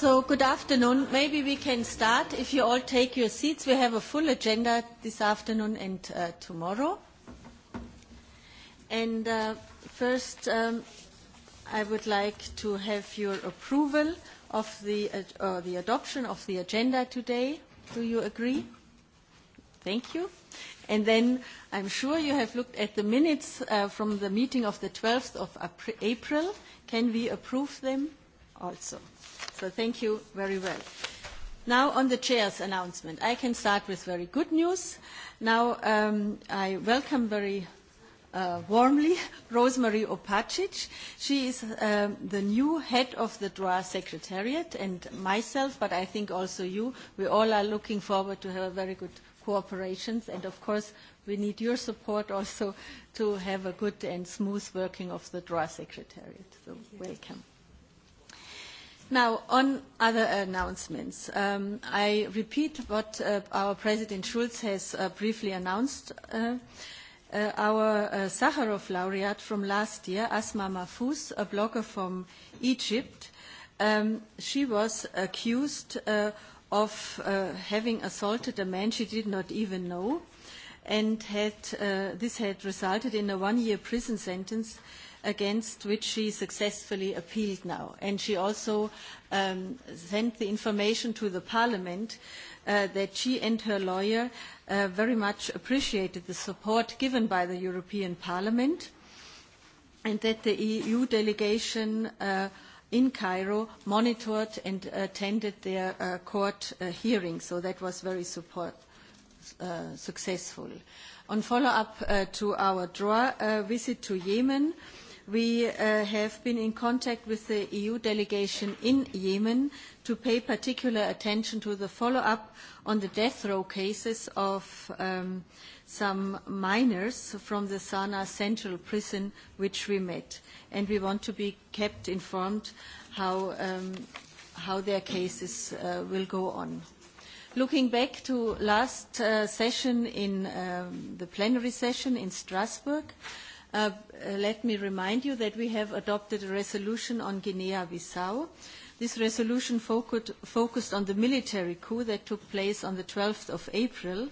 So good afternoon. Maybe we can start if you all take your seats. We have a full agenda this afternoon and tomorrow. And first, I would like to have your approval of the the adoption of the agenda today. Do you agree? Thank you. And then I'm sure you have looked at the minutes from the meeting of the 12th of April. Can we approve them also? So thank you very well. Now on the chair's announcement. I can start with very good news. Now I welcome very warmly Rosemary Opacic. She is the new head of the DRA Secretariat and myself, but I think also you. We all are looking forward to her very good cooperation and of course we need your support also to have a good and smooth working of the DRA Secretariat. So welcome. Now, on other announcements, I repeat what our President Schulz has briefly announced. Our Sakharov laureate from last year, Asma Mahfouz, a blogger from Egypt, she was accused of having assaulted a man she did not even know, and this had resulted in a one-year prison sentence against which she successfully appealed now. And she also sent the information to the Parliament that she and her lawyer very much appreciated the support given by the European Parliament and that the EU delegation in Cairo monitored and attended their court hearing. So that was very successful. On follow-up to our draw visit to Yemen, We have been in contact with the EU delegation in Yemen to pay particular attention to the follow-up on the death row cases of some minors from the Sana Central Prison, which we met. And we want to be kept informed how their cases will go on. Looking back to last session in the plenary session in Strasbourg, Let me remind you that we have adopted a resolution on Guinea-Bissau. This resolution focused on the military coup that took place on the 12th of April,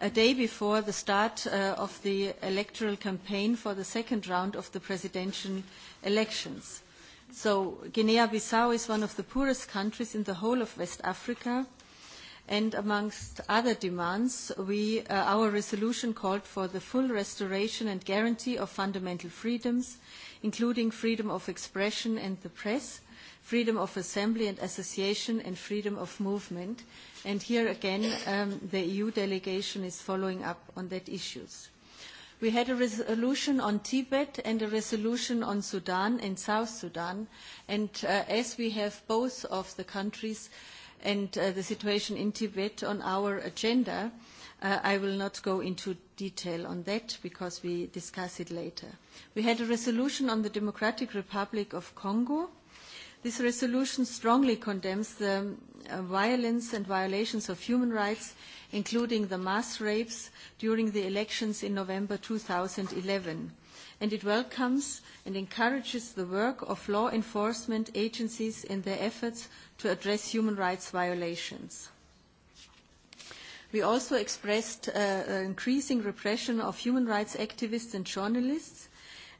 a day before the start of the electoral campaign for the second round of the presidential elections. So Guinea-Bissau is one of the poorest countries in the whole of West Africa and amongst other demands our resolution called for the full restoration and guarantee of fundamental freedoms including freedom of expression and the press freedom of assembly and association and freedom of movement and here again the eu delegation is following up on that issues we had a resolution on tibet and a resolution on sudan and south sudan and as we have both of the countries and the situation in Tibet on our agenda. I will not go into detail on that because we discuss it later. We had a resolution on the Democratic Republic of Congo. This resolution strongly condemns the violence and violations of human rights, including the mass rapes during the elections in November 2011. And it welcomes and encourages the work of law enforcement agencies in their efforts to address human rights violations. We also expressed increasing repression of human rights activists and journalists,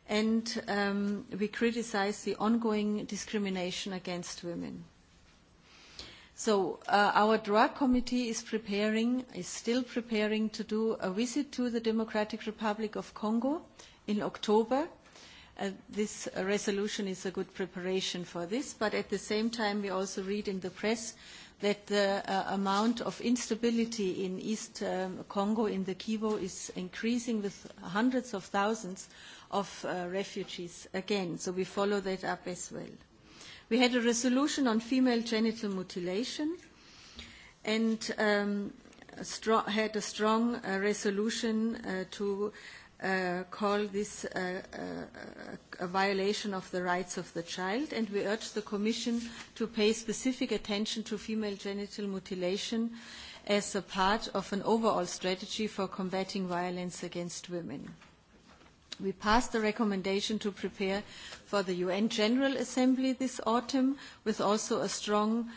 and we criticized the ongoing discrimination against women. So our drug committee is preparing, is still preparing to do a visit to the Democratic Republic of Congo in October This resolution is a good preparation for this, but at the same time we also read in the press that the amount of instability in East Congo, in the Kivu, is increasing with hundreds of thousands of refugees again. So we follow that up as well. We had a resolution on female genital mutilation and had a strong resolution to call this a violation of the rights of the child, and we urge the Commission to pay specific attention to female genital mutilation as a part of an overall strategy for combating violence against women. We passed the recommendation to prepare for the UN General Assembly this autumn, with also a strong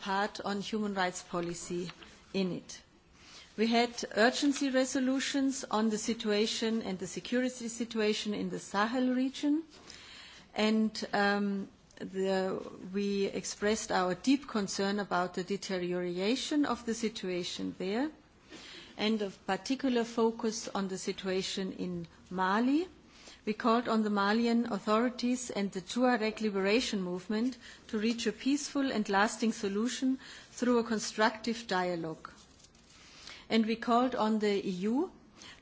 part on human rights policy in it. We had urgency resolutions on the situation and the security situation in the Sahel region, and we expressed our deep concern about the deterioration of the situation there, and of particular focus on the situation in Mali. We called on the Malian authorities and the Tuareg liberation movement to reach a peaceful and lasting solution through a constructive dialogue and we called on the EU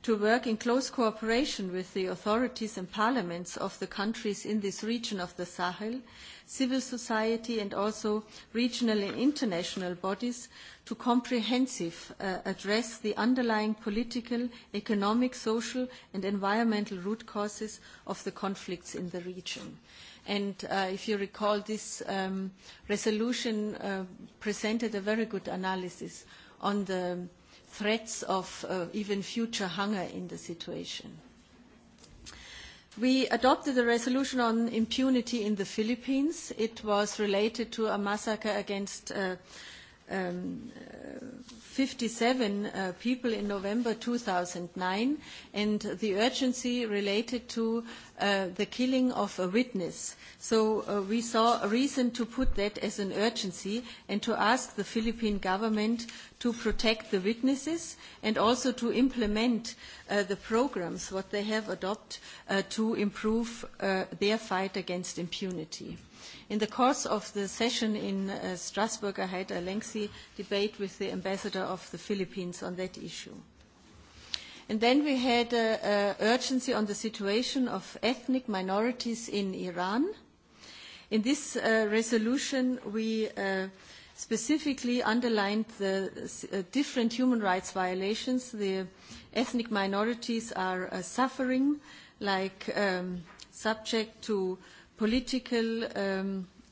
to work in close cooperation with the authorities and parliaments of the countries in this region of the Sahel, civil society and also regional and international bodies to comprehensively address the underlying political, economic, social and environmental root causes of the conflicts in the region. And if you recall, this resolution presented a very good analysis on the threats of even future hunger in the situation. We adopted a resolution on impunity in the Philippines. It was related to a massacre against 57 people in November 2009 and the urgency related to the killing of a witness. So we saw a reason to put that as an urgency and to ask the Philippine government to protect the witnesses and also to implement the programs what they have adopted to improve their fight against impunity. In the course of the session in Strasbourg, I had a lengthy debate with the ambassador of the Philippines on that issue. And then we had an urgency on the situation of ethnic minorities in Iran. In this resolution, we specifically underlined the different human rights violations the ethnic minorities are suffering, like subject to political,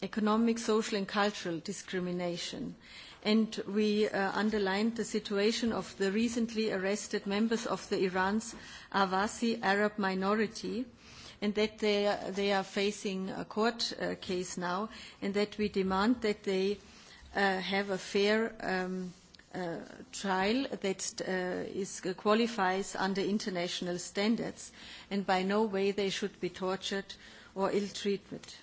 economic, social and cultural discrimination. And we underlined the situation of the recently arrested members of the Iran's Avasi Arab minority and that they are facing a court case now and that we demand that they have a fair trial that qualifies under international standards and by no way they should be tortured or ill treatment.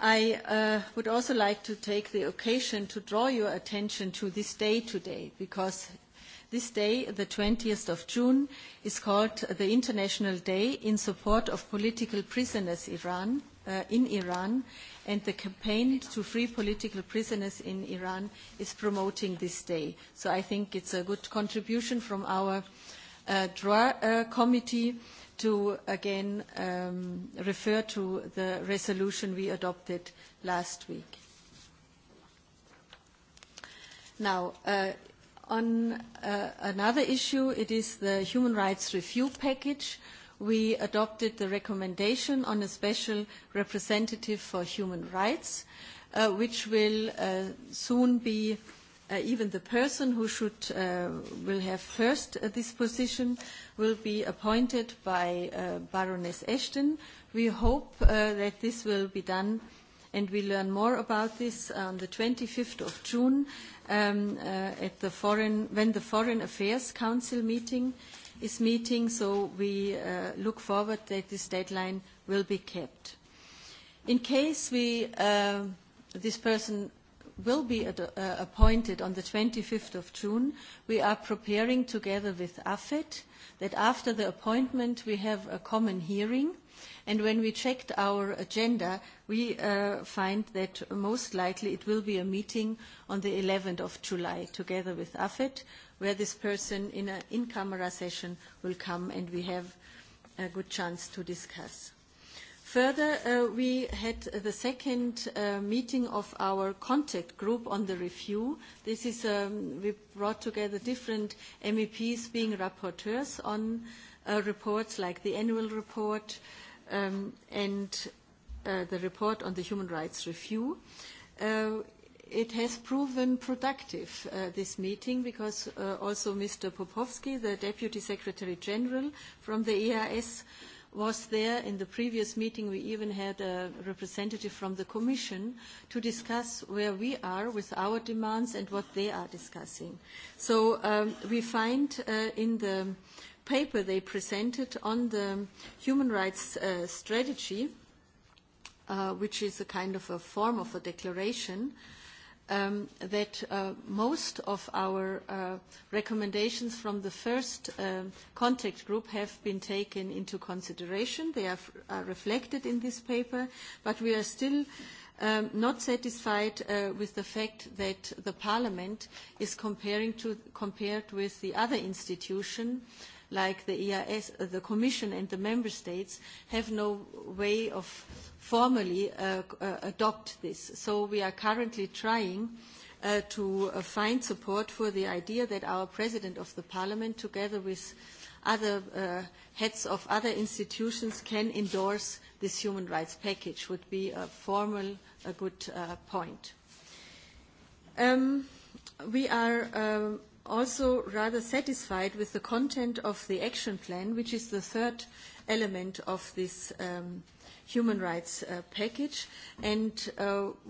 I would also like to take the occasion to draw your attention to this day today, because this day, the 20th of June, is called the International Day in support of political prisoners in Iran, and the campaign to free political prisoners in Iran is promoting this day. So I think it's a good contribution from our committee to again refer to the resolution we adopted last week. Now, on another issue, it is the Human Rights Review Package. We adopted the recommendation on a special representative for human rights, which will soon be even the person who should will have first this position will be appointed by Baroness Ashton. We hope that this will be done and we learn more about this on the 25th of June at the foreign when the Foreign Affairs Council meeting is meeting so we look forward that this deadline will be kept. In case we this person will be appointed on the 25th of June. We are preparing together with AFET that after the appointment we have a common hearing. And when we checked our agenda, we find that most likely it will be a meeting on the 11th of July together with AFET, where this person in an in-camera session will come and we have a good chance to discuss. Further, we had the second meeting of our contact group on the review. This is, we brought together different MEPs being rapporteurs on reports like the annual report and the report on the human rights review. It has proven productive, this meeting, because also Mr. Popovsky, the Deputy Secretary General from the EAS, was there in the previous meeting we even had a representative from the commission to discuss where we are with our demands and what they are discussing so we find in the paper they presented on the human rights strategy which is a kind of a form of a declaration that most of our recommendations from the first contact group have been taken into consideration. They are reflected in this paper, but we are still not satisfied with the fact that the Parliament is compared with the other institution like the EAS, the Commission and the Member States, have no way of formally adopt this. So we are currently trying to find support for the idea that our President of the Parliament, together with other heads of other institutions, can endorse this human rights package, would be a formal, good point. We are also rather satisfied with the content of the action plan, which is the third element of this human rights package. And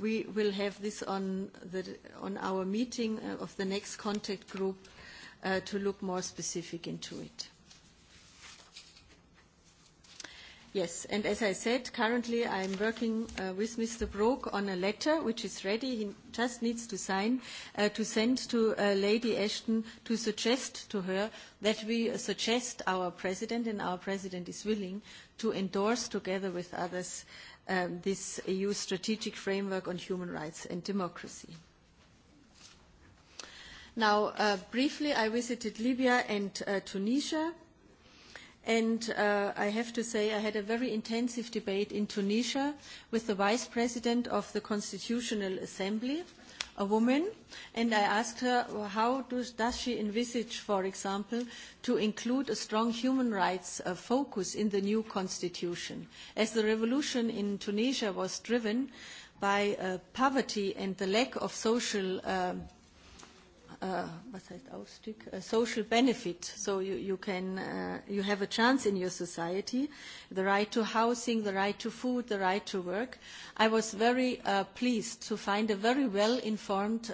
we will have this on our meeting of the next contact group to look more specific into it. Yes, and as I said, currently I am working with Mr. Brok on a letter which is ready. He just needs to sign to send to Lady Ashton to suggest to her that we suggest our president, and our president is willing, to endorse together with others this EU strategic framework on human rights and democracy. Now, briefly, I visited Libya and Tunisia. And I have to say I had a very intensive debate in Tunisia with the Vice President of the Constitutional Assembly, a woman, and I asked her how does she envisage, for example, to include a strong human rights focus in the new constitution. As the revolution in Tunisia was driven by poverty and the lack of social was heißt social benefit. So you, you can, you have a chance in your society, the right to housing, the right to food, the right to work. I was very pleased to find a very well informed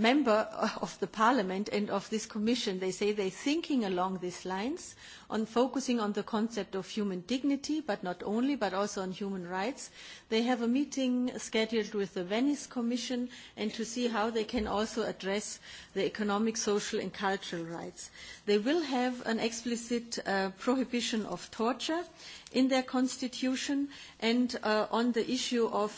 member of the parliament and of this commission. They say they're thinking along these lines on focusing on the concept of human dignity, but not only, but also on human rights. They have a meeting scheduled with the Venice Commission and to see how they can also address the economic, social and cultural rights. They will have an explicit prohibition of torture in their constitution and on the issue of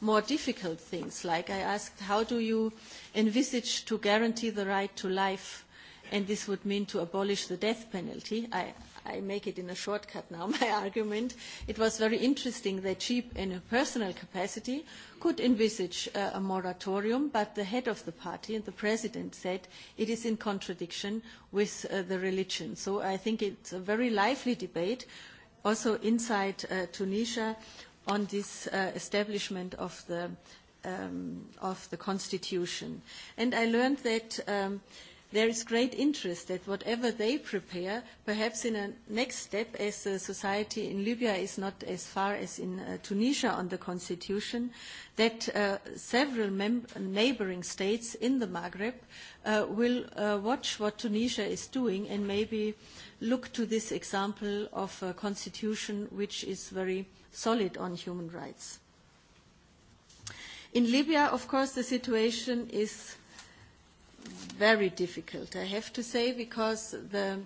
more difficult things. Like I asked, how do you envisage to guarantee the right to life? And this would mean to abolish the death penalty. I make it in a shortcut now, my argument. It was very interesting that she, in a personal capacity, could envisage a moratorium, but the head of the party and the president said it is in contradiction with the religion. So I think it's a very lively debate, also inside Tunisia, on this establishment of the of the Constitution. And I learned that There is great interest that whatever they prepare, perhaps in a next step, as the society in Libya is not as far as in Tunisia on the constitution, that several neighboring states in the Maghreb will watch what Tunisia is doing and maybe look to this example of a constitution which is very solid on human rights. In Libya, of course, the situation is very difficult, I have to say, because the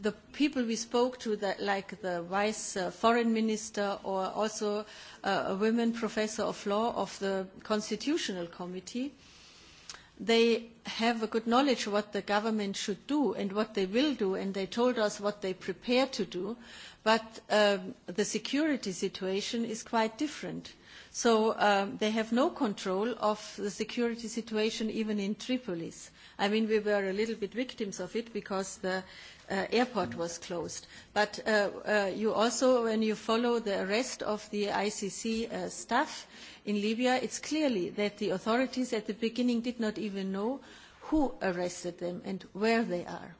the people we spoke to, like the vice foreign minister or also a women professor of law of the constitutional committee, they have a good knowledge of what the government should do and what they will do, and they told us what they prepare to do, but the security situation is quite different. So they have no control of the security situation even in Tripolis. I mean, we were a little bit victims of it because the airport was closed. But you also, when you follow the arrest of the ICC staff in Libya, it's clearly that the authorities at the beginning did not even know who arrested them and where they are.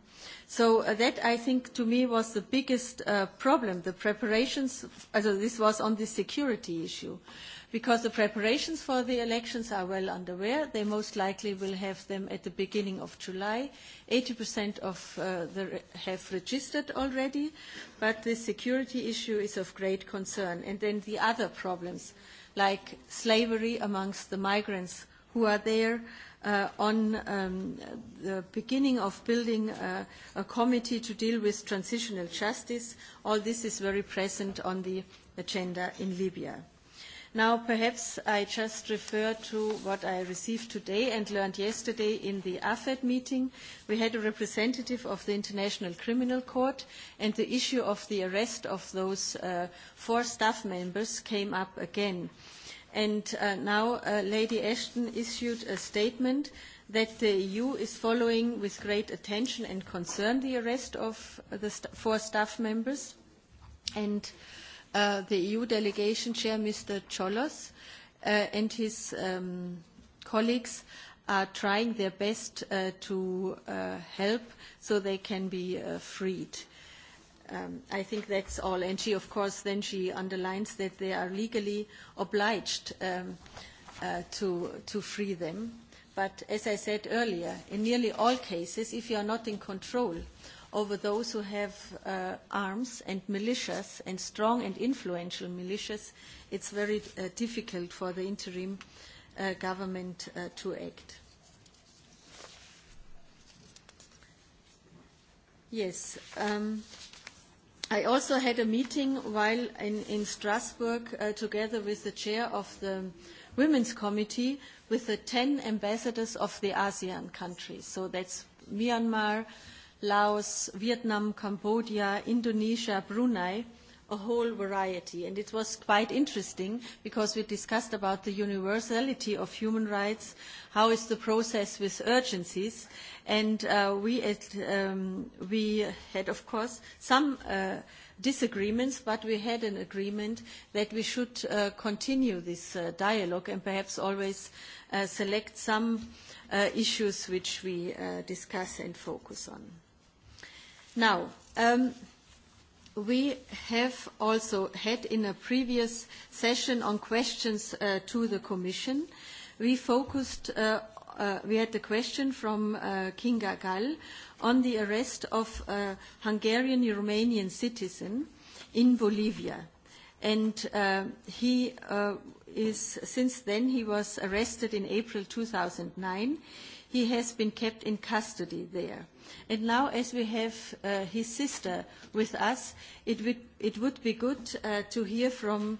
So that, I think, to me was the biggest problem, the preparations. This was on the security issue because the preparations for the elections are well underway. They most likely will have them at the beginning of July. 80% of the have registered already, but the security issue is of great concern. And then the other problems, like slavery amongst the migrants who are there, on the beginning of building a committee to deal with transitional justice. All this is very present on the agenda in Libya. Now, perhaps I just refer to what I received today and learned yesterday in the AFED meeting. We had a representative of the International Criminal Court, and the issue of the arrest of those four staff members came up again. And now Lady Ashton issued a statement that the EU is following with great attention and concern the arrest of the four staff members. And the EU delegation chair, Mr. Cholos, and his colleagues are trying their best to help so they can be freed. I think that's all. And she, of course, then she underlines that they are legally obliged to free them. But as I said earlier, in nearly all cases, if you are not in control over those who have arms and militias and strong and influential militias, it's very difficult for the interim government to act. Yes. I also had a meeting while in Strasbourg together with the chair of the Women's Committee with the ten ambassadors of the ASEAN countries. So that's Myanmar, Laos, Vietnam, Cambodia, Indonesia, Brunei, a whole variety. And it was quite interesting because we discussed about the universality of human rights, how is the process with urgencies, and we had, of course, some disagreements, but we had an agreement that we should continue this dialogue and perhaps always select some issues which we discuss and focus on. Now, we have also had in a previous session on questions to the Commission. We focused, we had the question from Kinga Gall on the arrest of a Hungarian-Romanian citizen in Bolivia. And he is, since then, he was arrested in April 2009. He has been kept in custody there. And now, as we have his sister with us, it would be good to hear from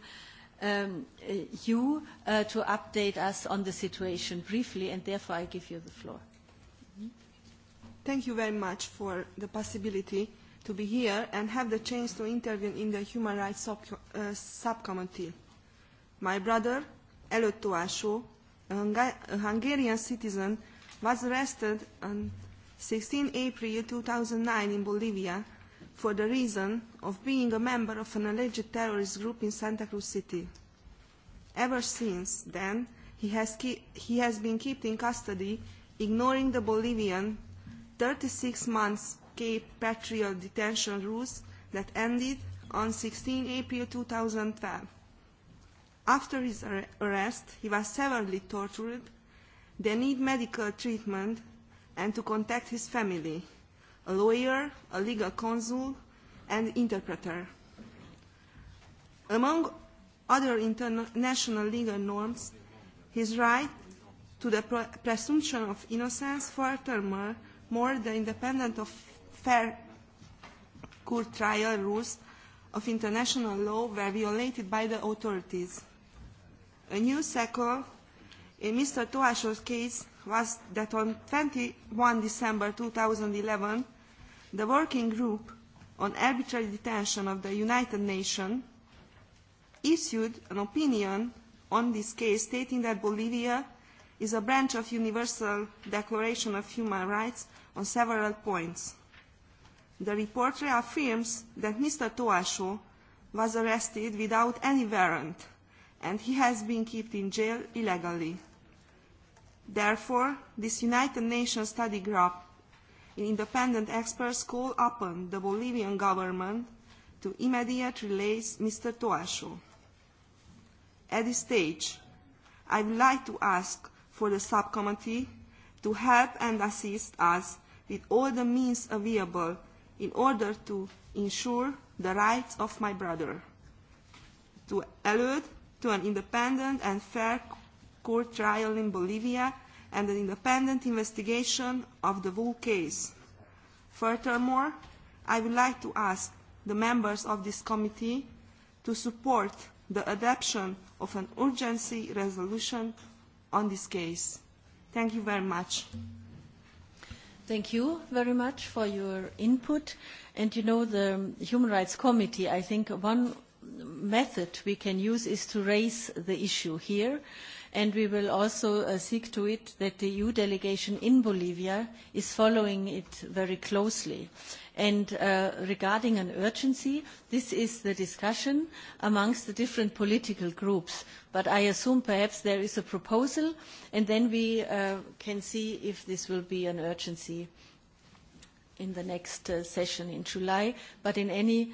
you to update us on the situation briefly, and therefore I give you the floor. Thank you very much for the possibility to be here and have the chance to intervene in the Human Rights Subcommittee. My brother, Elot Tuasho, a Hungarian citizen was arrested on 16 April 2009 in Bolivia for the reason of being a member of an alleged terrorist group in Santa Cruz City. Ever since then, he has been kept in custody, ignoring the Bolivian 36 months Cape Patriot detention rules that ended on 16 April 2012. After his arrest, he was severely tortured They need medical treatment and to contact his family, a lawyer, a legal consul and interpreter. Among other international legal norms, his right to the presumption of innocence furthermore more the independent of fair court trial rules of international law were violated by the authorities. A new cycle in Mr. Toasho's case was that on 21 December 2011, the Working Group on Arbitrary Detention of the United Nations issued an opinion on this case stating that Bolivia is a branch of Universal Declaration of Human Rights on several points. The report reaffirms that Mr. Toasho was arrested without any warrant and he has been kept in jail illegally. Therefore, this United Nations study group, an independent experts call upon the Bolivian government to immediately release Mr. Toashu. At this stage, I would like to ask for the subcommittee to help and assist us with all the means available in order to ensure the rights of my brother, to allude to an independent and fair court trial in Bolivia and an independent investigation of the Wu case. Furthermore, I would like to ask the members of this committee to support the adoption of an urgency resolution on this case. Thank you very much. Thank you very much for your input. And you know, the Human Rights Committee, I think one method we can use is to raise the issue here and we will also seek to it that the EU delegation in Bolivia is following it very closely. And regarding an urgency, this is the discussion amongst the different political groups. But I assume perhaps there is a proposal, and then we can see if this will be an urgency in the next session in July. But in any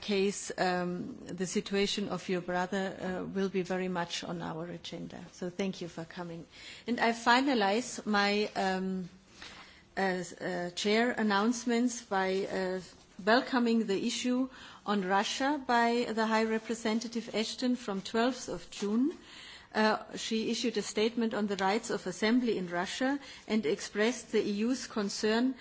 case, the situation of your brother will be very much on our agenda. So thank you for coming. And I finalize my chair announcements by welcoming the issue on Russia by the High Representative Ashton from 12th of June. She issued a statement on the rights of assembly in Russia and expressed the EU's concern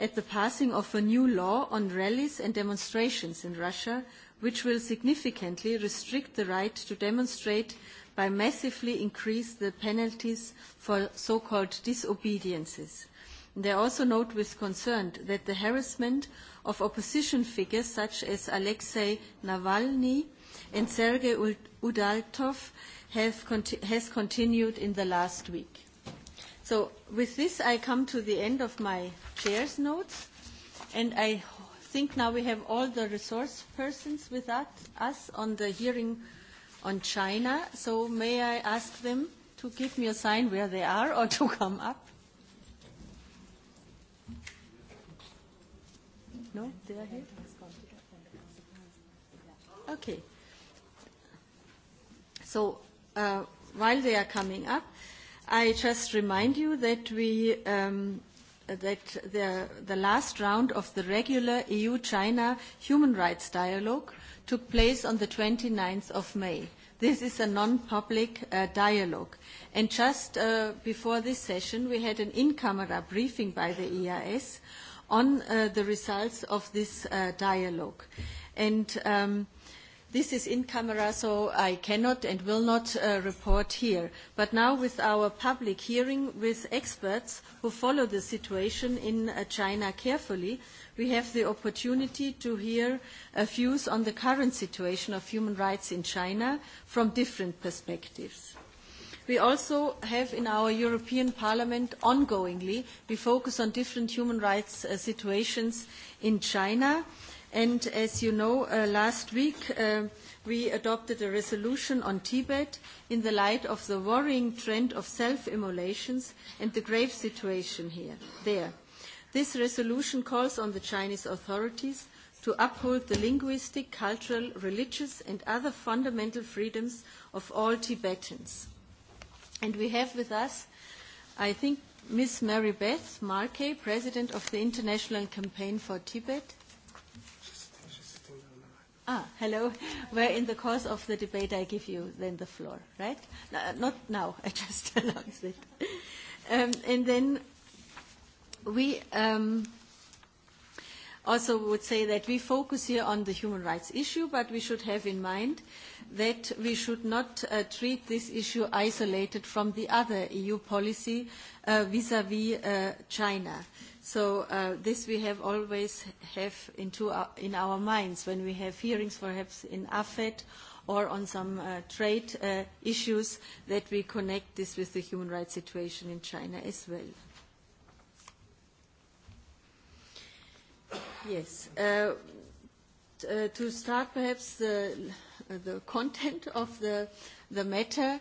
at the passing of a new law on rallies and demonstrations in Russia, which will significantly restrict the right to demonstrate by massively increasing the penalties for so-called disobediences. They also note with concern that the harassment of opposition figures such as Alexei Navalny and Sergei Udaltov has continued in the last week. So with this, I come to the end of my chair's notes, and I think now we have all the resource persons with us on the hearing on China. So may I ask them to give me a sign where they are or to come up? No, they are here. Okay. So while they are coming up, I just remind you that that the the last round of the regular EU China human rights dialogue took place on the 29th of May. This is a non-public dialogue. And just before this session, we had an in-camera briefing by the EIS on the results of this dialogue. And This is in camera, so I cannot and will not report here. But now with our public hearing with experts who follow the situation in China carefully, we have the opportunity to hear views on the current situation of human rights in China from different perspectives. We also have in our European Parliament ongoingly, we focus on different human rights situations in China And as you know, last week we adopted a resolution on Tibet in the light of the worrying trend of self-immolations and the grave situation here, there. This resolution calls on the Chinese authorities to uphold the linguistic, cultural, religious and other fundamental freedoms of all Tibetans. And we have with us, I think, Ms. Mary Beth Markey, President of the International Campaign for Tibet, Ah, hello. Where in the course of the debate I give you then the floor, right? Not now. I just announced it. And then we also would say that we focus here on the human rights issue, but we should have in mind that we should not treat this issue isolated from the other EU policy vis-à-vis China So this we have always have in our minds when we have hearings, perhaps in AFET or on some trade issues, that we connect this with the human rights situation in China as well. Yes. To start, perhaps the content of the the matter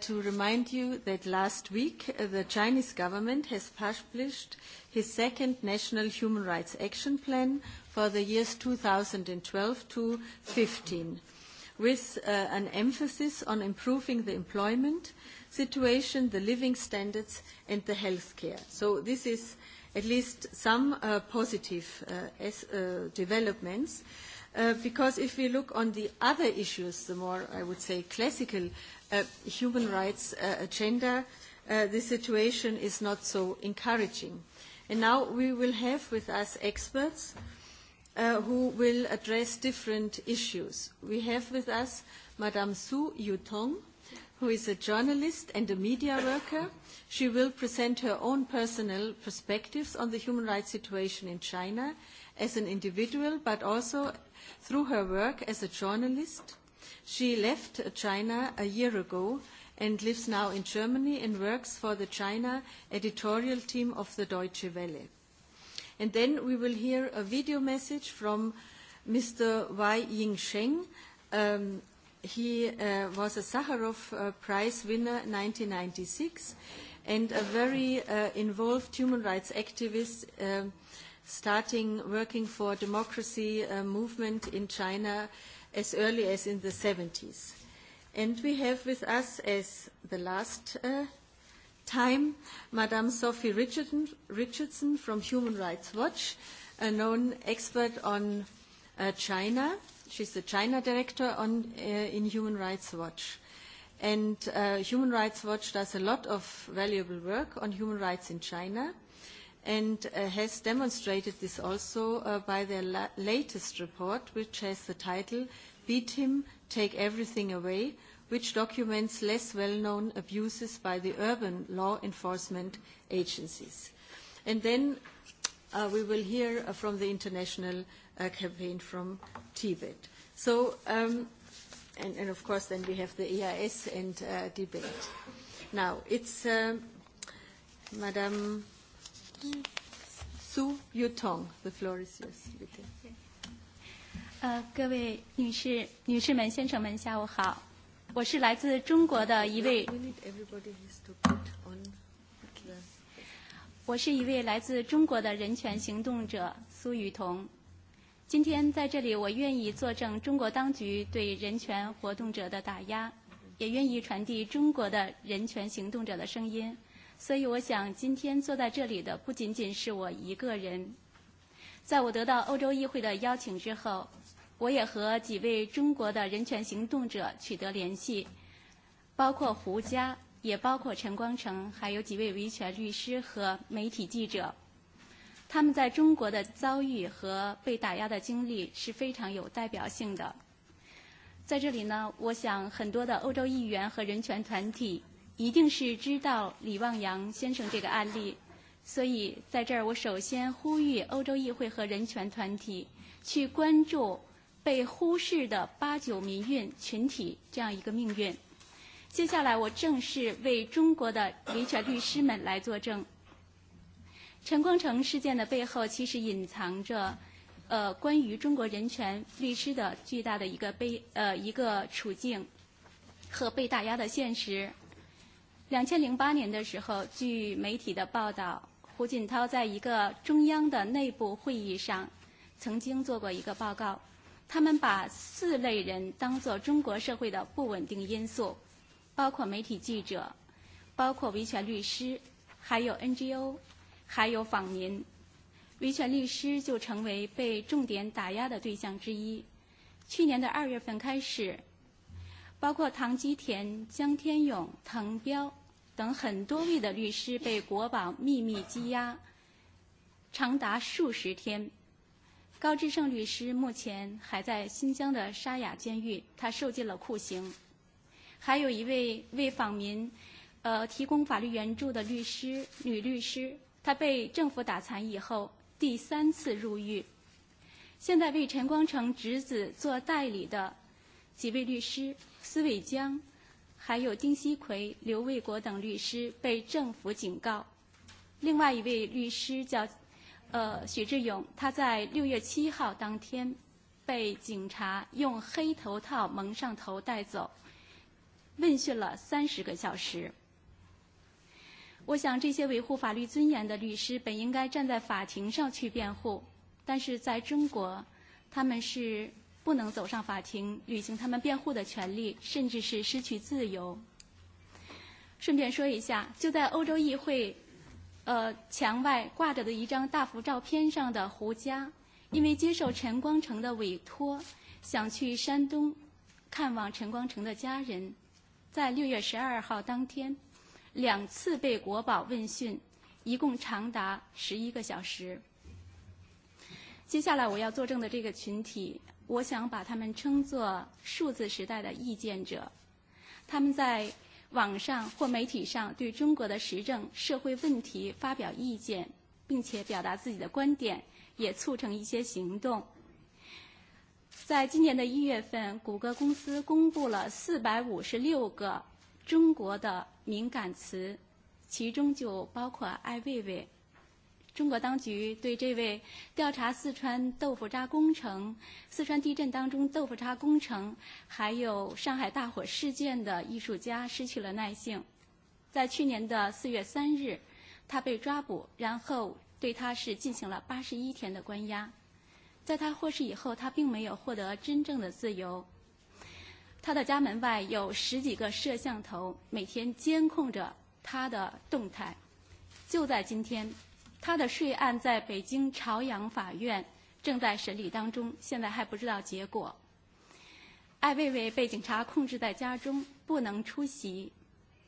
to remind you that last week the Chinese government has published his second National Human Rights Action Plan for the years 2012 to 15, with an emphasis on improving the employment situation, the living standards and the health care. So this is at least some positive developments because if we look on the other issues, the more, I would say, classical human rights agenda, the situation is not so encouraging. And now we will have with us experts who will address different issues. We have with us Madame Su Yutong, who is a journalist and a media worker. She will present her own personal perspectives on the human rights situation in China as an individual, but also through her work as a journalist. She left China a year ago and lives now in Germany and works for the China editorial team of the Deutsche Welle. And then we will hear a video message from Mr. Wai Sheng He was a Sakharov Prize winner 1996 and a very involved human rights activist starting working for democracy movement in China as early as in the 70s. And we have with us as the last time Madame Sophie Richardson from Human Rights Watch, a known expert on China. She's the China director on in Human Rights Watch. And Human Rights Watch does a lot of valuable work on human rights in China and has demonstrated this also by their latest report, which has the title Beat Him, Take Everything Away, which documents less well-known abuses by the urban law enforcement agencies. And then we will hear from the international campaign from Tibet. So, and of course then we have the EIS and debate. Now, it's Madame Su Yutong, the floor is yours. 呃，各位女士、女士们、先生们，下午好！我是来自中国的一位，我是一位来自中国的人权行动者苏雨桐。今天在这里，我愿意作证中国当局对人权活动者的打压，也愿意传递中国的人权行动者的声音。所以我想今天坐在这里的不仅仅是我一个人。在我得到欧洲议会的邀请之后，我也和几位中国的人权行动者取得联系，包括胡佳，也包括陈光诚，还有几位维权律师和媒体记者。他们在中国的遭遇和被打压的经历是非常有代表性的。在这里呢，我想很多的欧洲议员和人权团体一定是知道李望洋先生这个案例，所以在这儿我首先呼吁欧洲议会和人权团体去关注被忽视的八九民运群体这样一个命运。接下来，我正式为中国的维权律师们来作证。陈光诚事件的背后，其实隐藏着呃关于中国人权律师的巨大的一个被呃一个处境和被打压的现实。两千零八年的时候，据媒体的报道，胡锦涛在一个中央的内部会议上曾经做过一个报告，他们把四类人当作中国社会的不稳定因素，包括媒体记者，包括维权律师，还有 NGO，还有访民。维权律师就成为被重点打压的对象之一。去年的二月份开始。包括唐吉田、江天勇、滕彪等很多位的律师被国宝秘密羁押，长达数十天。高志胜律师目前还在新疆的沙雅监狱，他受尽了酷刑。还有一位为访民呃提供法律援助的律师女律师，她被政府打残以后第三次入狱。现在为陈光诚侄子做代理的几位律师司伟江，还有丁锡奎、刘卫国等律师被政府警告。另外一位律师叫呃许志勇，他在六月七号当天被警察用黑头套蒙上头带走，问讯了三十个小时。我想，这些维护法律尊严的律师本应该站在法庭上去辩护，但是在中国，他们是不能走上法庭履行他们辩护的权利，甚至是失去自由。顺便说一下，就在欧洲议会，呃，墙外挂着的一张大幅照片上的胡佳，因为接受陈光诚的委托，想去山东看望陈光诚的家人，在六月十二号当天，两次被国宝问讯，一共长达十一个小时。接下来我要作证的这个群体，我想把他们称作数字时代的意见者他们在网上或媒体上对中国的时政社会问题发表意见并且表达自己的观点也促成一些行动在今年的一月份谷歌公司公布了中国当局对这位调查四川豆腐渣工程、四川地震当中豆腐渣工程，还有上海大火事件的艺术家失去了耐性。在去年的四月三日，他被抓捕，然后对他是进行了八十一天的关押。在他获释以后，他并没有获得真正的自由。他的家门外有十几个摄像头，每天监控着他的动态。就在今天。他的税案在北京朝阳法院正在审理当中，现在还不知道结果。艾薇薇被警察控制在家中，不能出席。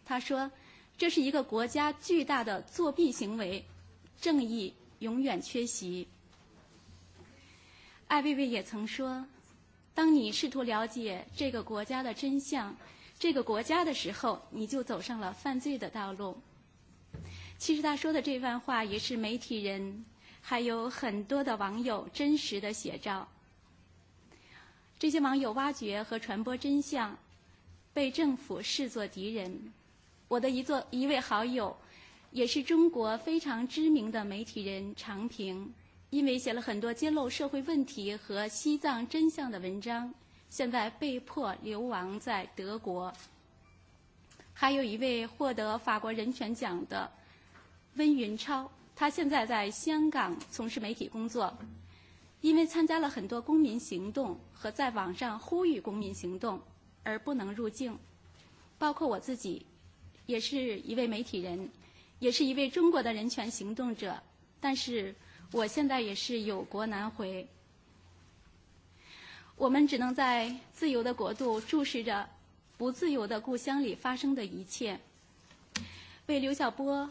他说：“这是一个国家巨大的作弊行为，正义永远缺席。”艾薇薇也曾说：“当你试图了解这个国家的真相，这个国家的时候，你就走上了犯罪的道路。”其实他说的这番话也是媒体人还有很多的网友真实的写照。这些网友挖掘和传播真相，被政府视作敌人。我的一座一位好友，也是中国非常知名的媒体人常平，因为写了很多揭露社会问题和西藏真相的文章，现在被迫流亡在德国。还有一位获得法国人权奖的温云超，他现在在香港从事媒体工作。因为参加了很多公民行动和在网上呼吁公民行动而不能入境，包括我自己，也是一位媒体人，也是一位中国的人权行动者，但是我现在也是有国难回。我们只能在自由的国度注视着不自由的故乡里发生的一切。为刘晓波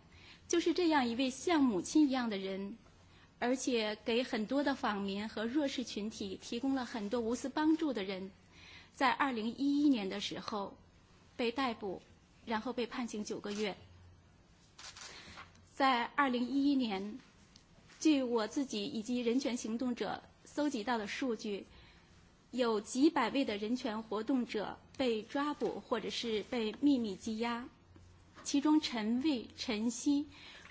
就是这样一位像母亲一样的人，而且给很多的访民和弱势群体提供了很多无私帮助的人，在二零一一年的时候被逮捕，然后被判刑九个月。在二零一一年，据我自己以及人权行动者搜集到的数据，有几百位的人权活动者被抓捕或者是被秘密羁押。2011 2011其中陈蔚、陈希、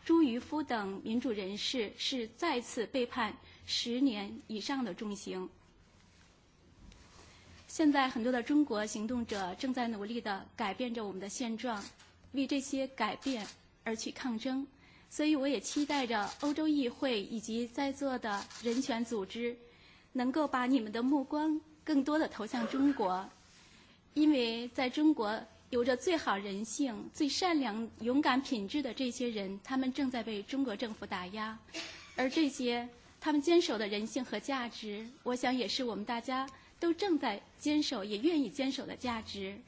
朱渔夫等民主人士是再次被判十年以上的重刑。现在，很多的中国行动者正在努力地改变着我们的现状，为这些改变而去抗争。所以，我也期待着欧洲议会以及在座的人权组织，能够把你们的目光更多地投向中国，因为在中国有着最好人性、最善良、勇敢品质的这些人，他们正在被中国政府打压，而这些他们坚守的人性和价值，我想也是我们大家都正在坚守、也愿意坚守的价值。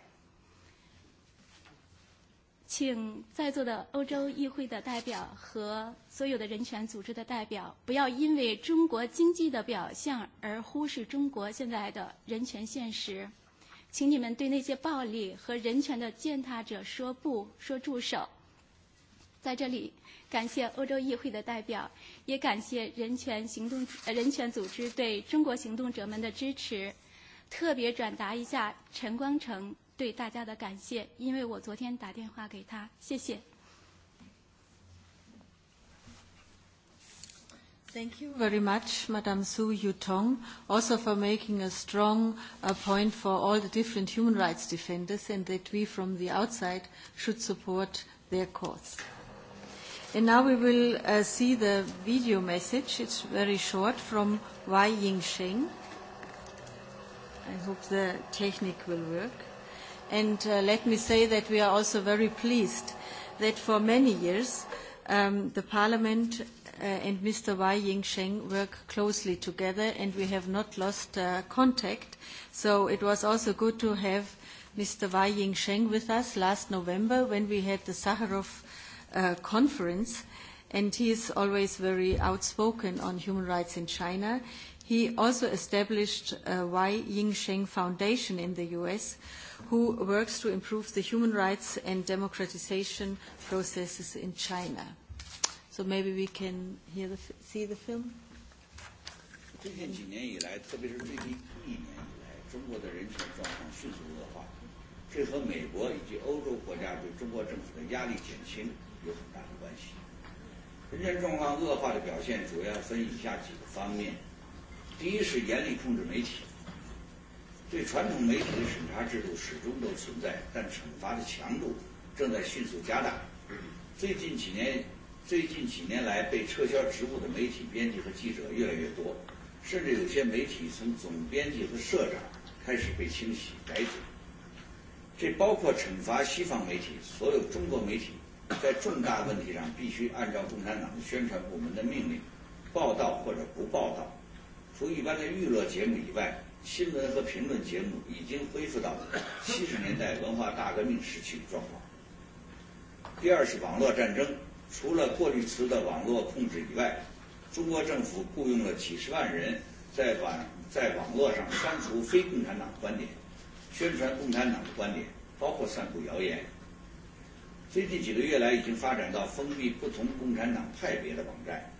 请在座的欧洲议会的代表和所有的人权组织的代表，不要因为中国经济的表象而忽视中国现在的人权现实。请你们对那些暴力和人权的践踏者说不，说住手。在这里，感谢欧洲议会的代表，也感谢人权行动人权组织对中国行动者们的支持。特别转达一下陈光诚对大家的感谢，因为我昨天打电话给他，谢谢。Thank you very much, Madam Su Yutong, also for making a strong point for all the different human rights defenders and that we from the outside should support their cause. And now we will see the video message. It's very short from Wai Sheng. I hope the technique will work. And let me say that we are also very pleased that for many years the Parliament and Mr. Wai Ying-sheng work closely together, and we have not lost contact. So it was also good to have Mr. Wai Ying-sheng with us last November when we had the Sakharov conference, and he is always very outspoken on human rights in China. He also established a Wai Ying-sheng Foundation in the U.S., who works to improve the human rights and democratization processes in China. So maybe we can hear the, see the film. 这些几年以来，特别是最近一年以来，中国的人权状况迅速恶化，这和美国以及欧洲国家对中国政府的压力减轻有很大的关系。人权状况恶化的表现主要分以下几个方面：第一是严厉控制媒体，对传统媒体的审查制度始终都存在，但惩罚的强度正在迅速加大。最近几年最近几年来被撤销职务的媒体编辑和记者越来越多，甚至有些媒体从总编辑和社长开始被清洗改组。这包括惩罚西方媒体，所有中国媒体在重大问题上必须按照共产党的宣传部门的命令报道或者不报道。除一般的娱乐节目以外，新闻和评论节目已经恢复到七十年代文化大革命时期的状况。第二是网络战争。除了过滤池的网络控制以外，中国政府雇佣了几十万人在网在网络上删除非共产党观点，宣传共产党的观点，包括散布谣言。最近几个月来，已经发展到封闭不同共产党派别的网站。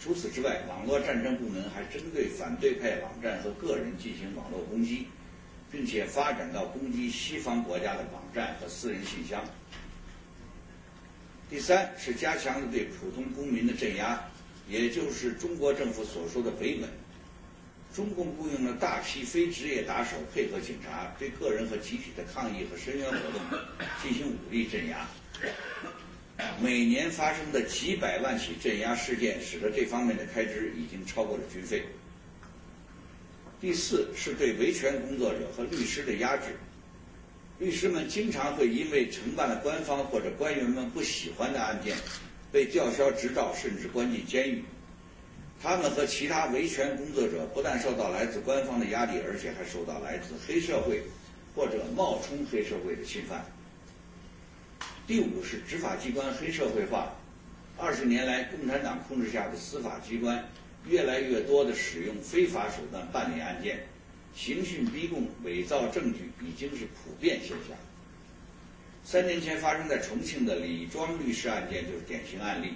除此之外，网络战争部门还针对反对派网站和个人进行网络攻击，并且发展到攻击西方国家的网站和私人信箱。第三是加强了对普通公民的镇压，也就是中国政府所说的“北稳”。中共雇佣了大批非职业打手配合警察，对个人和集体的抗议和声援活动进行武力镇压。每年发生的几百万起镇压事件，使得这方面的开支已经超过了军费。第四是对维权工作者和律师的压制。律师们经常会因为承办了官方或者官员们不喜欢的案件，被吊销执照，甚至关进监狱。他们和其他维权工作者不但受到来自官方的压力，而且还受到来自黑社会或者冒充黑社会的侵犯。第五是执法机关黑社会化。二十年来，共产党控制下的司法机关越来越多地使用非法手段办理案件，刑讯逼供、伪造证据已经是普遍现象。三年前发生在重庆的李庄律师案件就是典型案例。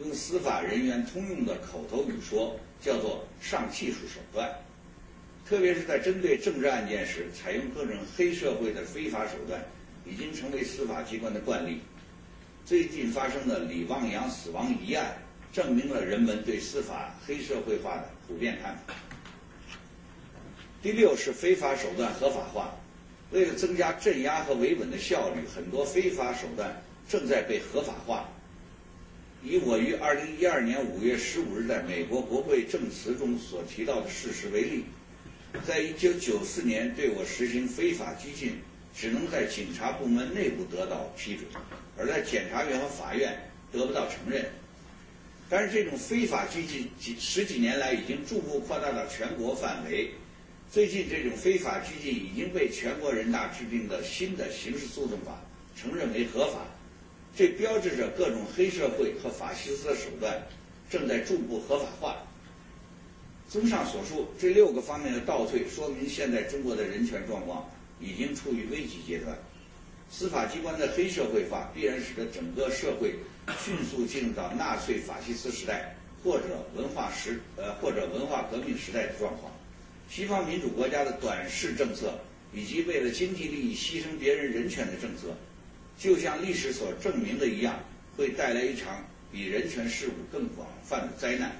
用司法人员通用的口头语说，叫做“上技术手段”，特别是在针对政治案件时，采用各种黑社会的非法手段，已经成为司法机关的惯例。最近发生的李旺阳死亡疑案，证明了人们对司法黑社会化的普遍看法。第六是非法手段合法化，为了增加镇压和维稳的效率，很多非法手段正在被合法化。以我于二零一二年五月十五日在美国国会证词中所提到的事实为例，在一九九四年对我实行非法拘禁，只能在警察部门内部得到批准，而在检察院和法院得不到承认。但是这种非法拘禁几十几年来已经逐步扩大到全国范围，最近，这种非法拘禁已经被全国人大制定的新的刑事诉讼法承认为合法，这标志着各种黑社会和法西斯的手段正在逐步合法化。综上所述，这六个方面的倒退，说明现在中国的人权状况已经处于危急阶段。司法机关的黑社会化必然使得整个社会迅速进入到纳粹法西斯时代或者文化时呃或者文化革命时代的状况。西方民主国家的短视政策以及为了经济利益牺牲别人人权的政策，就像历史所证明的一样，会带来一场比人权事务更广泛的灾难。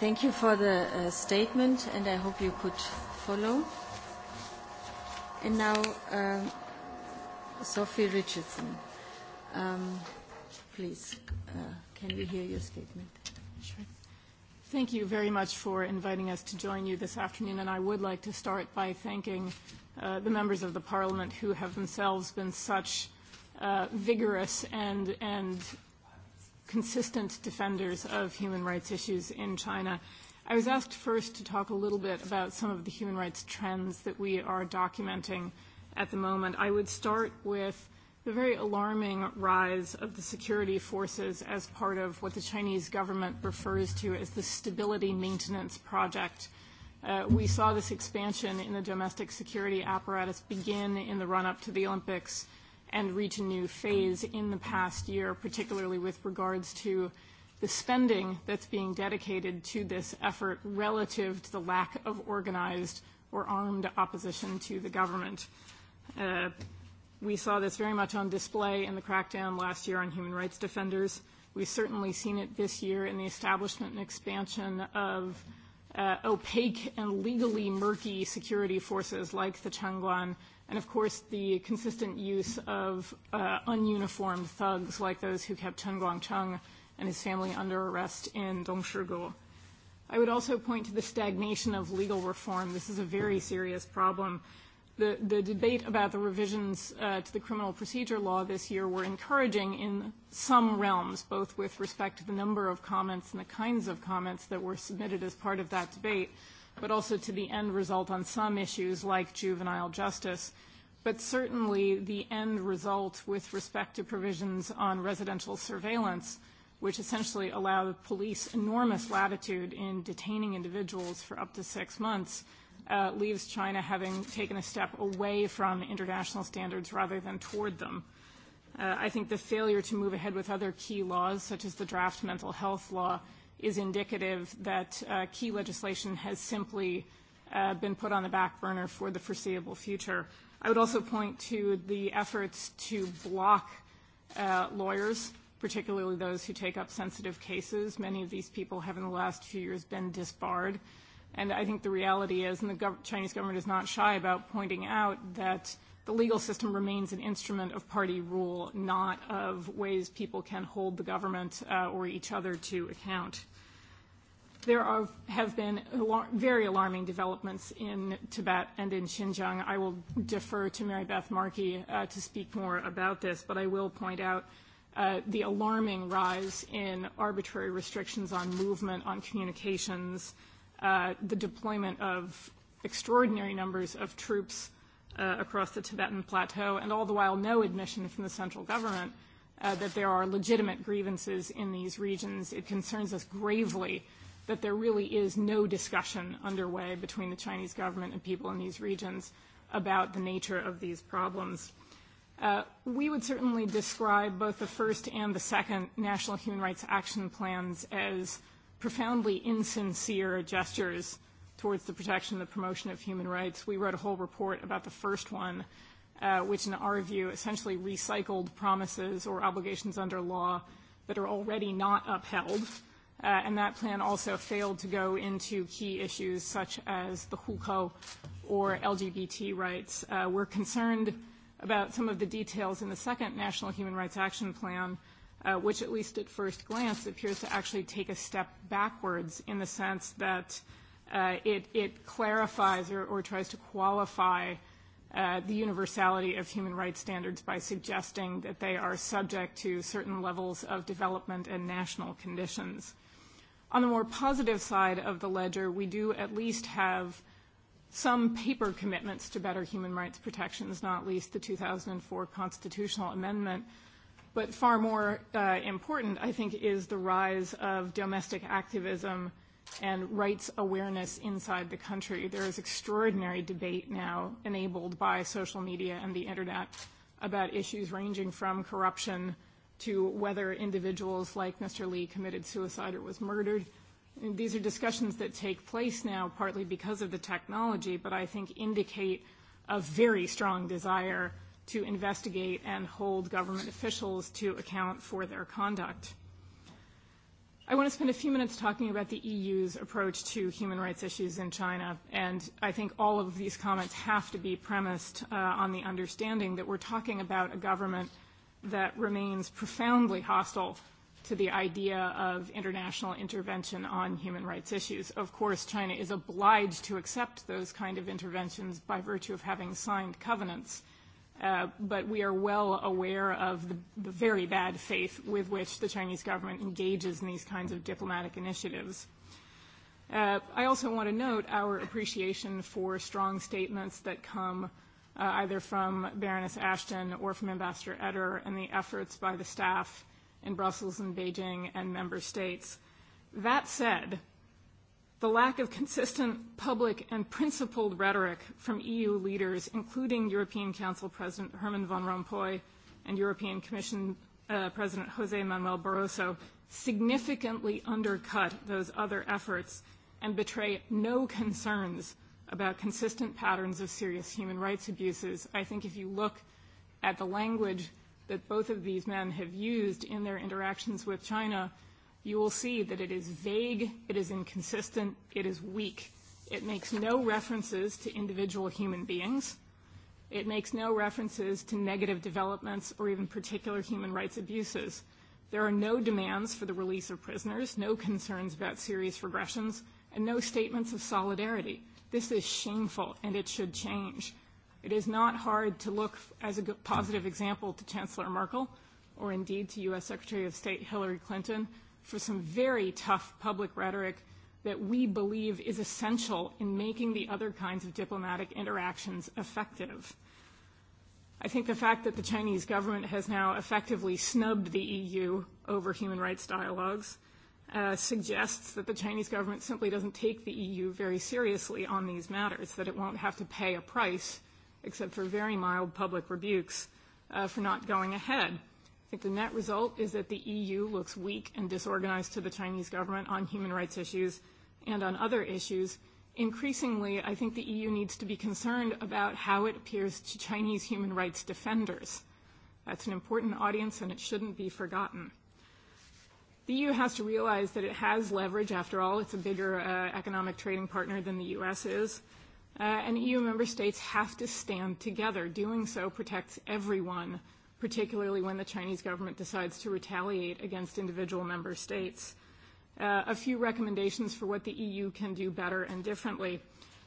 Thank you for the statement, and I hope you could follow. And now, Sophie Richardson, please, can we hear your statement? Thank you very much for inviting us to join you this afternoon, and I would like to start by thanking the members of the Parliament who have themselves been such vigorous and and consistent defenders of human rights issues in China. I was asked first to talk a little bit about some of the human rights trends that we are documenting at the moment. I would start with the very alarming rise of the security forces as part of what the Chinese government refers to as the Stability Maintenance Project. We saw this expansion in the domestic security apparatus begin in the run-up to the Olympics and reach a new phase in the past year, particularly with regards to the spending that's being dedicated to this effort relative to the lack of organized or armed opposition to the government. We saw this very much on display in the crackdown last year on human rights defenders. We've certainly seen it this year in the establishment and expansion of opaque and legally murky security forces like the Changguan and of course the consistent use of ununiformed thugs like those who kept Chen Guangcheng and his family under arrest in Dongshiguo. I would also point to the stagnation of legal reform. This is a very serious problem. The debate about the revisions to the criminal procedure law this year were encouraging in some realms, both with respect to the number of comments and the kinds of comments that were submitted as part of that debate, but also to the end result on some issues like juvenile justice. But certainly the end result with respect to provisions on residential surveillance, which essentially allow the police enormous latitude in detaining individuals for up to six months, leaves China having taken a step away from international standards rather than toward them. I think the failure to move ahead with other key laws, such as the draft mental health law, is indicative that key legislation has simply been put on the back burner for the foreseeable future. I would also point to the efforts to block lawyers, particularly those who take up sensitive cases. Many of these people have in the last few years been disbarred. And I think the reality is, and the Chinese government is not shy about pointing out, that the legal system remains an instrument of party rule, not of ways people can hold the government or each other to account. There have been very alarming developments in Tibet and in Xinjiang. I will defer to Mary Beth Markey to speak more about this, but I will point out the alarming rise in arbitrary restrictions on movement, on communications, the deployment of extraordinary numbers of troops across the Tibetan Plateau, and all the while no admission from the central government that there are legitimate grievances in these regions. It concerns us gravely that there really is no discussion underway between the Chinese government and people in these regions about the nature of these problems. We would certainly describe both the first and the second National Human Rights Action Plans as profoundly insincere gestures towards the protection and the promotion of human rights. We wrote a whole report about the first one, which in our view essentially recycled promises or obligations under law that are already not upheld. And that plan also failed to go into key issues such as the hukou or LGBT rights. We're concerned about some of the details in the second National Human Rights Action Plan, which at least at first glance appears to actually take a step backwards in the sense that it clarifies or tries to qualify the universality of human rights standards by suggesting that they are subject to certain levels of development and national conditions. On the more positive side of the ledger, we do at least have some paper commitments to better human rights protections, not least the 2004 constitutional amendment. But far more important, I think, is the rise of domestic activism and rights awareness inside the country. There is extraordinary debate now enabled by social media and the Internet about issues ranging from corruption to whether individuals like Mr. Lee committed suicide or was murdered. These are discussions that take place now partly because of the technology, but I think indicate a very strong desire to investigate and hold government officials to account for their conduct. I want to spend a few minutes talking about the EU's approach to human rights issues in China, and I think all of these comments have to be premised on the understanding that we're talking about a government that remains profoundly hostile to the idea of international intervention on human rights issues. Of course, China is obliged to accept those kind of interventions by virtue of having signed covenants but we are well aware of the very bad faith with which the Chinese government engages in these kinds of diplomatic initiatives. I also want to note our appreciation for strong statements that come either from Baroness Ashton or from Ambassador Eder and the efforts by the staff in Brussels and Beijing and member states. That said, the lack of consistent public and principled rhetoric from EU leaders, including European Council President Herman Van Rompuy and European Commission President Jose Manuel Barroso, significantly undercut those other efforts and betray no concerns about consistent patterns of serious human rights abuses. I think if you look at the language that both of these men have used in their interactions with China, you will see that it is vague, it is inconsistent, it is weak. It makes no references to individual human beings. It makes no references to negative developments or even particular human rights abuses. There are no demands for the release of prisoners, no concerns about serious regressions, and no statements of solidarity. This is shameful, and it should change. It is not hard to look as a positive example to Chancellor Merkel or indeed to U.S. Secretary of State Hillary Clinton for some very tough public rhetoric that we believe is essential in making the other kinds of diplomatic interactions effective. I think the fact that the Chinese government has now effectively snubbed the EU over human rights dialogues suggests that the Chinese government simply doesn't take the EU very seriously on these matters, that it won't have to pay a price, except for very mild public rebukes, for not going ahead. I think the net result is that the EU looks weak and disorganized to the Chinese government on human rights issues and on other issues. Increasingly, I think the EU needs to be concerned about how it appears to Chinese human rights defenders. That's an important audience, and it shouldn't be forgotten. The EU has to realize that it has leverage. After all, it's a bigger economic trading partner than the U.S. is. And EU member states have to stand together. Doing so protects everyone particularly when the Chinese government decides to retaliate against individual member states. A few recommendations for what the EU can do better and differently.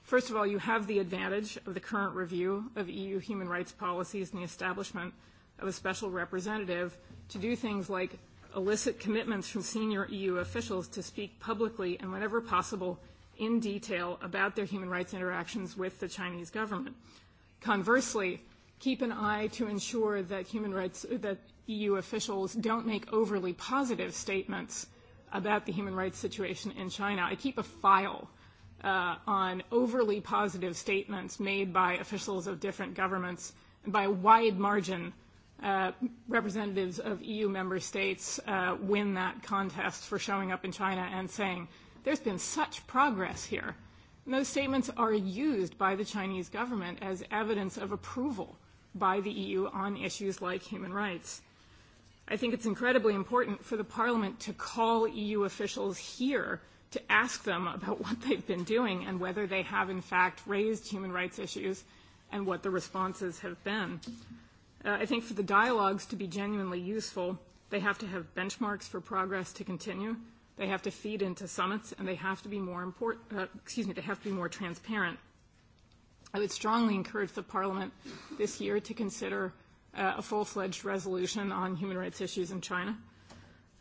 First of all, you have the advantage of the current review of EU human rights policies and the establishment of a special representative to do things like elicit commitments from senior EU officials to speak publicly and whenever possible in detail about their human rights interactions with the Chinese government. Conversely, keep an eye to ensure that human rights, that EU officials don't make overly positive statements about the human rights situation in China. I keep a file on overly positive statements made by officials of different governments and by a wide margin representatives of EU member states win that contest for showing up in China and saying, there's been such progress here. And those statements are used by the Chinese government as evidence of approval by the EU on issues like human rights. I think it's incredibly important for the Parliament to call EU officials here to ask them about what they've been doing and whether they have, in fact, raised human rights issues and what the responses have been. I think for the dialogues to be genuinely useful, they have to have benchmarks for progress to continue. They have to feed into summits, and they have to be more Excuse me, they have to be more transparent. I would strongly encourage the Parliament this year to consider a full-fledged resolution on human rights issues in China.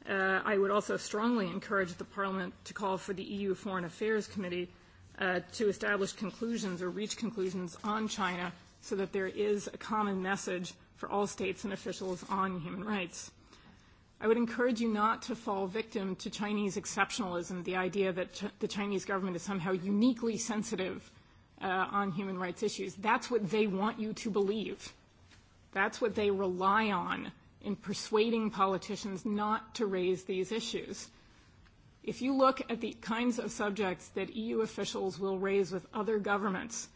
I would also strongly encourage the Parliament to call for the EU Foreign Affairs Committee to establish conclusions or reach conclusions on China so that there is a common message for all states and officials on human rights. I would encourage you not to fall victim to Chinese exceptionalism, the idea that the Chinese government is somehow uniquely sensitive on human rights issues. That's what they want you to believe. That's what they rely on in persuading politicians not to raise these issues. If you look at the kinds of subjects that EU officials will raise with other governments,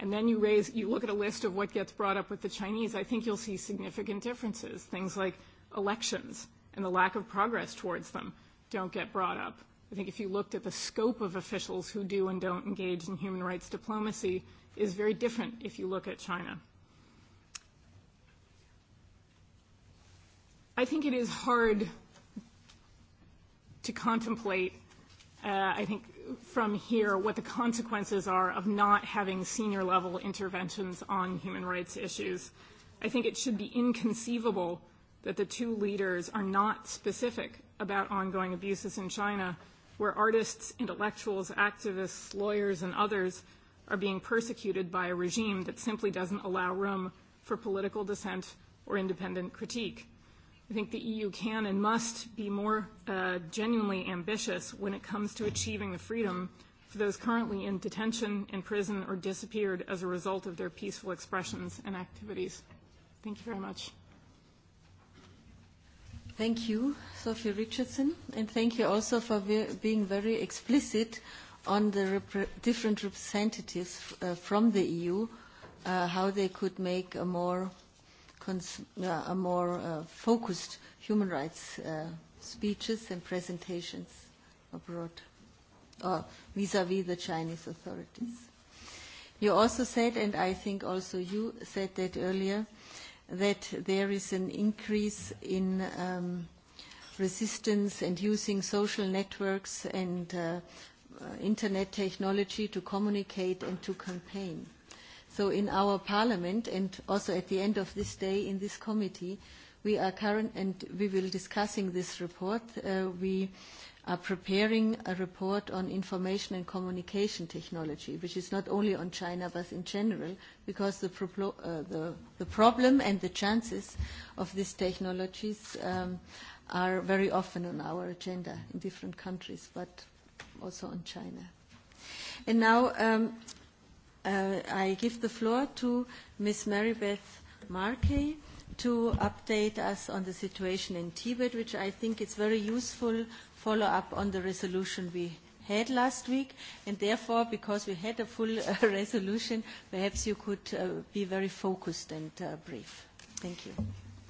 and then you raise, you look at a list of what gets brought up with the Chinese, I think you'll see significant differences. Things like elections and the lack of progress towards them don't get brought up. I think if you looked at the scope of officials who do and don't engage in human rights diplomacy is very different if you look at China. I think it is hard to contemplate, I think, from here what the consequences are of not having senior level interventions on human rights issues. I think it should be inconceivable that the two leaders are not specific about ongoing abuses in China where artists, intellectuals, activists, lawyers, and others are being persecuted by a regime that simply doesn't allow room for political dissent or independent critique. I think the EU can and must be more genuinely ambitious when it comes to achieving the freedom for those currently in detention, in prison, or disappeared as a result of their peaceful expressions and activities. Thank you very much. Thank you, Sophie Richardson, and thank you also for being very explicit on the different representatives from the EU, how they could make a more a more focused human rights speeches and presentations abroad, vis-à-vis the Chinese authorities. You also said, and I think also you said that earlier, that there is an increase in resistance and using social networks and internet technology to communicate and to campaign. So in our parliament and also at the end of this day in this committee, we are current and we will discussing this report. We are preparing a report on information and communication technology, which is not only on China but in general, because the problem and the chances of these technologies are very often on our agenda in different countries, but also on China. And now I give the floor to Ms. Marybeth Markey to update us on the situation in Tibet, which I think is very useful follow up on the resolution we had last week, and therefore, because we had a full resolution, perhaps you could be very focused and brief. Thank you.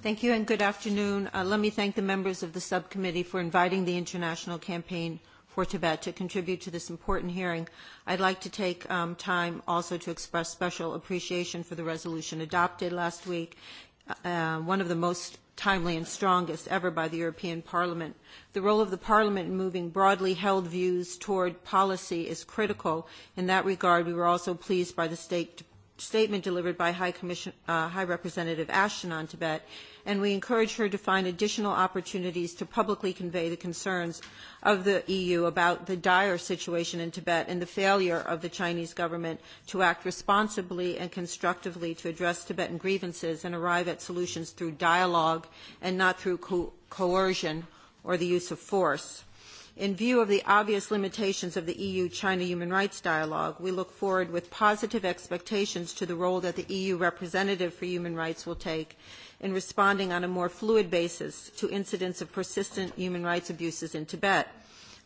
Thank you and good afternoon. Let me thank the members of the subcommittee for inviting the International Campaign for Tibet to contribute to this important hearing. I'd like to take time also to express special appreciation for the resolution adopted last week one of the most timely and strongest ever by the European Parliament. The role of the Parliament in moving broadly held views toward policy is critical. In that regard, we were also pleased by the statement delivered by High Representative Ashton on Tibet and we encourage her to find additional opportunities to publicly convey the concerns of the EU about the dire situation in Tibet and the failure of the Chinese government to act responsibly and constructively to address Tibetan grievances and arrive at solutions through dialogue and not through coercion or the use of force. In view of the obvious limitations of the EU-China human rights dialogue, we look forward with positive expectations to the role that the EU representative for human rights will take in responding on a more fluid basis to incidents of persistent human rights abuses in Tibet.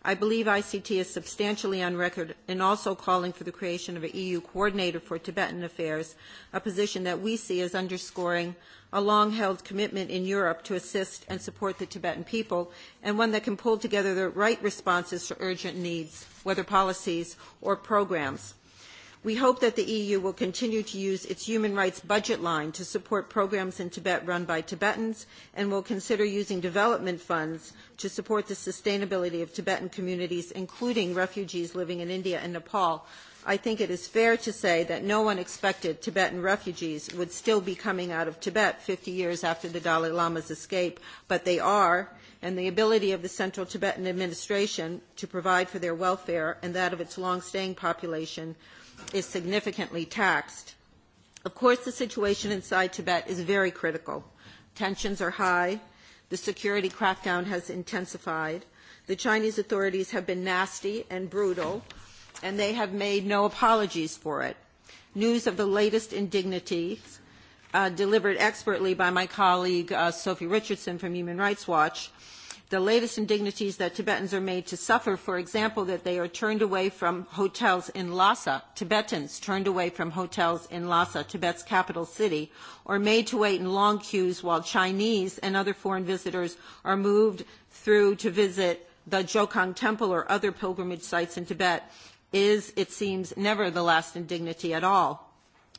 I believe ICT is substantially on record in also calling for the creation of an EU coordinator for Tibetan affairs, a position that we see as underscoring a long-held commitment in Europe to assist and support the Tibetan people, and one that can pull together the right responses to urgent needs, whether policies or programs. We hope that the EU will continue to use its human rights budget line to support programs in Tibet run by Tibetans and will consider using development funds to support the sustainability of Tibetan communities, including refugees living in India and Nepal. I think it is fair to say that no one expected Tibetan refugees would still be coming out of Tibet 50 years after the Dalai Lama's escape, but they are, and the ability of the Central Tibetan Administration to provide for their welfare and that of its long-staying population is significantly taxed. Of course, the situation inside Tibet is very critical. Tensions are high. The security crackdown has intensified. The Chinese authorities have been nasty and brutal, and they have made no apologies for it. News of the latest indignities, delivered expertly by my colleague Sophie Richardson from Human Rights Watch, the latest indignities that Tibetans are made to suffer, for example, that they are turned away from hotels in Lhasa, Tibetans turned away from hotels in Lhasa, Tibet's capital city, or made to wait in long queues while Chinese and other foreign visitors are moved through to visit the Jokang Temple or other pilgrimage sites in Tibet, is, it seems, never the last indignity at all.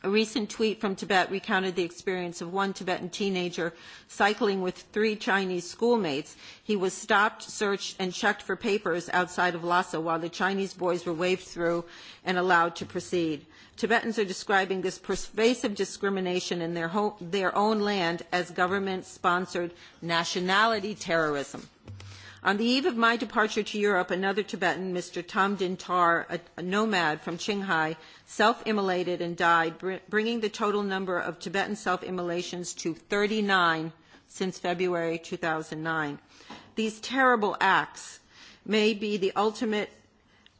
A recent tweet from Tibet recounted the experience of one Tibetan teenager cycling with three Chinese schoolmates. He was stopped, searched, and checked for papers outside of Lhasa while the Chinese boys were waved through and allowed to proceed. Tibetans are describing this pervasive discrimination in their own land as government-sponsored nationality terrorism. On the eve of my departure to Europe, another Tibetan, Mr. Tom Dintar, a nomad from Qinghai, self-immolated and died, bringing the total number of Tibetan self-immolations to 39 since February 2009. These terrible acts may be the ultimate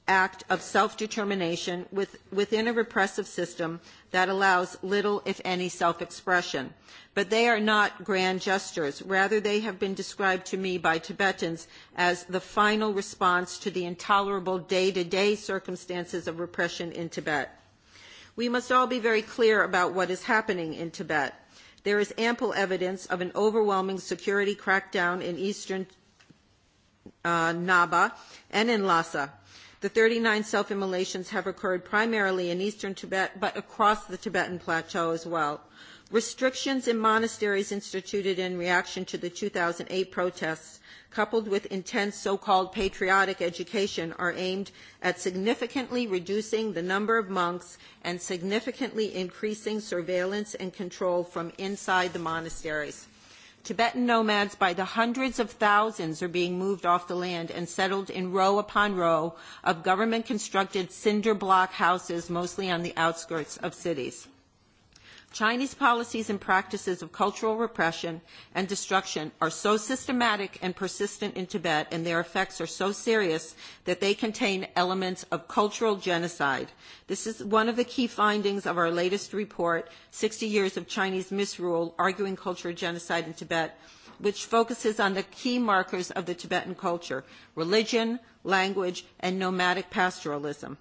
act of self-determination within a repressive system that allows little, if any, self-expression but they are not grand gestures. Rather, they have been described to me by Tibetans as the final response to the intolerable day-to-day circumstances of repression in Tibet. We must all be very clear about what is happening in Tibet. There is ample evidence of an overwhelming security crackdown in eastern Naba and in Lhasa. The 39 self-immolations have occurred primarily in eastern Tibet, but across the Tibetan plateau as well. Restrictions in monasteries instituted in reaction to the 2008 protests, coupled with intense so-called patriotic education, are aimed at significantly reducing the number of monks and significantly increasing surveillance and control from inside the monasteries. Tibetan nomads by the hundreds of thousands are being moved off the land and settled in row upon row of government-constructed cinder block houses, mostly on the outskirts of cities. Chinese policies and practices of cultural repression and destruction are so systematic and persistent in Tibet, and their effects are so serious that they contain elements of cultural genocide. This is one of the key findings of our latest report, 60 Years of Chinese Misrule, Arguing Cultural Genocide in Tibet, which focuses on the key markers of the Tibetan culture, religion, language, and nomadic pastoralism.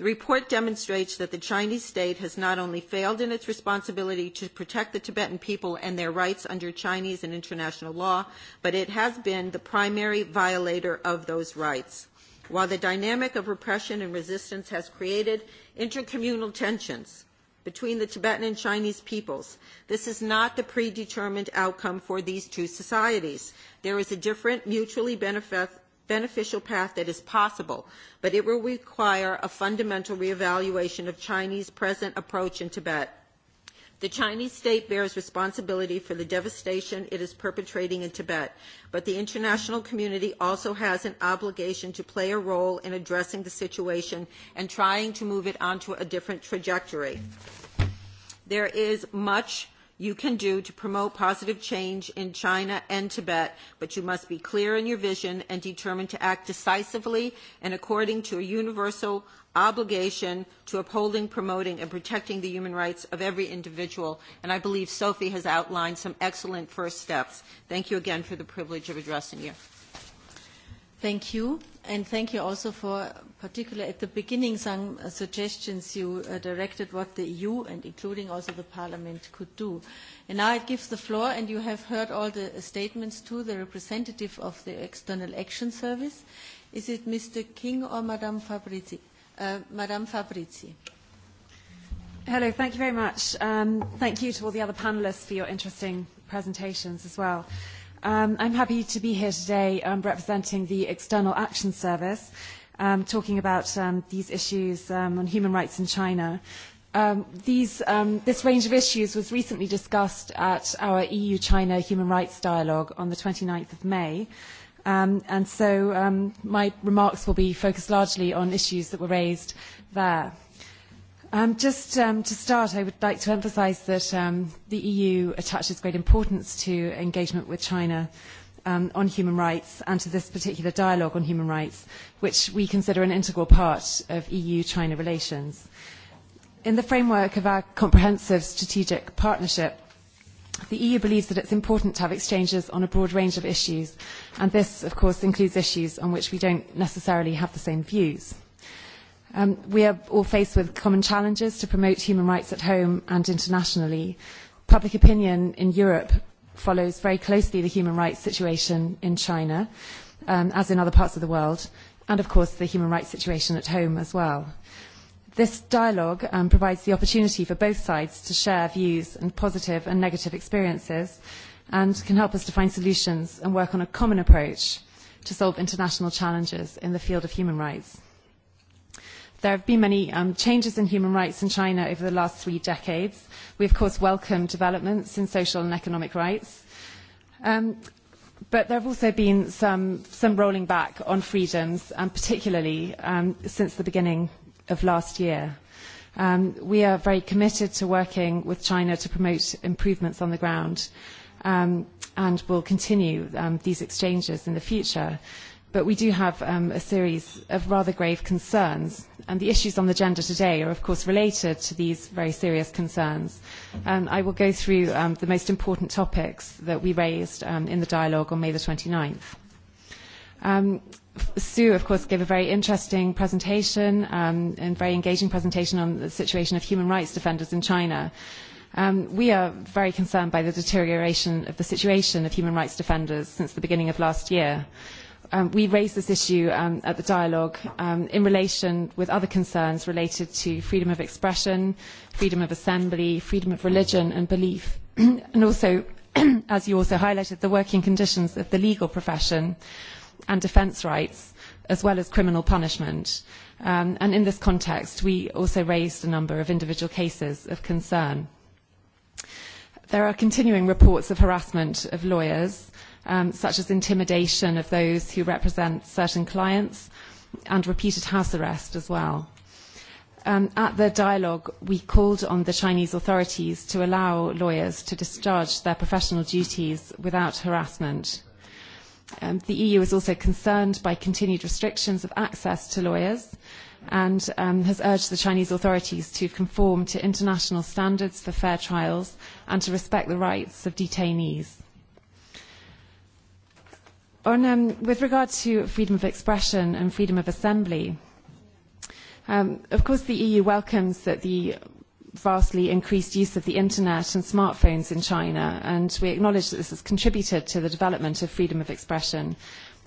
The report demonstrates that the Chinese state has not only failed in its responsibility to protect the Tibetan people and their rights under Chinese and international law, but it has been the primary violator of those rights. While the dynamic of repression and resistance has created intercommunal tensions between the Tibetan and Chinese peoples, this is not the predetermined outcome for these two societies. There is a different mutually benefit beneficial path that is possible, but it will require a fundamental reevaluation of Chinese present approach in Tibet. The Chinese state bears responsibility for the devastation it is perpetrating in Tibet, but the international community also has an obligation to play a role in addressing the situation and trying to move it onto a different trajectory. There is much you can do to promote positive change in China and Tibet, but you must be clear in your vision and determined to act decisively and according to a universal obligation to upholding, promoting, and protecting the human rights of every individual. And I believe Sophie has outlined some excellent first steps. Thank you again for the privilege of addressing you. Thank you. And thank you also for particular at the beginning some suggestions you directed what the EU and including also the Parliament could do. And now it gives the floor and you have heard all the statements to the representative of the External Action Service. Is it Mr. King or Madame Fabrizi? Madame Fabrizi. Hello, thank you very much. Thank you to all the other panelists for your interesting presentations as well. I'm happy to be here today representing the External Action Service talking about these issues on human rights in China. This range of issues was recently discussed at our EU-China Human Rights Dialogue on the 29th of May, and so my remarks will be focused largely on issues that were raised there. Just to start, I would like to emphasise that the EU attaches great importance to engagement with China on human rights and to this particular dialogue on human rights, which we consider an integral part of EU-China relations. In the framework of our comprehensive strategic partnership, the EU believes that it's important to have exchanges on a broad range of issues, and this, of course, includes issues on which we don't necessarily have the same views. We are all faced with common challenges to promote human rights at home and internationally. Public opinion in Europe follows very closely the human rights situation in China, as in other parts of the world, and of course the human rights situation at home as well. This dialogue provides the opportunity for both sides to share views and positive and negative experiences and can help us to find solutions and work on a common approach to solve international challenges in the field of human rights. There have been many changes in human rights in China over the last three decades. We, of course, welcome developments in social and economic rights. But there have also been some rolling back on freedoms, and particularly since the beginning of last year. We are very committed to working with China to promote improvements on the ground and will continue these exchanges in the future. But we do have a series of rather grave concerns, and the issues on the agenda today are, of course, related to these very serious concerns. I will go through the most important topics that we raised in the dialogue on May the 29th. Sue, of course, gave a very interesting presentation and very engaging presentation on the situation of human rights defenders in China. We are very concerned by the deterioration of the situation of human rights defenders since the beginning of last year We raised this issue at the dialogue in relation with other concerns related to freedom of expression, freedom of assembly, freedom of religion and belief, and also, as you also highlighted, the working conditions of the legal profession and defence rights, as well as criminal punishment. And in this context, we also raised a number of individual cases of concern. There are continuing reports of harassment of lawyers such as intimidation of those who represent certain clients and repeated house arrest as well. At the dialogue, we called on the Chinese authorities to allow lawyers to discharge their professional duties without harassment. The EU is also concerned by continued restrictions of access to lawyers and has urged the Chinese authorities to conform to international standards for fair trials and to respect the rights of detainees. With regard to freedom of expression and freedom of assembly, of course the EU welcomes that the vastly increased use of the internet and smartphones in China, and we acknowledge that this has contributed to the development of freedom of expression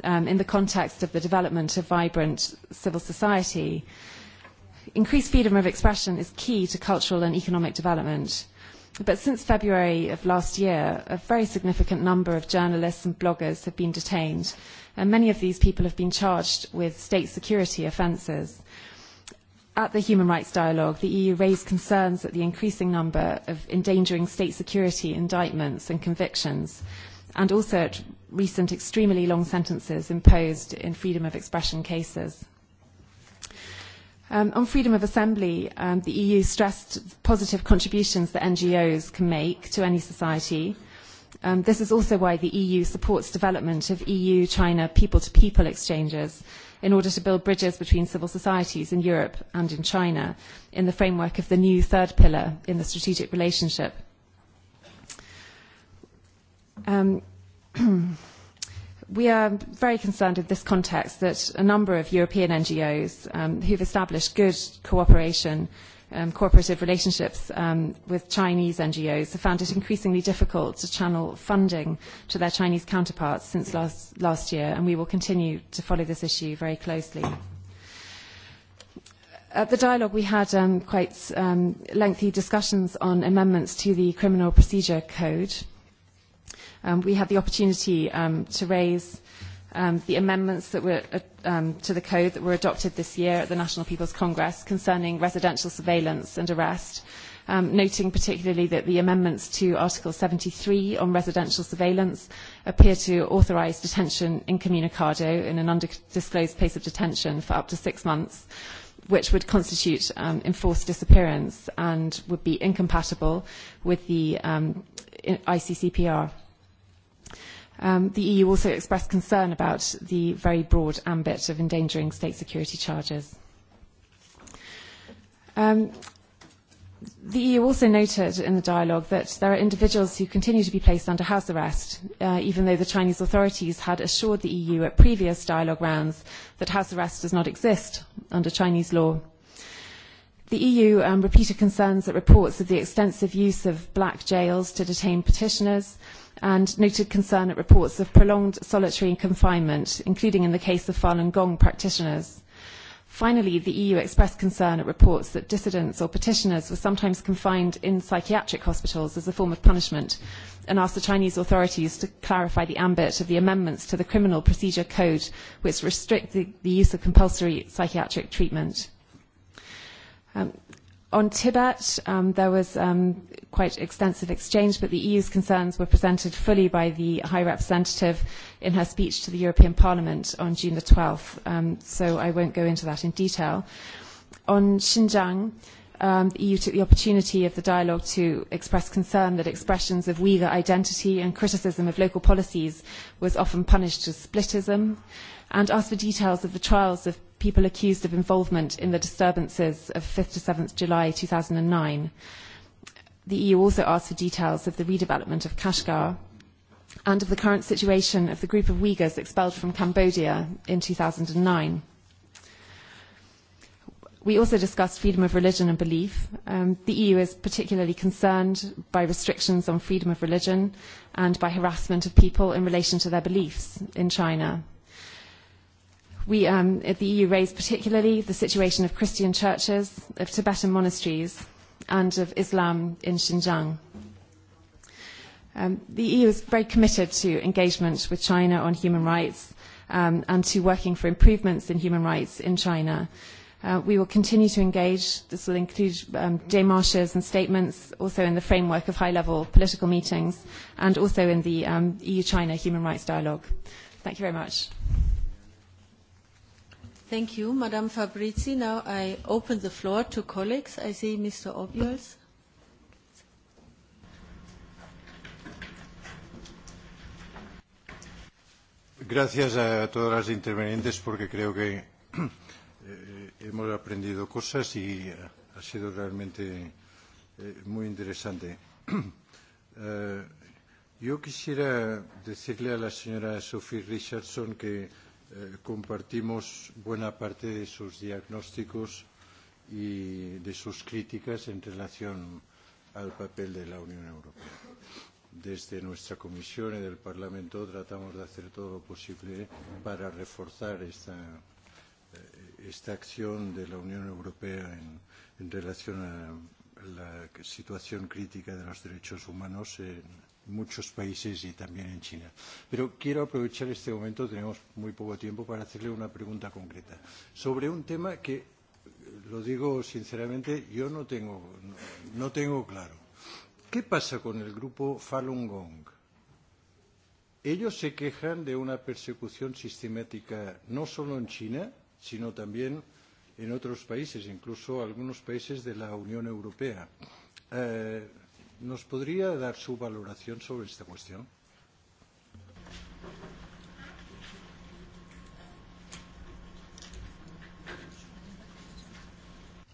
in the context of the development of vibrant civil society. Increased freedom of expression is key to cultural and economic development. But since February of last year, a very significant number of journalists and bloggers have been detained, and many of these people have been charged with state security offences. At the Human Rights Dialogue, the EU raised concerns at the increasing number of endangering state security indictments and convictions, and also at recent extremely long sentences imposed in freedom of expression cases. On freedom of assembly, the EU stressed positive contributions that NGOs can make to any society. This is also why the EU supports development of EU-China people-to-people exchanges in order to build bridges between civil societies in Europe and in China in the framework of the new third pillar in the strategic relationship. We are very concerned in this context that a number of European NGOs who have established good cooperation, cooperative relationships with Chinese NGOs have found it increasingly difficult to channel funding to their Chinese counterparts since last year, and we will continue to follow this issue very closely. At the dialogue, we had quite lengthy discussions on amendments to the Criminal Procedure Code we had the opportunity to raise the amendments that were to the code that were adopted this year at the National People's Congress concerning residential surveillance and arrest, noting particularly that the amendments to Article 73 on residential surveillance appear to authorise detention incommunicado in an undisclosed place of detention for up to six months, which would constitute enforced disappearance and would be incompatible with the ICCPR. The EU also expressed concern about the very broad ambit of endangering state security charges. The EU also noted in the dialogue that there are individuals who continue to be placed under house arrest, even though the Chinese authorities had assured the EU at previous dialogue rounds that house arrest does not exist under Chinese law. The EU repeated concerns at reports of the extensive use of black jails to detain petitioners and noted concern at reports of prolonged solitary confinement, including in the case of Falun Gong practitioners. Finally, the EU expressed concern at reports that dissidents or petitioners were sometimes confined in psychiatric hospitals as a form of punishment and asked the Chinese authorities to clarify the ambit of the amendments to the Criminal Procedure Code which restrict the use of compulsory psychiatric treatment. On Tibet, there was quite extensive exchange, but the EU's concerns were presented fully by the High Representative in her speech to the European Parliament on June the 12 so I won't go into that in detail. On Xinjiang, the EU took the opportunity of the dialogue to express concern that expressions of Uyghur identity and criticism of local policies was often punished as splitism, and asked for details of the trials of people accused of involvement in the disturbances of 5th to 7th July 2009. The EU also asked for details of the redevelopment of Kashgar and of the current situation of the group of Uyghurs expelled from Cambodia in 2009. We also discussed freedom of religion and belief. The EU is particularly concerned by restrictions on freedom of religion and by harassment of people in relation to their beliefs in China. We at the EU raised particularly the situation of Christian churches, of Tibetan monasteries and of Islam in Xinjiang. The EU is very committed to engagement with China on human rights and to working for improvements in human rights in China. We will continue to engage. This will include démarches and statements, also in the framework of high-level political meetings, and also in the EU-China human rights dialogue. Thank you very much. Thank you, Madame Fabrizi. Now I open the floor to colleagues. I see Mr. Obiols. Gracias a todas las intervenientes porque creo que hemos aprendido cosas y ha sido realmente muy interesante. Yo quisiera decirle a la señora Sophie Richardson que compartimos buena parte de sus diagnósticos y de sus críticas en relación al papel de la Unión Europea. Desde nuestra comisión y del Parlamento tratamos de hacer todo lo posible para reforzar esta acción de la Unión Europea en relación a la situación crítica de los derechos humanos en muchos países y también en China. Pero quiero aprovechar este momento, tenemos muy poco tiempo, para hacerle una pregunta concreta sobre un tema que, lo digo sinceramente, yo no tengo, no tengo claro. ¿Qué pasa con el grupo Falun Gong? Ellos se quejan de una persecución sistemática no solo en China, sino también en otros países, incluso algunos países de la Unión Europea. Eh, ¿Nos podría dar su valoración sobre esta cuestión?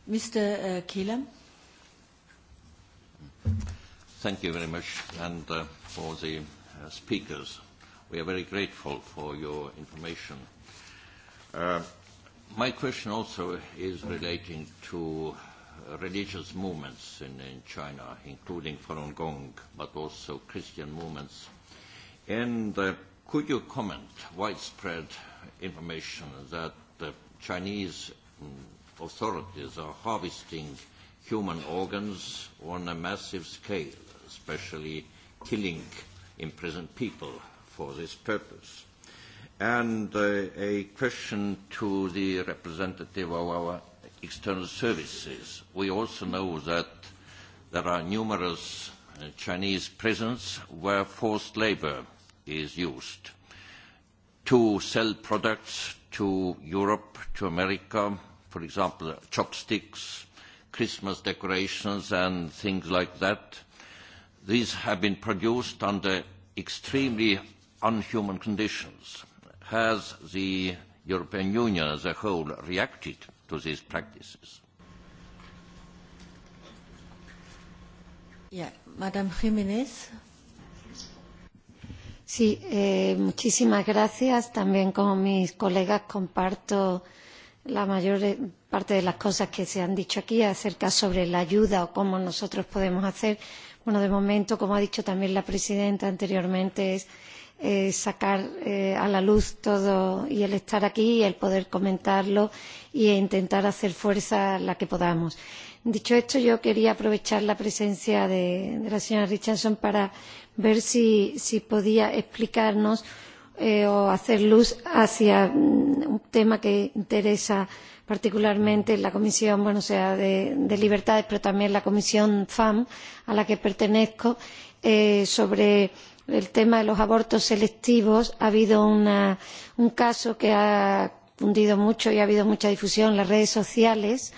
Mr. Keelam. Thank you very much, and for the speakers. We are very grateful for your information. My question also is relating to religious movements in China, including Falun Gong, but also Christian movements. And could you comment widespread information that the Chinese authorities are harvesting human organs on a massive scale, especially killing imprisoned people for this purpose? And a question to the representative of our external services. We also know that there are numerous Chinese prisons where forced labor is used to sell products to Europe, to America, for example, chopsticks, Christmas decorations and things like that. These have been produced under extremely unhuman conditions. Has the European Union as a whole reacted to these practices. Madam Jiménez. Sí, muchísimas gracias. También con mis colegas comparto la mayor parte de las cosas que se han dicho aquí acerca sobre la ayuda o cómo nosotros podemos hacer. Bueno, de momento, como ha dicho también la presidenta anteriormente, es sacar a la luz todo y el estar aquí y el poder comentarlo y intentar hacer fuerza la que podamos. Dicho esto, yo quería aprovechar la presencia de la señora Richardson para ver si podía explicarnos o hacer luz hacia un tema que interesa particularmente la Comisión de Libertades, pero también la Comisión FAM, a la que pertenezco, sobre el tema de los abortos selectivos ha habido un caso que ha fundido mucho y ha habido mucha difusión en las redes sociales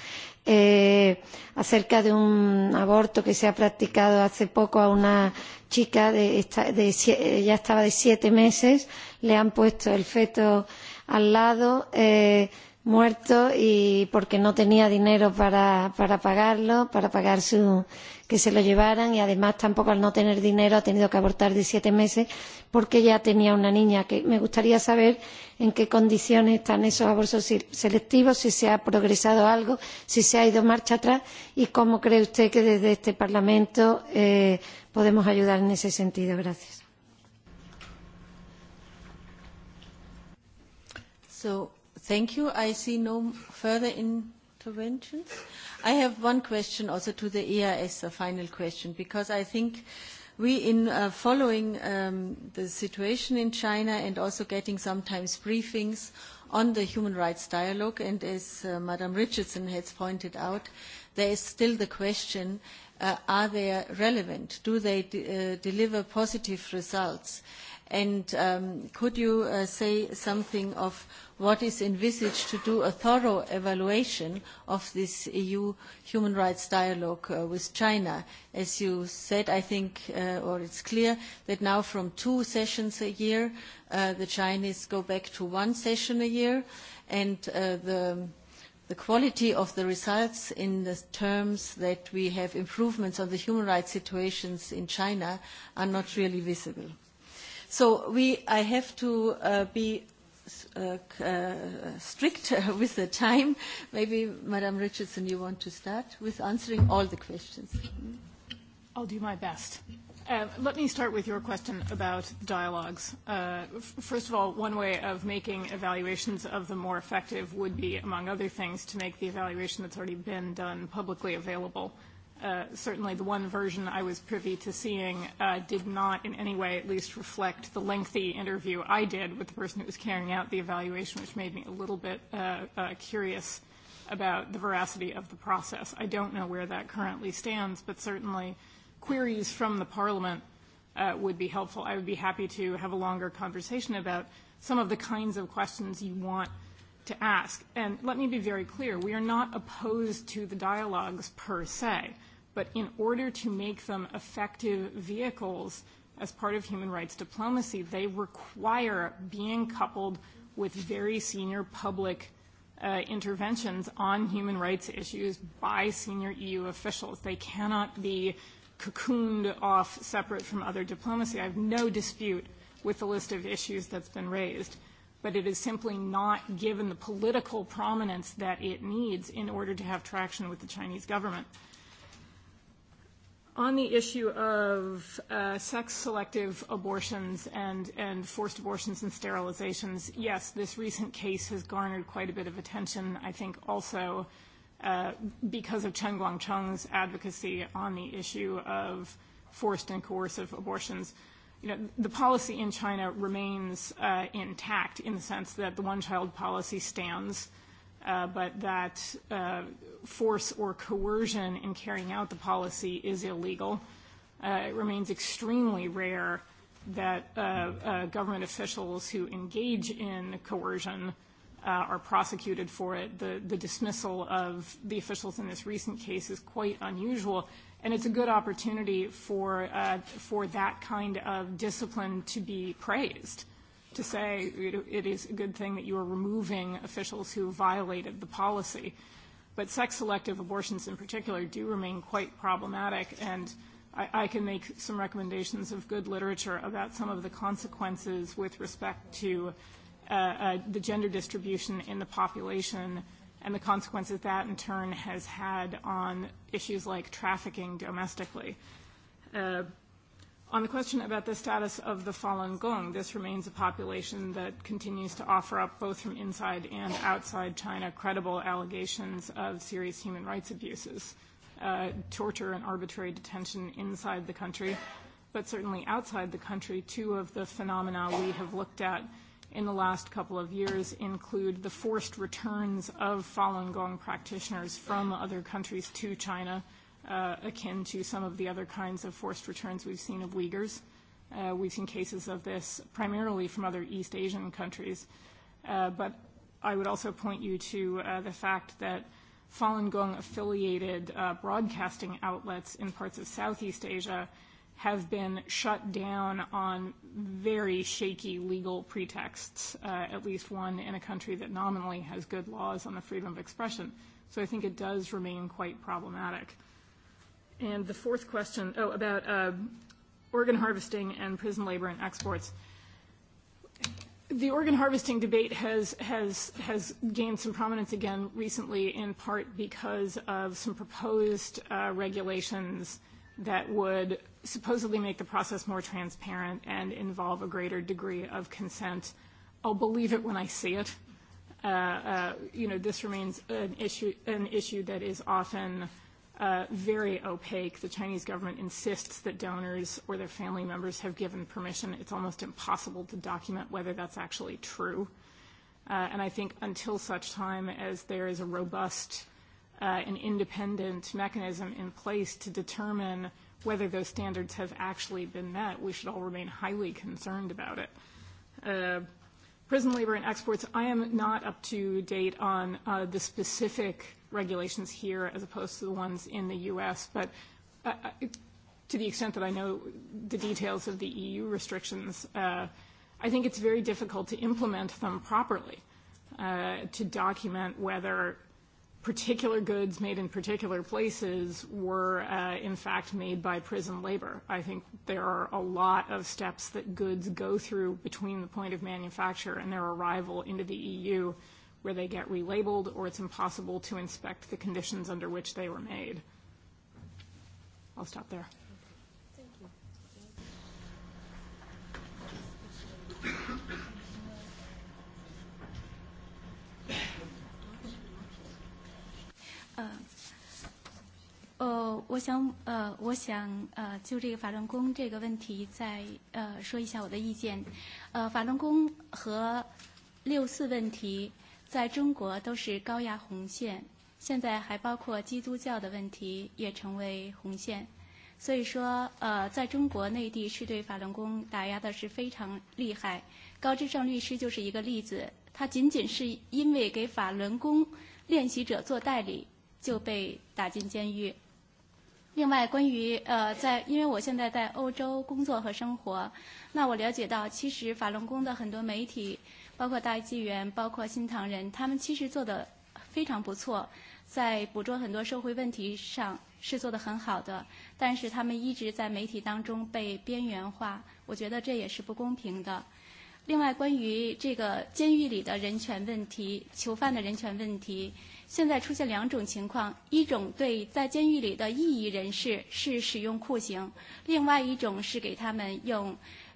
acerca de un aborto que se ha practicado hace poco a una chica ya estaba de siete meses le han puesto el feto al lado muerto y porque no tenía dinero para pagarlo, para pagar su que se lo llevaran y además tampoco al no tener dinero ha tenido que abortar 17 meses porque ya tenía una niña. que Me gustaría saber en qué condiciones están esos abortos selectivos, si se ha progresado algo, si se ha ido marcha atrás y cómo cree usted que desde este Parlamento podemos ayudar en ese sentido. Gracias. Thank you. I see no further interventions. I have one question also to the EIS, a final question, because I think we, in following the situation in China and also getting sometimes briefings on the human rights dialogue, and as Madam Richardson has pointed out, there is still the question, are they relevant? Do they deliver positive results? And could you say something of what is envisaged to do a thorough evaluation of this EU human rights dialogue with China. As you said, I think, or it's clear, that now from two sessions a year, the Chinese go back to one session a year, and the quality of the results in the terms that we have improvements on the human rights situations in China are not really visible. So I have to be strict with the time. Maybe, Madam Richardson, you want to start with answering all the questions. I'll do my best. Let me start with your question about dialogues. First of all, one way of making evaluations of them more effective would be, among other things, to make the evaluation that's already been done publicly available certainly the one version I was privy to seeing did not in any way at least reflect the lengthy interview I did with the person who was carrying out the evaluation, which made me a little bit curious about the veracity of the process. I don't know where that currently stands, but certainly queries from the Parliament would be helpful. I would be happy to have a longer conversation about some of the kinds of questions you want to ask. And let me be very clear, we are not opposed to the dialogues per se but in order to make them effective vehicles as part of human rights diplomacy, they require being coupled with very senior public interventions on human rights issues by senior EU officials. They cannot be cocooned off separate from other diplomacy. I have no dispute with the list of issues that's been raised, but it is simply not given the political prominence that it needs in order to have traction with the Chinese government. On the issue of sex-selective abortions and and forced abortions and sterilizations, yes, this recent case has garnered quite a bit of attention, I think also because of Chen Guangcheng's advocacy on the issue of forced and coercive abortions. You know, the policy in China remains intact in the sense that the one-child policy stands but that force or coercion in carrying out the policy is illegal. It remains extremely rare that government officials who engage in coercion are prosecuted for it. The dismissal of the officials in this recent case is quite unusual, and it's a good opportunity for that kind of discipline to be praised to say it is a good thing that you are removing officials who violated the policy. But sex-selective abortions in particular do remain quite problematic, and I can make some recommendations of good literature about some of the consequences with respect to the gender distribution in the population and the consequences that, in turn, has had on issues like trafficking domestically. On the question about the status of the Falun Gong, this remains a population that continues to offer up, both from inside and outside China, credible allegations of serious human rights abuses, torture and arbitrary detention inside the country, but certainly outside the country. Two of the phenomena we have looked at in the last couple of years include the forced returns of Falun Gong practitioners from other countries to China akin to some of the other kinds of forced returns we've seen of Uyghurs. We've seen cases of this primarily from other East Asian countries. But I would also point you to the fact that Falun Gong-affiliated broadcasting outlets in parts of Southeast Asia have been shut down on very shaky legal pretexts, at least one in a country that nominally has good laws on the freedom of expression. So I think it does remain quite problematic. And the fourth question, oh, about organ harvesting and prison labor and exports. The organ harvesting debate has has has gained some prominence again recently, in part because of some proposed regulations that would supposedly make the process more transparent and involve a greater degree of consent. I'll believe it when I see it. You know, this remains an issue an issue that is often very opaque. The Chinese government insists that donors or their family members have given permission. It's almost impossible to document whether that's actually true. And I think until such time as there is a robust and independent mechanism in place to determine whether those standards have actually been met, we should all remain highly concerned about it. Prison labor and exports, I am not up to date on the specific regulations here as opposed to the ones in the U.S., but to the extent that I know the details of the EU restrictions, I think it's very difficult to implement them properly, to document whether particular goods made in particular places were in fact made by prison labor. I think there are a lot of steps that goods go through between the point of manufacture and their arrival into the EU where they get relabeled or it's impossible to inspect the conditions under which they were made. I'll stop there. 在中国都是高压红线，现在还包括基督教的问题也成为红线。所以说，呃，在中国内地是对法轮功打压的是非常厉害。高志胜律师就是一个例子，他仅仅是因为给法轮功练习者做代理就被打进监狱。另外，关于呃，在因为我现在在欧洲工作和生活，那我了解到，其实法轮功的很多媒体包括大纪元，包括新唐人，他们其实做的非常不错，在捕捉很多社会问题上是做的很好的，但是他们一直在媒体当中被边缘化，我觉得这也是不公平的。另外，关于这个监狱里的人权问题、囚犯的人权问题，现在出现两种情况：一种对在监狱里的异议人士是使用酷刑，另外一种是给他们用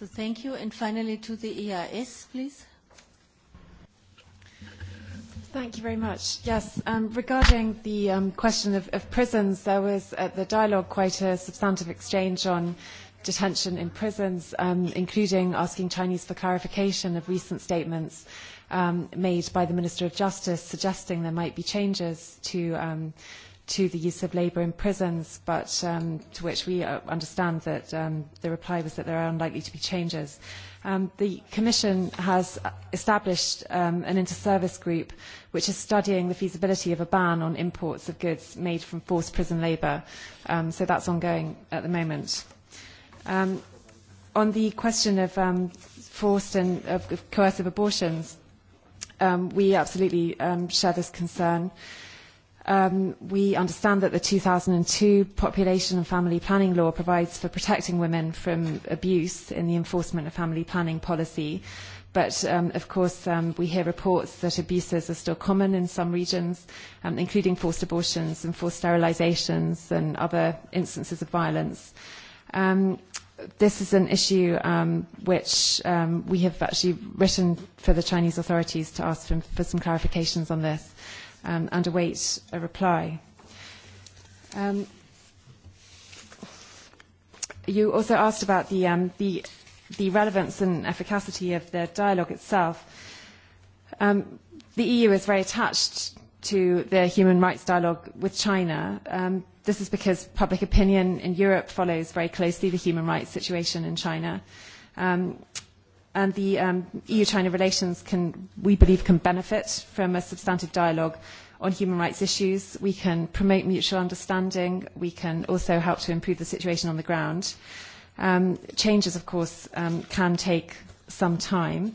So thank you. And finally to the EIS, please. Thank you very much. Yes, regarding the question of prisons, there was at the dialogue quite a substantive exchange on detention in prisons, including asking Chinese for clarification of recent statements made by the Minister of Justice suggesting there might be changes to to the use of labour in prisons, but to which we understand that the reply was that there are unlikely to be changes. Um The Commission has established an inter-service group which is studying the feasibility of a ban on imports of goods made from forced prison labour, so that's ongoing at the moment. On the question of forced and of coercive abortions, we absolutely share this concern. We understand that the 2002 Population and Family Planning Law provides for protecting women from abuse in the enforcement of family planning policy, but of course we hear reports that abuses are still common in some regions, including forced abortions and forced sterilizations and other instances of violence. This is an issue which we have actually written for the Chinese authorities to ask for some clarifications on this and await a reply. You also asked about the relevance and efficacy of the dialogue itself. The EU is very attached to the human rights dialogue with China. This is because public opinion in Europe follows very closely the human rights situation in China and the EU-China relations can, we believe, can benefit from a substantive dialogue on human rights issues. We can promote mutual understanding. We can also help to improve the situation on the ground. Changes, of course, can take some time.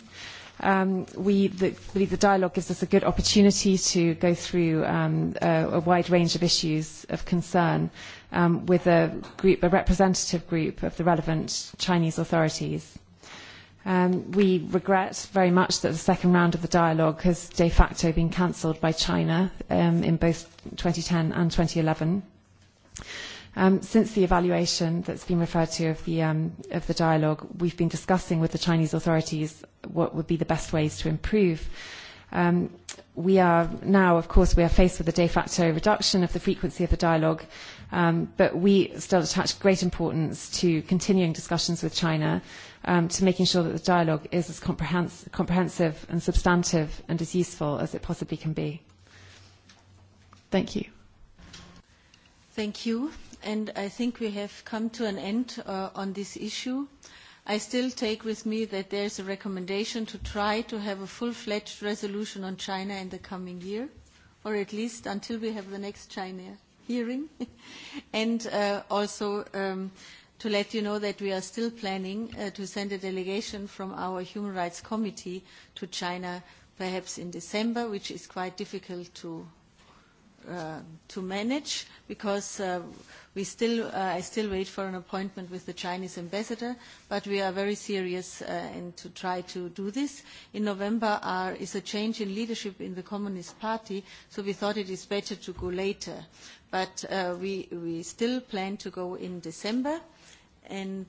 We believe the dialogue gives us a good opportunity to go through a wide range of issues of concern with a representative group of the relevant Chinese authorities. We regret very much that the second round of the dialogue has de facto been cancelled by China in both 2010 and 2011. Since the evaluation that's been referred to of the dialogue, we've been discussing with the Chinese authorities what would be the best ways to improve. We are now, of course, we are faced with a de facto reduction of the frequency of the dialogue, but we still attach great importance to continuing discussions with China to making sure that the dialogue is as comprehensive and substantive and as useful as it possibly can be. Thank you. Thank you. And I think we have come to an end on this issue. I still take with me that there is a recommendation to try to have a full-fledged resolution on China in the coming year, or at least until we have the next China hearing. And also to let you know that we are still planning to send a delegation from our Human Rights Committee to China perhaps in December, which is quite difficult to manage because we still I still wait for an appointment with the Chinese ambassador but we are very serious and to try to do this in November is a change in leadership in the Communist Party so we thought it is better to go later but we we still plan to go in December and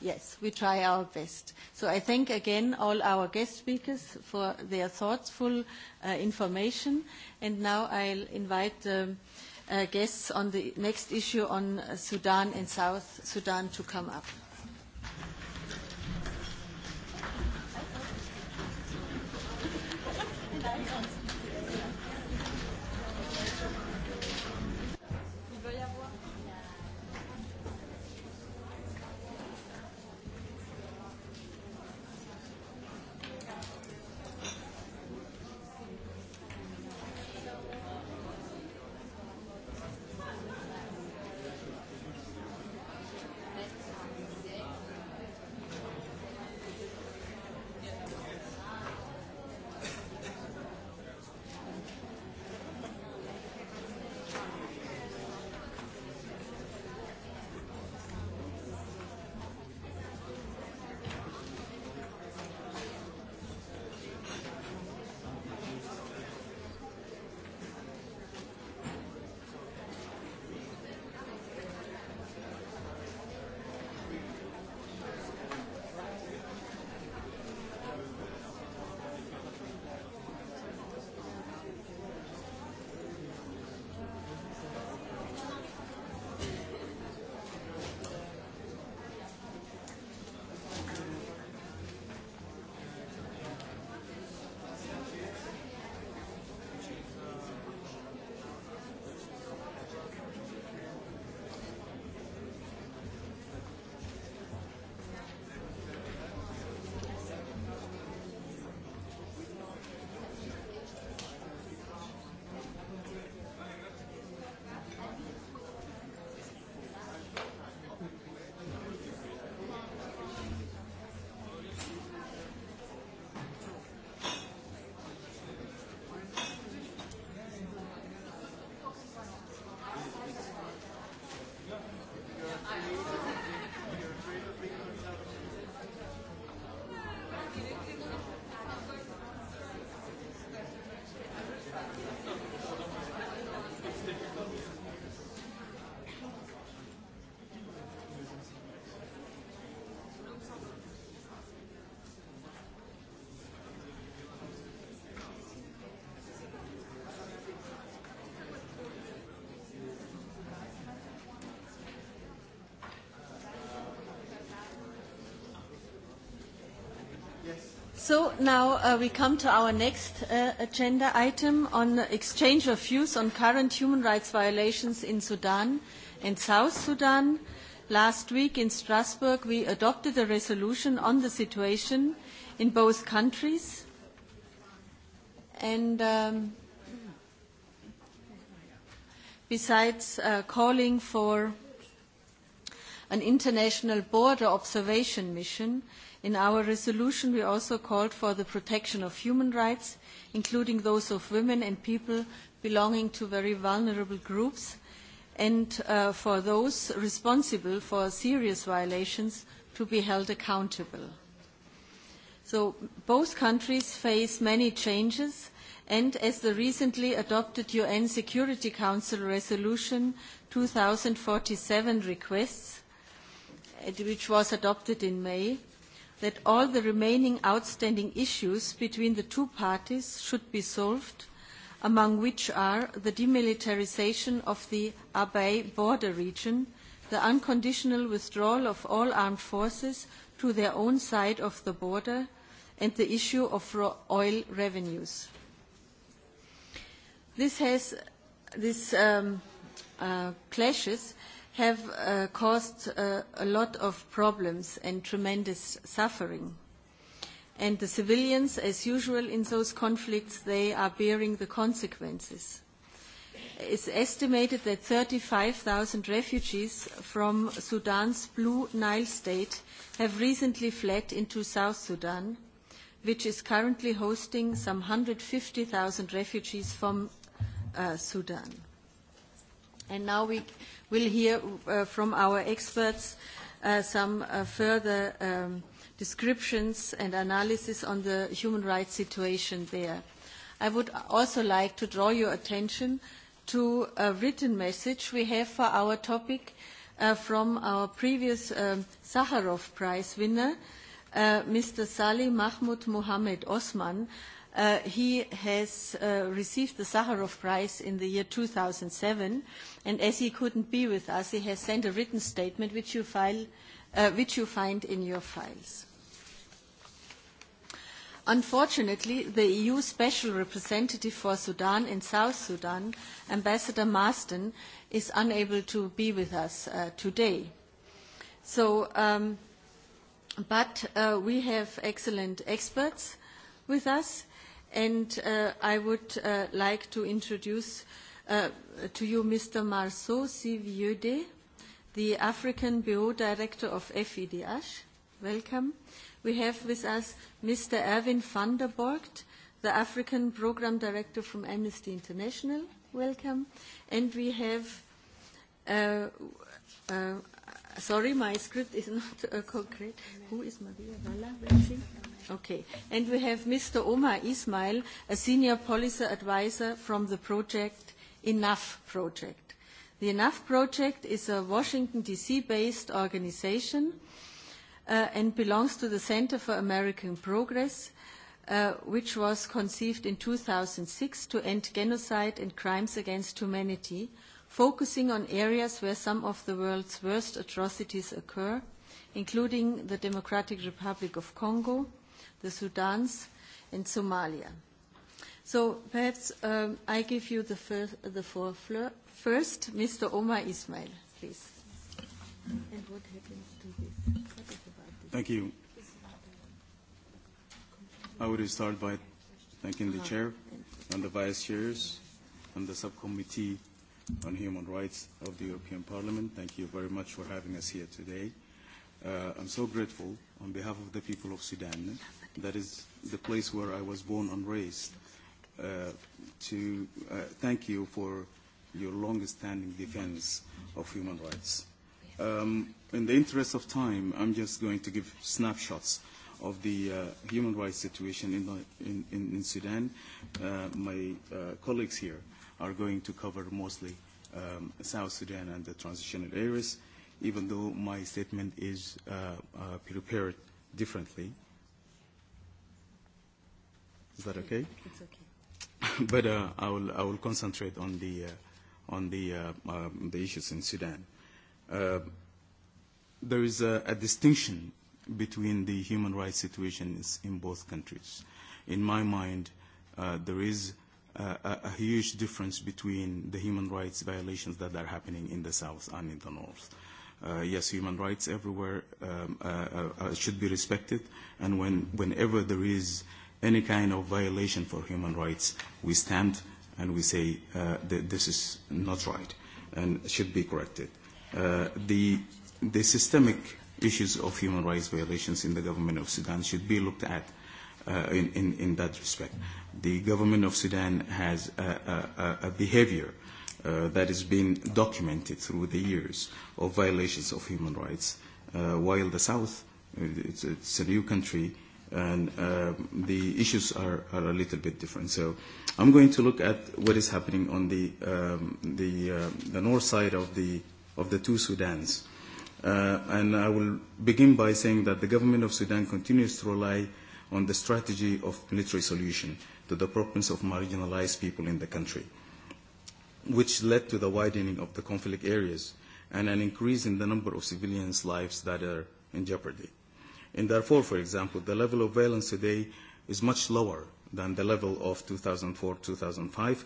yes, we try our best. So I thank again all our guest speakers for their thoughtful information, and now I'll invite the guests on the next issue on Sudan and South Sudan to come up. So now we come to our next agenda item on exchange of views on current human rights violations in Sudan and South Sudan. Last week in Strasbourg we adopted a resolution on the situation in both countries. And besides calling for an international border observation mission. In our resolution, we also called for the protection of human rights, including those of women and people belonging to very vulnerable groups, and for those responsible for serious violations to be held accountable. So both countries face many changes, and as the recently adopted UN Security Council Resolution 2047 requests, which was adopted in May, that all the remaining outstanding issues between the two parties should be solved, among which are the demilitarization of the Abay border region, the unconditional withdrawal of all armed forces to their own side of the border, and the issue of oil revenues. This clashes have caused a lot of problems and tremendous suffering. And the civilians, as usual in those conflicts, they are bearing the consequences. It's estimated that 35,000 refugees from Sudan's Blue Nile state have recently fled into South Sudan, which is currently hosting some 150,000 refugees from Sudan. And now we will hear from our experts some further descriptions and analysis on the human rights situation there. I would also like to draw your attention to a written message we have for our topic from our previous Sakharov Prize winner, Mr. Salih Mahmoud Mohammed Osman, He has received the Sakharov Prize in the year 2007, and as he couldn't be with us, he has sent a written statement which you find in your files. Unfortunately, the EU Special Representative for Sudan in South Sudan, Ambassador Marston, is unable to be with us today. So, but we have excellent experts with us And I would like to introduce to you Mr. Marceau Sivieude, the African Bureau Director of FEDH. Welcome. We have with us Mr. Erwin van der Borgt, the African Program Director from Amnesty International. Welcome. And we have Sorry, my script is not concrete. Who is Maria Valla? Okay. And we have Mr. Omar Ismail, a senior policy advisor from the project Enough Project. The Enough Project is a Washington, D.C.-based organization and belongs to the Center for American Progress, which was conceived in 2006 to end genocide and crimes against humanity focusing on areas where some of the world's worst atrocities occur, including the Democratic Republic of Congo, the Sudans, and Somalia. So perhaps I give you the floor first. Mr. Omar Ismail, please. And what happens to this? Thank you. I would start by thanking the chair and the vice chairs and the subcommittee on Human Rights of the European Parliament. Thank you very much for having us here today. I'm so grateful on behalf of the people of Sudan, that is the place where I was born and raised, to thank you for your long-standing defense of human rights. In the interest of time, I'm just going to give snapshots of the human rights situation in Sudan. My colleagues here are going to cover mostly South Sudan and the transitional areas, even though my statement is prepared differently. Is that okay? It's okay. But I will I will concentrate on the on the the issues in Sudan. There is a distinction between the human rights situations in both countries. In my mind, there is a huge difference between the human rights violations that are happening in the south and in the north. Yes, human rights everywhere should be respected, and whenever there is any kind of violation for human rights, we stand and we say that this is not right and should be corrected. The systemic issues of human rights violations in the government of Sudan should be looked at in that respect. The government of Sudan has a a a behavior that has been documented through the years of violations of human rights, while the South, it's a new country, and the issues are are a little bit different. So I'm going to look at what is happening on the the north side of the of the two Sudans. And I will begin by saying that the government of Sudan continues to rely on the strategy of military solution to the problems of marginalized people in the country, which led to the widening of the conflict areas and an increase in the number of civilians' lives that are in jeopardy. In Darfur, for example, the level of violence today is much lower than the level of 2004-2005.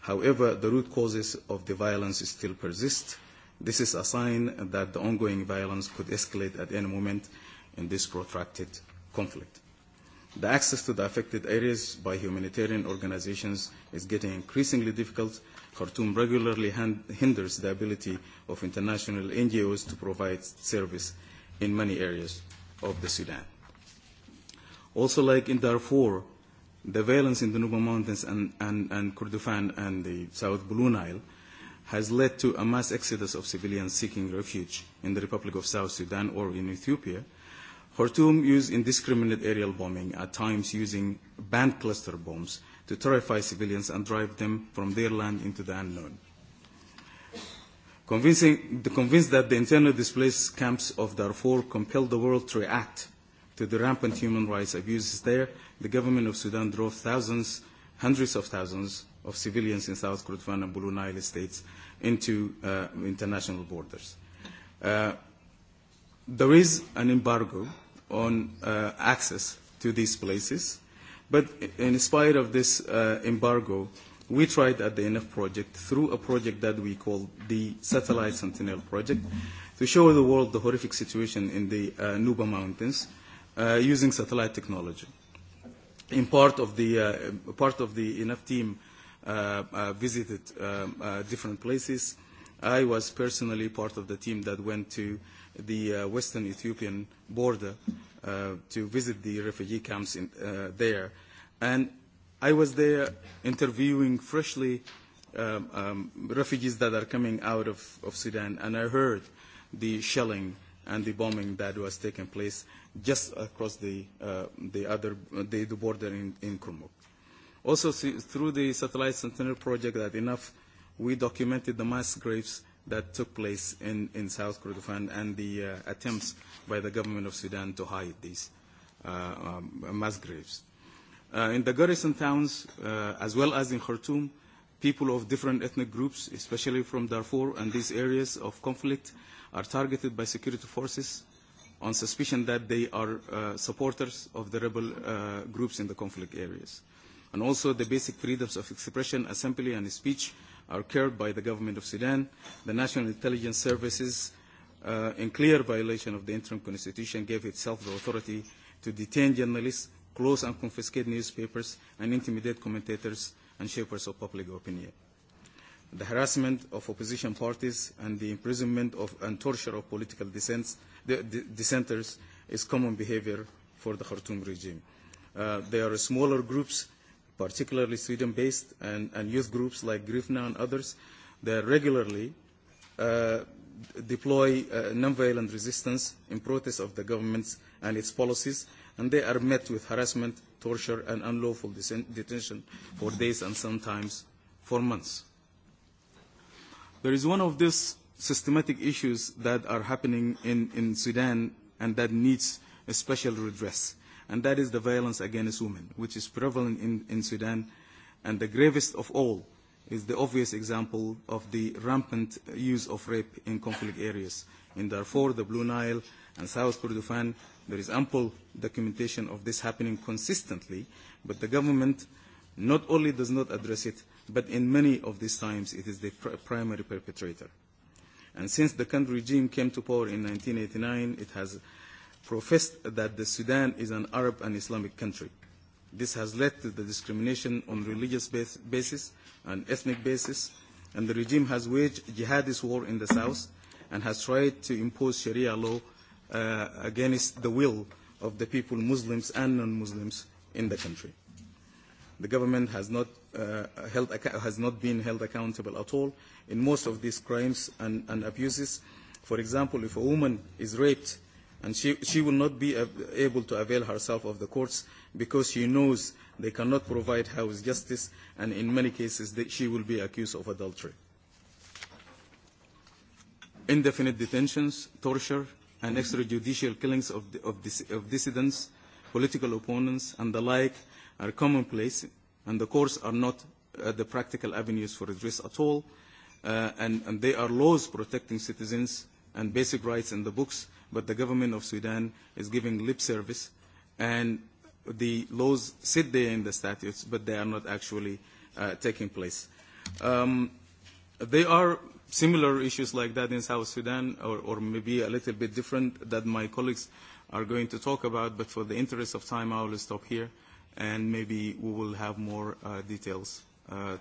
However, the root causes of the violence still persist. This is a sign that the ongoing violence could escalate at any moment in this protracted conflict. The access to the affected areas by humanitarian organizations is getting increasingly difficult. Khartoum regularly hinders the ability of international NGOs to provide service in many areas of the Sudan. Also like in Darfur, the violence in the Nuba Mountains and Kurdufan and the South Blue Nile has led to a mass exodus of civilians seeking refuge in the Republic of South Sudan or in Ethiopia, Khartoum used indiscriminate aerial bombing, at times using banned cluster bombs to terrify civilians and drive them from their land into the unknown. Convinced that the internal displaced camps of Darfur compelled the world to react to the rampant human rights abuses there, the government of Sudan drove thousands, hundreds of thousands of civilians in South Kordofan and Blue Nile states into international borders there is an embargo on access to these places, but in spite of this embargo, we tried at the NF project through a project that we call the Satellite Sentinel Project to show the world the horrific situation in the Nuba Mountains using satellite technology. In part of the part of the NF team visited different places. I was personally part of the team that went to the western Ethiopian border to visit the refugee camps there. And I was there interviewing freshly refugees that are coming out of of Sudan, and I heard the shelling and the bombing that was taking place just across the the other the border in in Kurmuk. Also, through the Satellite Sentinel project that enough, we documented the mass graves that took place in, in South Kordofan and the attempts by the government of Sudan to hide these mass graves. in the garrison towns, as well as in Khartoum, people of different ethnic groups, especially from Darfur and these areas of conflict, are targeted by security forces on suspicion that they are supporters of the rebel groups in the conflict areas. And also the basic freedoms of expression, assembly, and speech are carried by the government of Sudan, the National Intelligence Services, in clear violation of the interim constitution, gave itself the authority to detain journalists, close and confiscate newspapers, and intimidate commentators and shapers of public opinion. The harassment of opposition parties and the imprisonment and torture of political dissenters is common behavior for the Khartoum regime. There are smaller groups particularly Sweden-based and youth groups like Grifna and others, they regularly deploy nonviolent resistance in protest of the government and its policies, and they are met with harassment, torture, and unlawful detention for days and sometimes for months. There is one of these systematic issues that are happening in in Sudan and that needs a special redress and that is the violence against women, which is prevalent in Sudan, and the gravest of all is the obvious example of the rampant use of rape in conflict areas. In Darfur, the Blue Nile, and South Kordofan, there is ample documentation of this happening consistently, but the government not only does not address it, but in many of these times it is the primary perpetrator. And since the country regime came to power in 1989, it has professed that the Sudan is an Arab and Islamic country. This has led to the discrimination on religious basis and ethnic basis, and the regime has waged jihadist war in the south and has tried to impose Sharia law against the will of the people, Muslims and non-Muslims, in the country. The government has not has not been held accountable at all in most of these crimes and abuses. For example, if a woman is raped and she will not be able to avail herself of the courts because she knows they cannot provide her with justice and in many cases she will be accused of adultery. Indefinite detentions, torture and extrajudicial killings of dissidents, political opponents and the like are commonplace and the courts are not the practical avenues for redress at all and they are laws protecting citizens and basic rights in the books but the government of Sudan is giving lip service, and the laws sit there in the statutes, but they are not actually taking place. There are similar issues like that in South Sudan, or maybe a little bit different, that my colleagues are going to talk about, but for the interest of time, I will stop here, and maybe we will have more details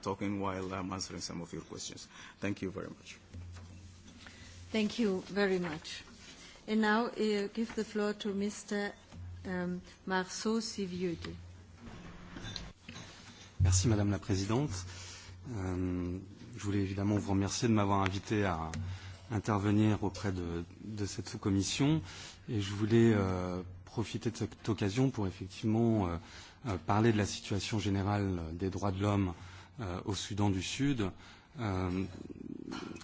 talking while I'm answering some of your questions. Thank you very much. Thank you very much. And now I give the floor to Mr. Marceau Merci Madame la Présidente. Je voulais évidemment vous remercier de m'avoir invité à intervenir auprès de cette sous-commission et je voulais profiter de cette occasion pour effectivement parler de la situation générale des droits de l'homme au Soudan du Sud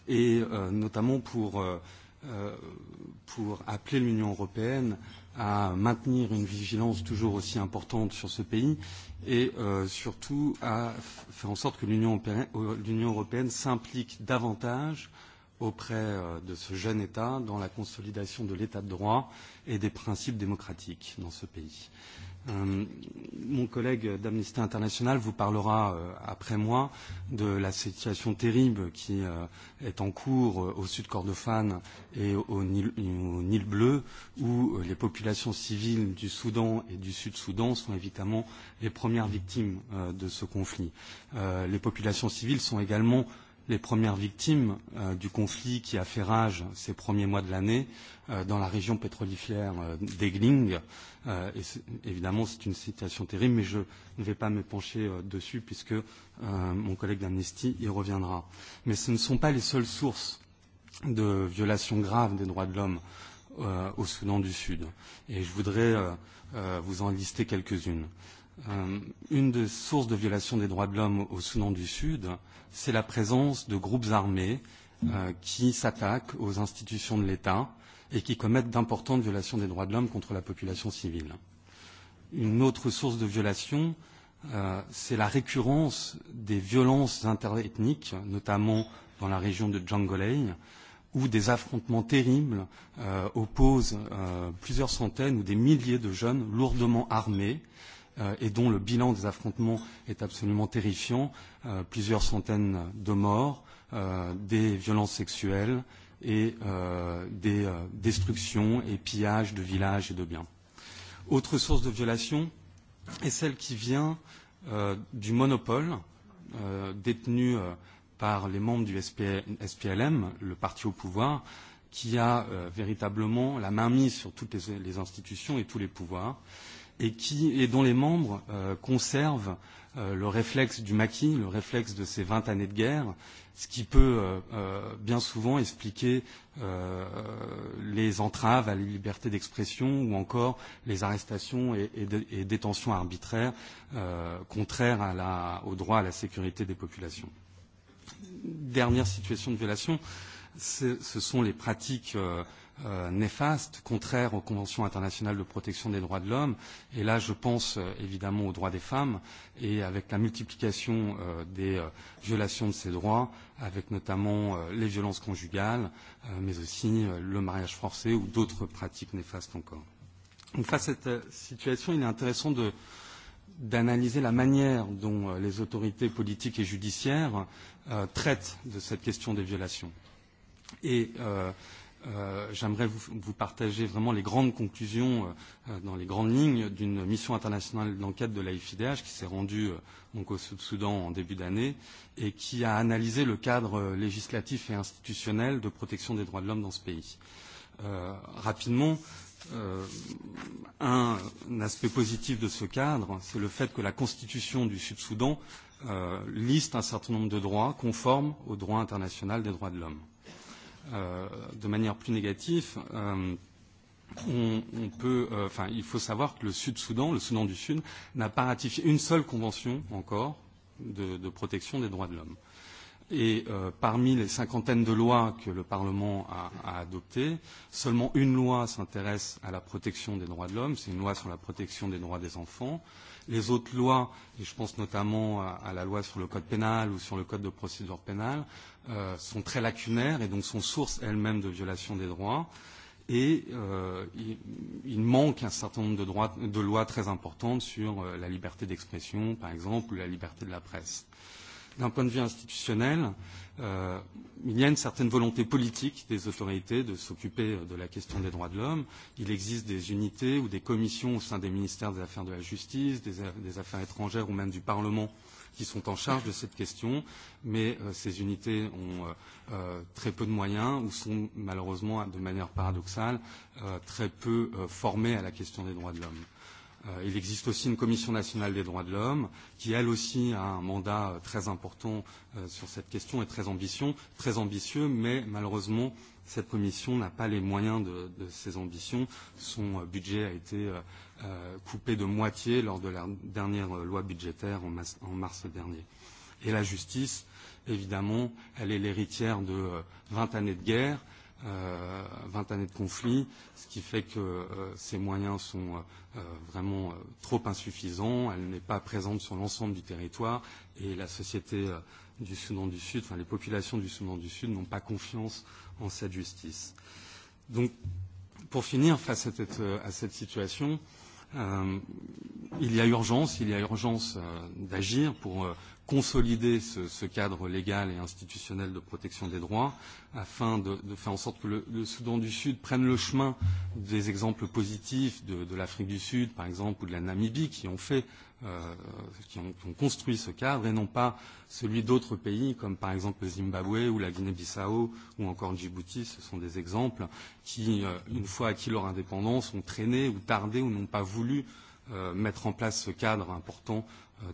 et notamment pour pour appeler l'Union européenne à maintenir une vigilance toujours aussi importante sur ce pays et surtout à faire en sorte que l'Union européenne s'implique davantage auprès de ce jeune État dans la consolidation de l'État de droit et des principes démocratiques dans ce pays. Mon collègue d'Amnesty International vous parlera après moi de la situation terrible qui est en cours au sud Kordofan et au Nil Bleu, où les populations civiles du Soudan et du Sud-Soudan sont évidemment les premières victimes de ce conflit. Les populations civiles sont également les premières victimes du conflit qui a fait rage ces premiers mois de l'année dans la région pétrolifère d'Egling. Évidemment, c'est une situation terrible, mais je ne vais pas me pencher dessus puisque mon collègue d'Amnesty y reviendra. Mais ce ne sont pas les seules sources de violations graves des droits de l'homme au Soudan du Sud. Et je voudrais vous en lister quelques-unes. Une des sources de violation des droits de l'homme au Soudan du Sud, c'est la présence de groupes armés qui s'attaquent aux institutions de l'État et qui commettent d'importantes violations des droits de l'homme contre la population civile. Une autre source de violation, c'est la récurrence des violences interethniques, notamment dans la région de Djangolei, où des affrontements terribles opposent plusieurs centaines ou des milliers de jeunes lourdement armés et dont le bilan des affrontements est absolument terrifiant, plusieurs centaines de morts, des violences sexuelles et des destructions et pillages de villages et de biens. Autre source de violation est celle qui vient du monopole détenu par les membres du SPLM, le parti au pouvoir, qui a véritablement la main mise sur toutes les institutions et tous les pouvoirs et qui et dont les membres conservent le réflexe du maquis, le réflexe de ces 20 années de guerre, ce qui peut bien souvent expliquer les entraves à la liberté d'expression ou encore les arrestations et détentions arbitraires contraires au droit à la sécurité des populations. Dernière situation de violation, ce sont les pratiques néfastes, contraires aux conventions internationales de protection des droits de l'homme. Et là, je pense évidemment aux droits des femmes. Et avec la multiplication des violations de ces droits, avec notamment les violences conjugales, mais aussi le mariage forcé ou d'autres pratiques néfastes encore. Donc face à cette situation, il est intéressant de d'analyser la manière dont les autorités politiques et judiciaires traitent de cette question des violations. Et j'aimerais vous partager vraiment les grandes conclusions dans les grandes lignes d'une mission internationale d'enquête de la qui s'est rendue au Sud-Soudan en début d'année et qui a analysé le cadre législatif et institutionnel de protection des droits de l'homme dans ce pays. Rapidement, un aspect positif de ce cadre, c'est le fait que la constitution du Sud-Soudan liste un certain nombre de droits conformes au droit international des droits de l'homme de manière plus négative, on peut enfin il faut savoir que le Sud Soudan, le Soudan du Sud, n'a pas ratifié une seule convention encore de de protection des droits de l'homme. Et parmi les cinquantaines de lois que le Parlement a adoptées, seulement une loi s'intéresse à la protection des droits de l'homme, c'est une loi sur la protection des droits des enfants les autres lois, et je pense notamment à la loi sur le code pénal ou sur le code de procédure pénale, sont très lacunaires et donc sont source elles-mêmes de violations des droits. Et il manque un certain nombre de lois très importantes sur la liberté d'expression, par exemple, ou la liberté de la presse. D'un point de vue institutionnel, il y a une certaine volonté politique des autorités de s'occuper de la question des droits de l'homme. Il existe des unités ou des commissions au sein des ministères des Affaires de la Justice, des Affaires étrangères ou même du Parlement qui sont en charge de cette question, mais ces unités ont très peu de moyens ou sont malheureusement, de manière paradoxale, très peu formées à la question des droits de l'homme. Il existe aussi une commission nationale des droits de l'homme qui, elle aussi, a un mandat très important sur cette question et très ambitieux, mais malheureusement, cette commission n'a pas les moyens de ses ambitions. Son budget a été coupé de moitié lors de la dernière loi budgétaire en mars dernier. Et la justice, évidemment, elle est l'héritière de 20 années de guerre 20 années de conflit, ce qui fait que ces moyens sont vraiment trop insuffisants, elle n'est pas présente sur l'ensemble du territoire et la société du Soudan du Sud, enfin les populations du Soudan du Sud n'ont pas confiance en cette justice. Donc, pour finir, face à cette situation, il y a urgence, il y a urgence d'agir pour consolider ce cadre légal et institutionnel de protection des droits afin de faire en sorte que le Soudan du Sud prenne le chemin des exemples positifs de l'Afrique du Sud, par exemple, ou de la Namibie, qui ont fait qui ont construit ce cadre et non pas celui d'autres pays comme par exemple le Zimbabwe ou la Guinée-Bissau ou encore Djibouti. Ce sont des exemples qui, une fois acquis leur indépendance, ont traîné ou tardé ou n'ont pas voulu mettre en place ce cadre important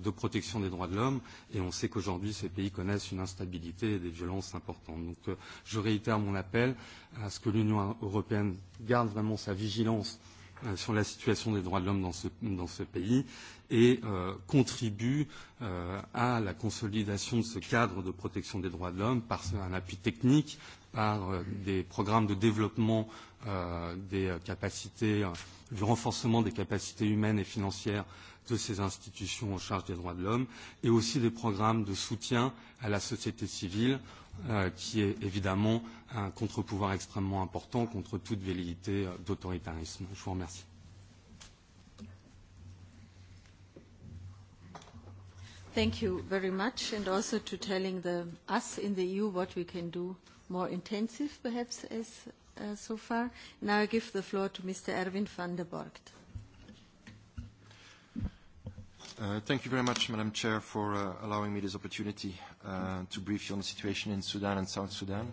de protection des droits de l'homme et on sait qu'aujourd'hui ces pays connaissent une instabilité et des violences importantes. Donc je réitère mon appel à ce que l'Union européenne garde vraiment sa vigilance sur la situation des droits de l'homme dans ce, dans ce pays et contribue à la consolidation de ce cadre de protection des droits de l'homme par un appui technique, par des programmes de développement des capacités du renforcement des capacités humaines et financières de ces institutions en charge des droits de l'homme et aussi des programmes de soutien à la société civile qui est évidemment un contre-pouvoir extrêmement important contre toute velléité d'autoritarisme. Je vous remercie. Thank you very much and also to telling us in the EU what we can do more intensive perhaps as so far. Now I give the floor to Mr. Erwin van der Borgt. Thank you very much, Madam Chair, for allowing me this opportunity to brief you on the situation in Sudan and South Sudan.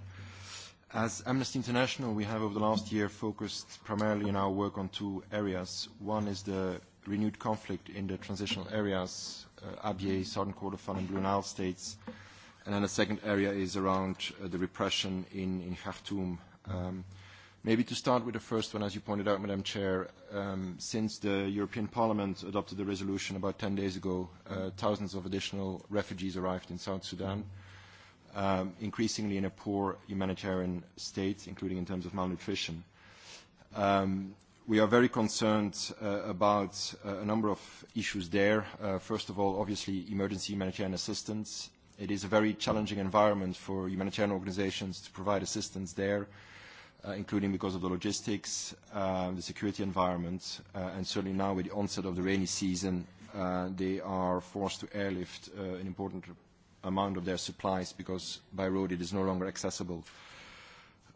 As Amnesty International, we have over the last year focused primarily in our work on two areas. One is the renewed conflict in the transitional areas, Abyei, Southern Kordofan, and Blue Nile states. And then the second area is around the repression in Khartoum Maybe to start with the first one, as you pointed out, Madam Chair, since the European Parliament adopted the resolution about 10 days ago, thousands of additional refugees arrived in South Sudan, increasingly in a poor humanitarian state, including in terms of malnutrition. We are very concerned about a number of issues there. First of all, obviously, emergency humanitarian assistance. It is a very challenging environment for humanitarian organizations to provide assistance there including because of the logistics, the security environment, and certainly now with the onset of the rainy season, they are forced to airlift an important amount of their supplies because by road it is no longer accessible.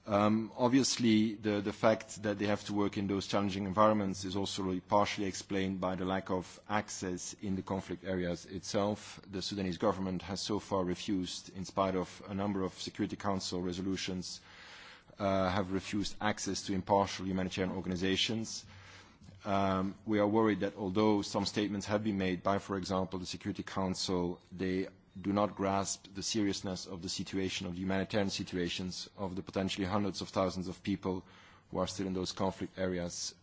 Obviously, the fact that they have to work in those challenging environments is also partially explained by the lack of access in the conflict areas itself. The Sudanese government has so far refused, in spite of a number of Security Council resolutions, have refused access to impartial humanitarian organizations. We are worried that although some statements have been made by, for example, the Security Council, they do not grasp the seriousness of the situation, of the humanitarian situations, of the potentially hundreds of thousands of people who are still in those conflict areas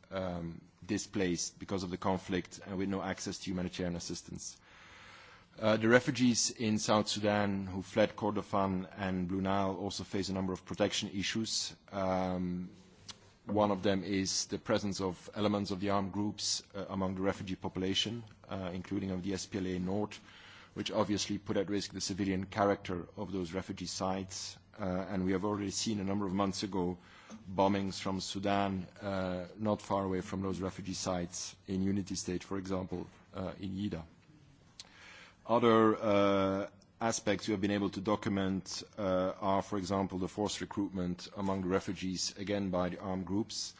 displaced because of the conflict and with no access to humanitarian assistance. The refugees in South Sudan who fled Kordofan and Blue Nile also face a number of protection issues. One of them is the presence of elements of the armed groups among the refugee population, including of the SPLA North, which obviously put at risk the civilian character of those refugee sites. And we have already seen a number of months ago bombings from Sudan, not far away from those refugee sites, in Unity State, for example, in Yida. Other aspects you have been able to document are, for example, the forced recruitment among the refugees, again by the armed groups,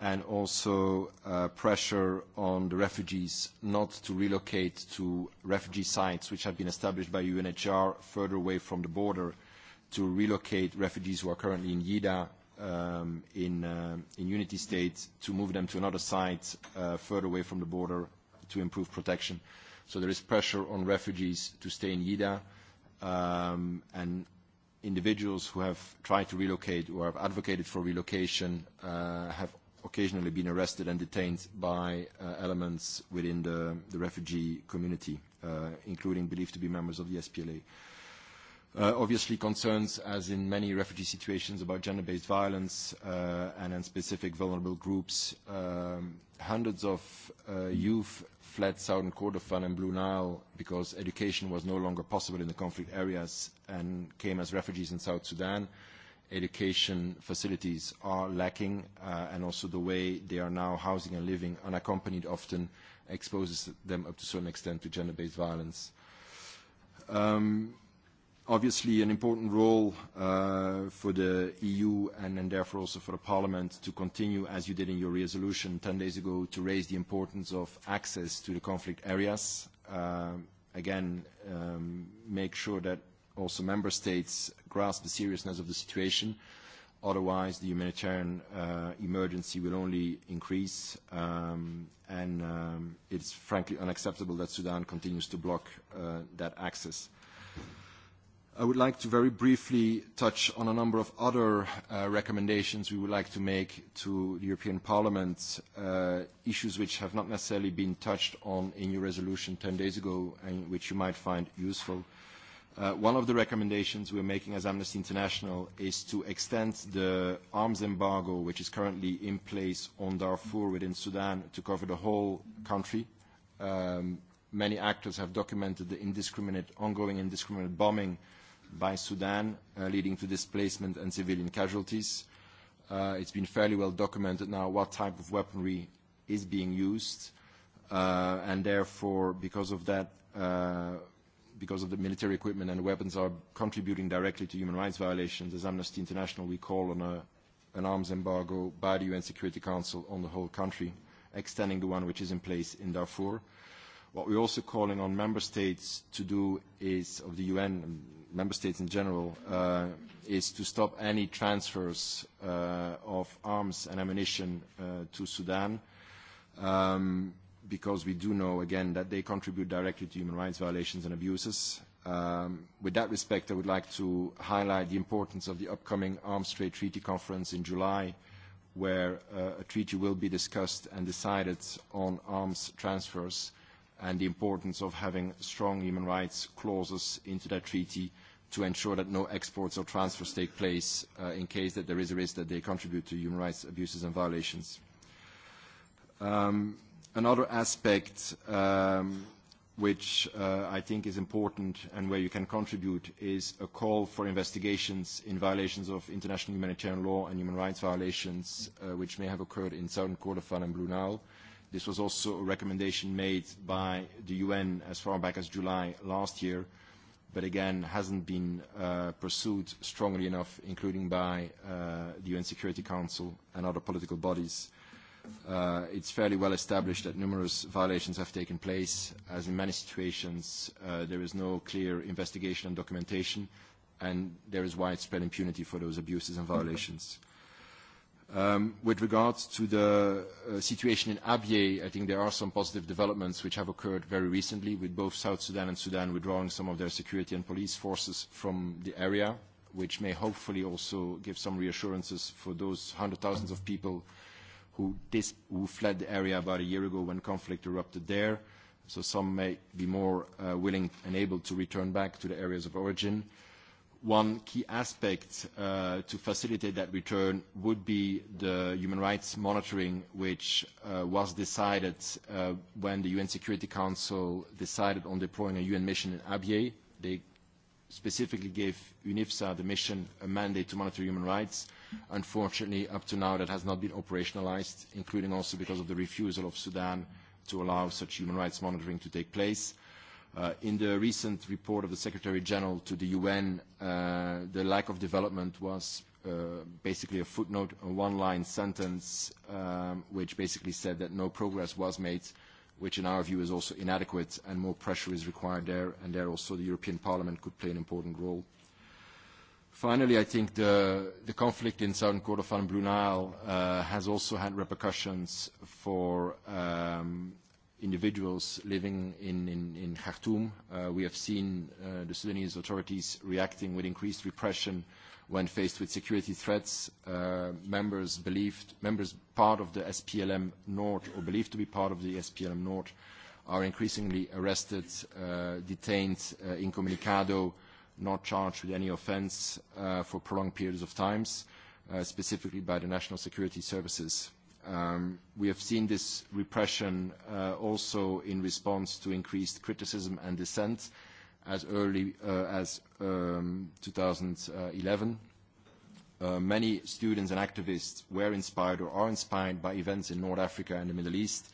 and also pressure on the refugees not to relocate to refugee sites which have been established by UNHCR further away from the border, to relocate refugees who are currently in Yida in Unity State, to move them to another site further away from the border to improve protection. So there is pressure on refugees to stay in Yida, and individuals who have tried to relocate or have advocated for relocation have occasionally been arrested and detained by elements within the refugee community, including believed to be members of the SPLA obviously concerns, as in many refugee situations, about gender-based violence and in specific vulnerable groups. Hundreds of youth fled southern Kordofan and Blue Nile because education was no longer possible in the conflict areas and came as refugees in South Sudan. Education facilities are lacking, and also the way they are now housing and living unaccompanied often exposes them up to a certain extent to gender-based violence obviously an important role for the EU and therefore also for the Parliament to continue, as you did in your resolution 10 days ago, to raise the importance of access to the conflict areas. Again, make sure that also member states grasp the seriousness of the situation. Otherwise, the humanitarian emergency will only increase, and it's frankly unacceptable that Sudan continues to block that access. I would like to very briefly touch on a number of other recommendations we would like to make to the European Parliament, issues which have not necessarily been touched on in your resolution 10 days ago and which you might find useful. One of the recommendations we are making as Amnesty International is to extend the arms embargo which is currently in place on Darfur within Sudan to cover the whole country. Many actors have documented the ongoing indiscriminate bombing by Sudan, leading to displacement and civilian casualties. It's been fairly well documented now what type of weaponry is being used, and therefore, because of that, because of the military equipment and weapons are contributing directly to human rights violations, as Amnesty International, we call on an arms embargo by the UN Security Council on the whole country, extending the one which is in place in Darfur. What we're also calling on member states to do is, of the UN, member states in general, is to stop any transfers of arms and ammunition to Sudan, because we do know, again, that they contribute directly to human rights violations and abuses. With that respect, I would like to highlight the importance of the upcoming Arms Trade Treaty Conference in July, where a treaty will be discussed and decided on arms transfers and the importance of having strong human rights clauses into that treaty to ensure that no exports or transfers take place in case that there is a risk that they contribute to human rights abuses and violations. Another aspect which I think is important and where you can contribute is a call for investigations in violations of international humanitarian law and human rights violations which may have occurred in southern Kordofan and Blue Nile This was also a recommendation made by the UN as far back as July last year, but again hasn't been pursued strongly enough, including by the UN Security Council and other political bodies. It's fairly well established that numerous violations have taken place, as in many situations there is no clear investigation and documentation, and there is widespread impunity for those abuses and violations. With regards to the situation in Abyei, I think there are some positive developments which have occurred very recently, with both South Sudan and Sudan withdrawing some of their security and police forces from the area, which may hopefully also give some reassurances for those hundred thousands of people who fled the area about a year ago when conflict erupted there. So some may be more willing and able to return back to the areas of origin. One key aspect to facilitate that return would be the human rights monitoring, which was decided when the UN Security Council decided on deploying a UN mission in Abyei. They specifically gave UNIFSA, the mission, a mandate to monitor human rights. Unfortunately, up to now, that has not been operationalized, including also because of the refusal of Sudan to allow such human rights monitoring to take place. In the recent report of the Secretary General to the UN, the lack of development was basically a footnote, a one-line sentence, which basically said that no progress was made, which in our view is also inadequate, and more pressure is required there, and there also the European Parliament could play an important role. Finally, I think the conflict in southern Kordofan and Nile has also had repercussions for individuals living in Khartoum. We have seen the Sudanese authorities reacting with increased repression when faced with security threats. Members believed members part of the SPLM North or believed to be part of the SPLM North are increasingly arrested, detained incommunicado, not charged with any offence for prolonged periods of time, specifically by the National Security Services. We have seen this repression also in response to increased criticism and dissent as early as 2011. Many students and activists were inspired or are inspired by events in North Africa and the Middle East.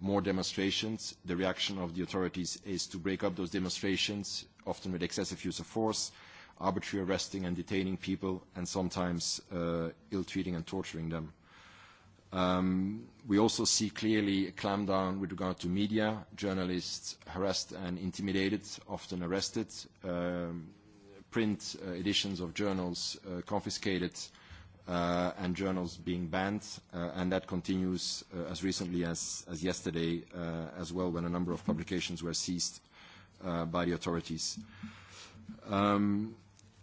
More demonstrations. The reaction of the authorities is to break up those demonstrations, often with excessive use of force, arbitrary arresting and detaining people, and sometimes ill-treating and torturing them. We also see clearly a clampdown with regard to media, journalists harassed and intimidated, often arrested, print editions of journals confiscated, and journals being banned, and that continues as recently as yesterday as well, when a number of publications were seized by the authorities.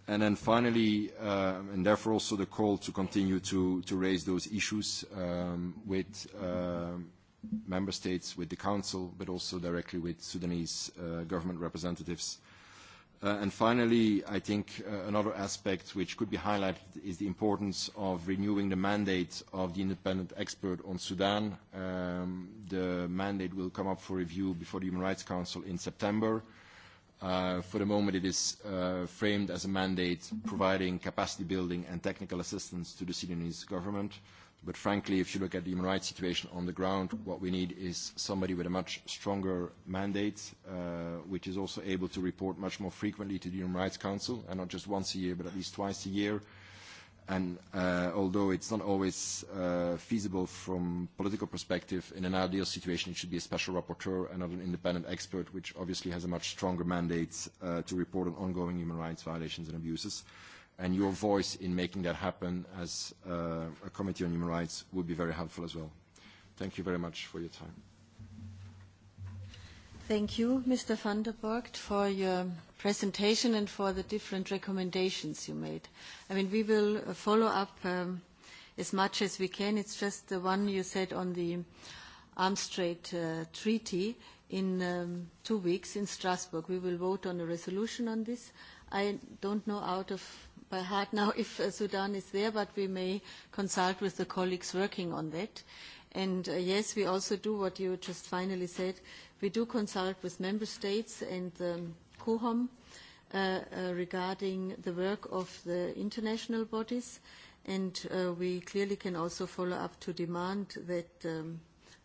And then finally, and therefore also the call to continue to raise those issues with member states, with the council, but also directly with Sudanese government representatives. And finally, I think another aspect which could be highlighted is the importance of renewing the mandate of the independent expert on Sudan. The mandate will come up for review before the Human Rights Council in September. For the moment, it is framed as a mandate providing capacity building and technical assistance to the Sudanese government. But frankly, if you look at the human rights situation on the ground, what we need is somebody with a much stronger mandate, which is also able to report much more frequently to the Human Rights Council, and not just once a year, but at least twice a year, and although it's not always feasible from political perspective, in an ideal situation it should be a special rapporteur and not an independent expert, which obviously has a much stronger mandate to report on ongoing human rights violations and abuses. And your voice in making that happen as a Committee on Human Rights would be very helpful as well. Thank you very much for your time. Thank you, Mr. van der Borgt, for your presentation and for the different recommendations you made. I mean, we will follow up as much as we can. It's just the one you said on the Arms Trade Treaty in two weeks in Strasbourg. We will vote on a resolution on this. I don't know out of by heart now if Sudan is there, but we may consult with the colleagues working on that. And yes, we also do what you just finally said. We do consult with member states and the COHOM regarding the work of the international bodies, and we clearly can also follow up to demand that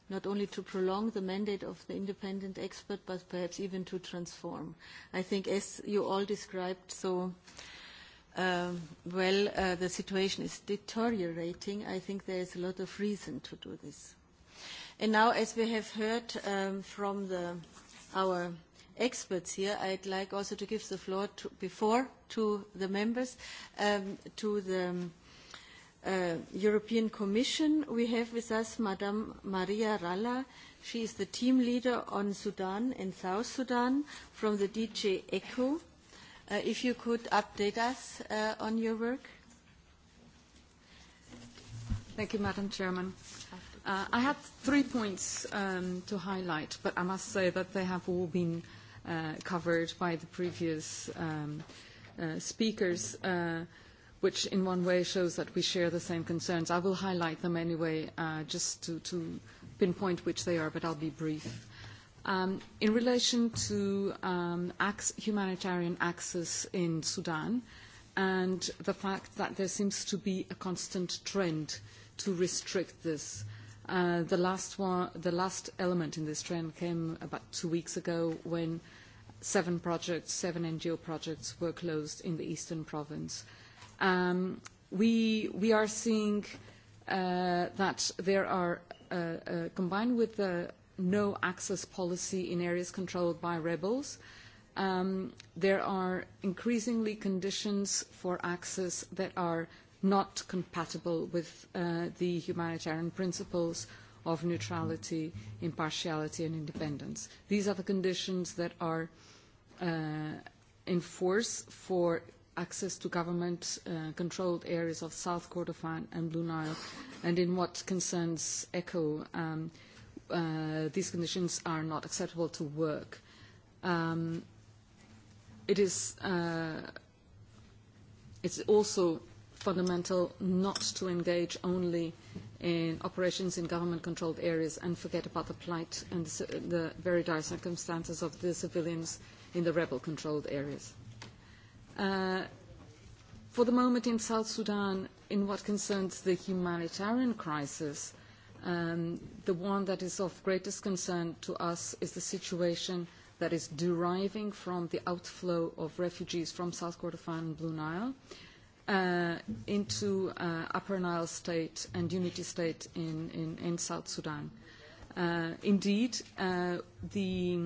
not only to prolong the mandate of the independent expert, but perhaps even to transform. I think as you all described so well, the situation is deteriorating. I think there is a lot of reason to do this. And now, as we have heard from our experts here, I'd like also to give the floor before to the members, to the European Commission. We have with us Madame Maria Ralla. She is the team leader on Sudan and South Sudan from the DJ ECHO. If you could update us on your work. Thank you, Madam Chairman. I have three points to highlight, but I must say that they have all been covered by the previous speakers, which in one way shows that we share the same concerns. I will highlight them anyway, just to pinpoint which they are, but I'll be brief. In relation to humanitarian access in Sudan and the fact that there seems to be a constant trend to restrict this. The last element in this trend came about two weeks ago when seven projects, seven NGO projects were closed in the eastern province. We are seeing that there are, combined with the no access policy in areas controlled by rebels, there are increasingly conditions for access that are not compatible with the humanitarian principles of neutrality, impartiality and independence. These are the conditions that are in force for access to government-controlled areas of South Kordofan and Blue Nile, and in what concerns ECHO, these conditions are not acceptable to work. It is also fundamental not to engage only in operations in government-controlled areas and forget about the plight and the very dire circumstances of the civilians in the rebel-controlled areas. For the moment in South Sudan, in what concerns the humanitarian crisis, the one that is of greatest concern to us is the situation that is deriving from the outflow of refugees from South Kordofan and Blue Nile into Upper Nile State and Unity State in South Sudan. Indeed, the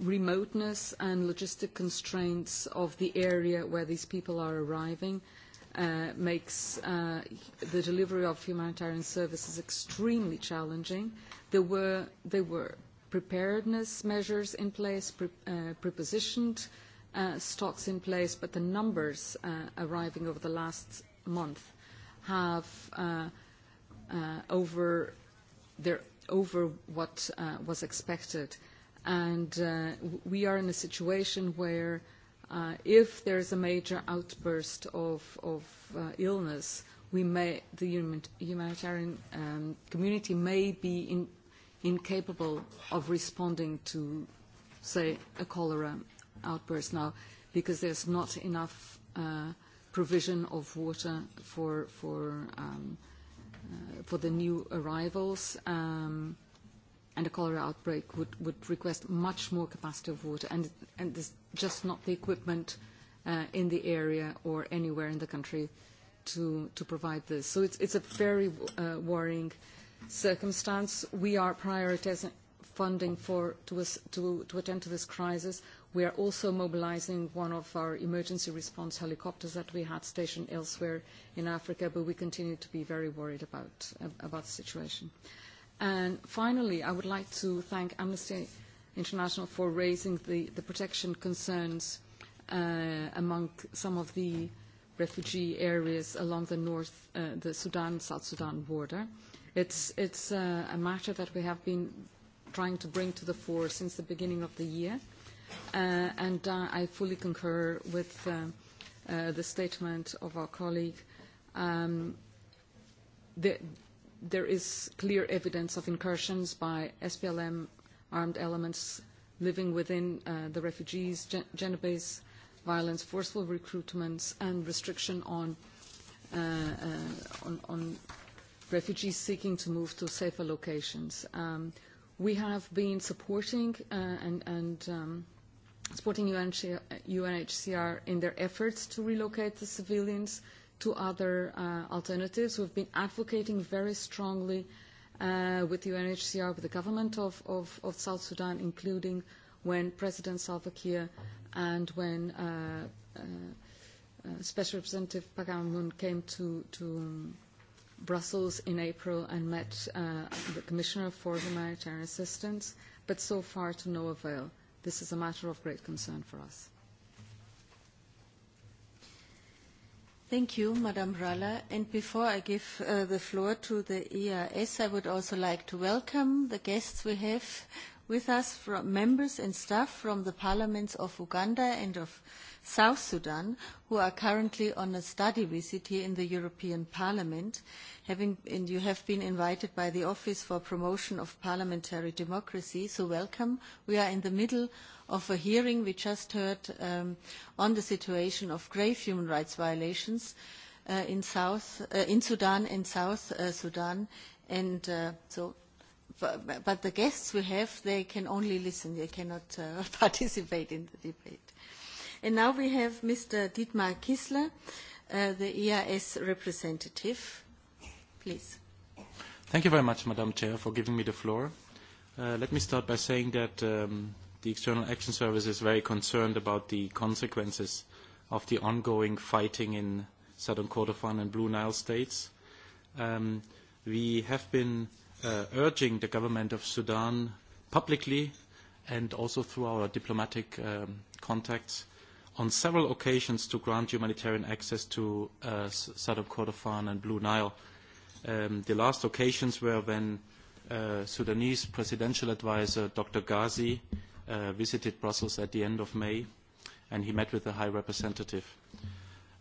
remoteness and logistic constraints of the area where these people are arriving makes the delivery of humanitarian services extremely challenging. There were preparedness measures in place, prepositioned stocks in place, but the numbers arriving over the last month have over they're over what was expected. And we are in a situation where if there is a major outburst of illness, we may the humanitarian community may be incapable of responding to, say, a cholera outbursts now because there's not enough provision of water for the new arrivals. And a cholera outbreak would request much more capacity of water. And there's just not the equipment in the area or anywhere in the country to provide this. So it's a very worrying circumstance. We are prioritizing funding to attend to this crisis. We are also mobilising one of our emergency response helicopters that we had stationed elsewhere in Africa, but we continue to be very worried about the situation. And finally, I would like to thank Amnesty International for raising the protection concerns among some of the refugee areas along the north, the Sudan-South Sudan border. It's a matter that we have been trying to bring to the fore since the beginning of the year and I fully concur with the statement of our colleague. There is clear evidence of incursions by SPLM armed elements living within the refugees, gender-based violence, forceful recruitments, and restriction on refugees seeking to move to safer locations. We have been supporting and supporting UNHCR in their efforts to relocate the civilians to other alternatives. We've been advocating very strongly with UNHCR, with the government of South Sudan, including when President Salva Kiir and when Special Representative Pagan came to Brussels in April and met the Commissioner for Humanitarian Assistance, but so far to no avail. This is a matter of great concern for us. Thank you, Madam Rala. And before I give the floor to the ERS, I would also like to welcome the guests we have with us, members and staff from the parliaments of Uganda and of South Sudan, who are currently on a study visit here in the European Parliament. And you have been invited by the Office for Promotion of Parliamentary Democracy, so welcome. We are in the middle of a hearing we just heard on the situation of grave human rights violations in Sudan and South Sudan. And so but the guests we have, they can only listen. They cannot participate in the debate. And now we have Mr. Dietmar Kissler, the EIS representative. Please. Thank you very much, Madam Chair, for giving me the floor. Let me start by saying that the External Action Service is very concerned about the consequences of the ongoing fighting in southern Kordofan and Blue Nile states. We have been urging the government of Sudan publicly and also through our diplomatic contacts on several occasions to grant humanitarian access to Saddam Kordofan and Blue Nile. The last occasions were when Sudanese presidential advisor Dr. Ghazi visited Brussels at the end of May, and he met with the High Representative.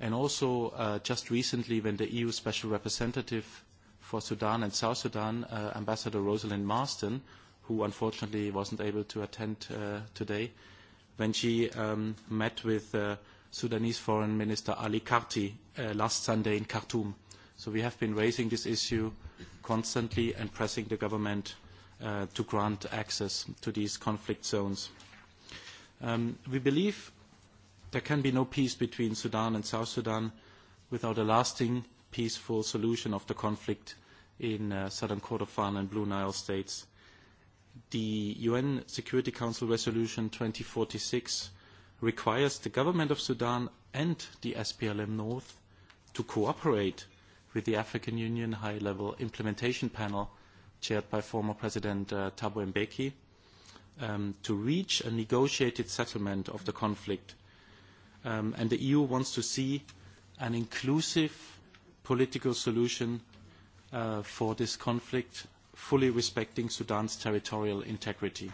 And also just recently when the EU Special Representative for Sudan and South Sudan, Ambassador Rosalind Marston, who unfortunately wasn't able to attend today, when she met with Sudanese Foreign Minister Ali Karti last Sunday in Khartoum. So we have been raising this issue constantly and pressing the government to grant access to these conflict zones. We believe there can be no peace between Sudan and South Sudan without a lasting, peaceful solution of the conflict in southern Kordofan and Blue Nile states the UN Security Council Resolution 2046 requires the government of Sudan and the SPLM North to cooperate with the African Union High-Level Implementation Panel chaired by former President Thabo Mbeki to reach a negotiated settlement of the conflict. And the EU wants to see an inclusive political solution for this conflict fully respecting Sudan's territorial integrity.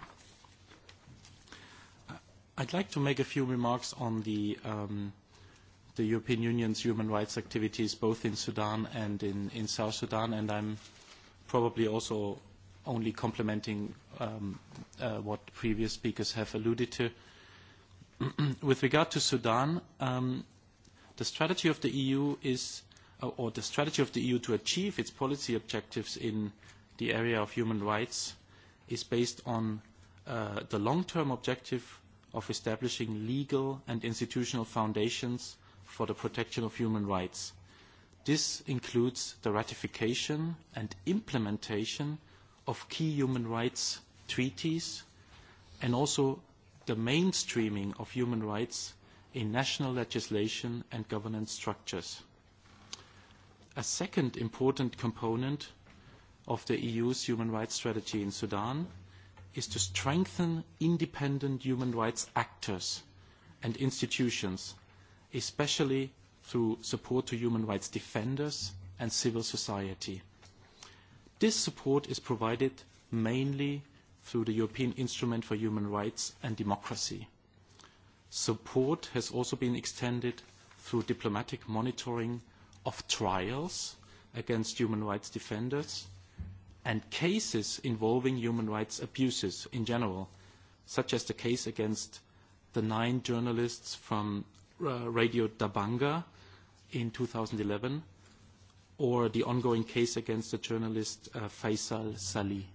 I'd like to make a few remarks on the European Union's human rights activities both in Sudan and in South Sudan, and I'm probably also only complementing what previous speakers have alluded to. With regard to Sudan, the strategy of the EU is, or the strategy of the EU to achieve its policy objectives in the area of human rights is based on the long-term objective of establishing legal and institutional foundations for the protection of human rights. This includes the ratification and implementation of key human rights treaties and also the mainstreaming of human rights in national legislation and governance structures. A second important component of the EU's human rights strategy in Sudan is to strengthen independent human rights actors and institutions, especially through support to human rights defenders and civil society. This support is provided mainly through the European Instrument for Human Rights and Democracy. Support has also been extended through diplomatic monitoring of trials against human rights defenders and cases involving human rights abuses in general, such as the case against the nine journalists from Radio Dabanga in 2011, or the ongoing case against the journalist Faisal Salih.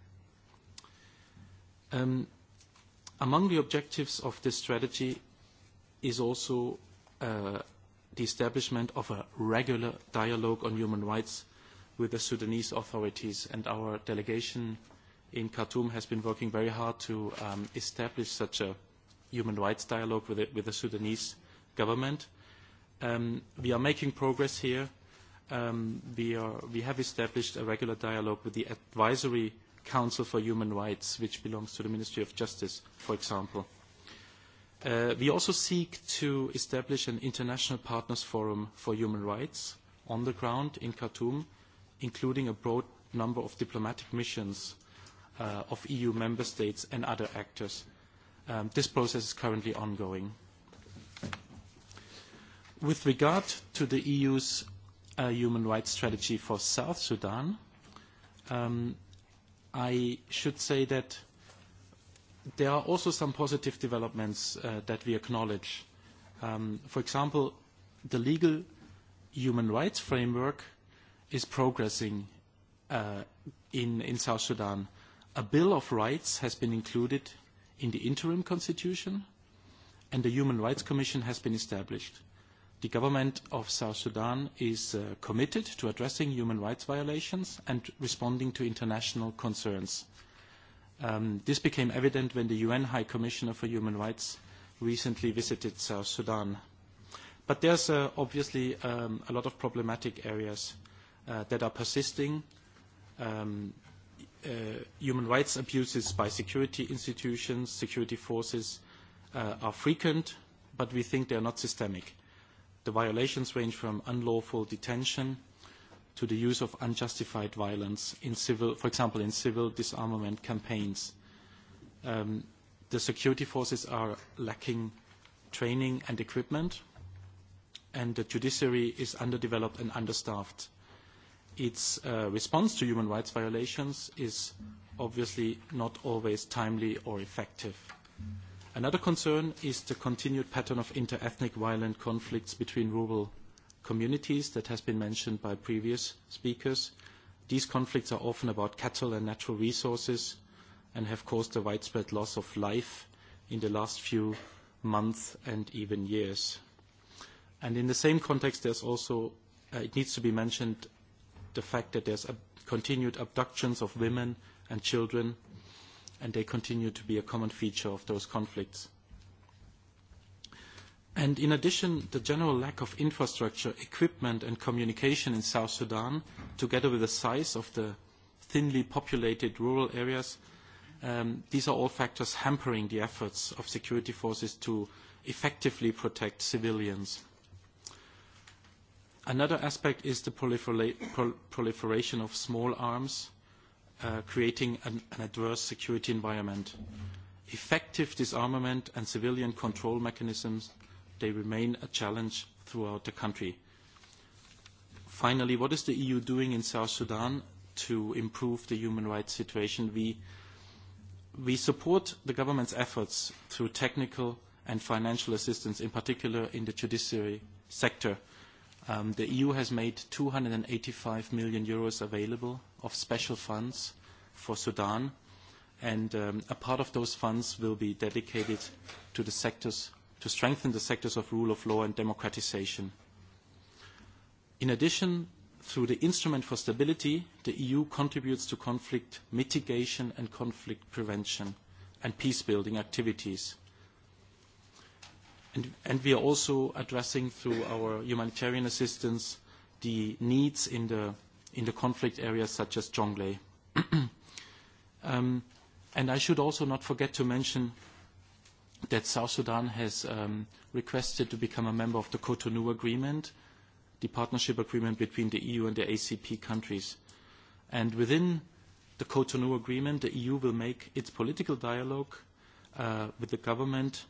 Among the objectives of this strategy is also the establishment of a regular dialogue on human rights with the Sudanese authorities, and our delegation in Khartoum has been working very hard to establish such a human rights dialogue with the Sudanese government. We are making progress here. We have established a regular dialogue with the Advisory Council for Human Rights, which belongs to the Ministry of Justice, for example. We also seek to establish an international partners forum for human rights on the ground in Khartoum including a broad number of diplomatic missions of EU member states and other actors. This process is currently ongoing. With regard to the EU's human rights strategy for South Sudan, I should say that there are also some positive developments that we acknowledge. For example, the legal human rights framework is progressing in South Sudan. A Bill of Rights has been included in the interim constitution, and the Human Rights Commission has been established. The government of South Sudan is committed to addressing human rights violations and responding to international concerns. This became evident when the UN High Commissioner for Human Rights recently visited South Sudan. But there's obviously a lot of problematic areas that are persisting, human rights abuses by security institutions, security forces are frequent, but we think they are not systemic. The violations range from unlawful detention to the use of unjustified violence, in civil, for example, in civil disarmament campaigns. The security forces are lacking training and equipment, and the judiciary is underdeveloped and understaffed its response to human rights violations is obviously not always timely or effective. Another concern is the continued pattern of inter-ethnic violent conflicts between rural communities that has been mentioned by previous speakers. These conflicts are often about cattle and natural resources and have caused a widespread loss of life in the last few months and even years. And in the same context, there's also, it needs to be mentioned, the fact that there's continued abductions of women and children, and they continue to be a common feature of those conflicts. And in addition, the general lack of infrastructure, equipment and communication in South Sudan, together with the size of the thinly populated rural areas, these are all factors hampering the efforts of security forces to effectively protect civilians. Another aspect is the proliferation of small arms, creating an adverse security environment. Effective disarmament and civilian control mechanisms, they remain a challenge throughout the country. Finally, what is the EU doing in South Sudan to improve the human rights situation? We support the government's efforts through technical and financial assistance, in particular in the judiciary sector The EU has made 285 million euros available of special funds for Sudan, and a part of those funds will be dedicated to the sectors to strengthen the sectors of rule of law and democratization. In addition, through the Instrument for Stability, the EU contributes to conflict mitigation and conflict prevention and peace-building activities. And we are also addressing through our humanitarian assistance the needs in the conflict areas such as Jonglei. And I should also not forget to mention that South Sudan has requested to become a member of the Cotonou Agreement, the partnership agreement between the EU and the ACP countries. And within the Cotonou Agreement, the EU will make its political dialogue with the government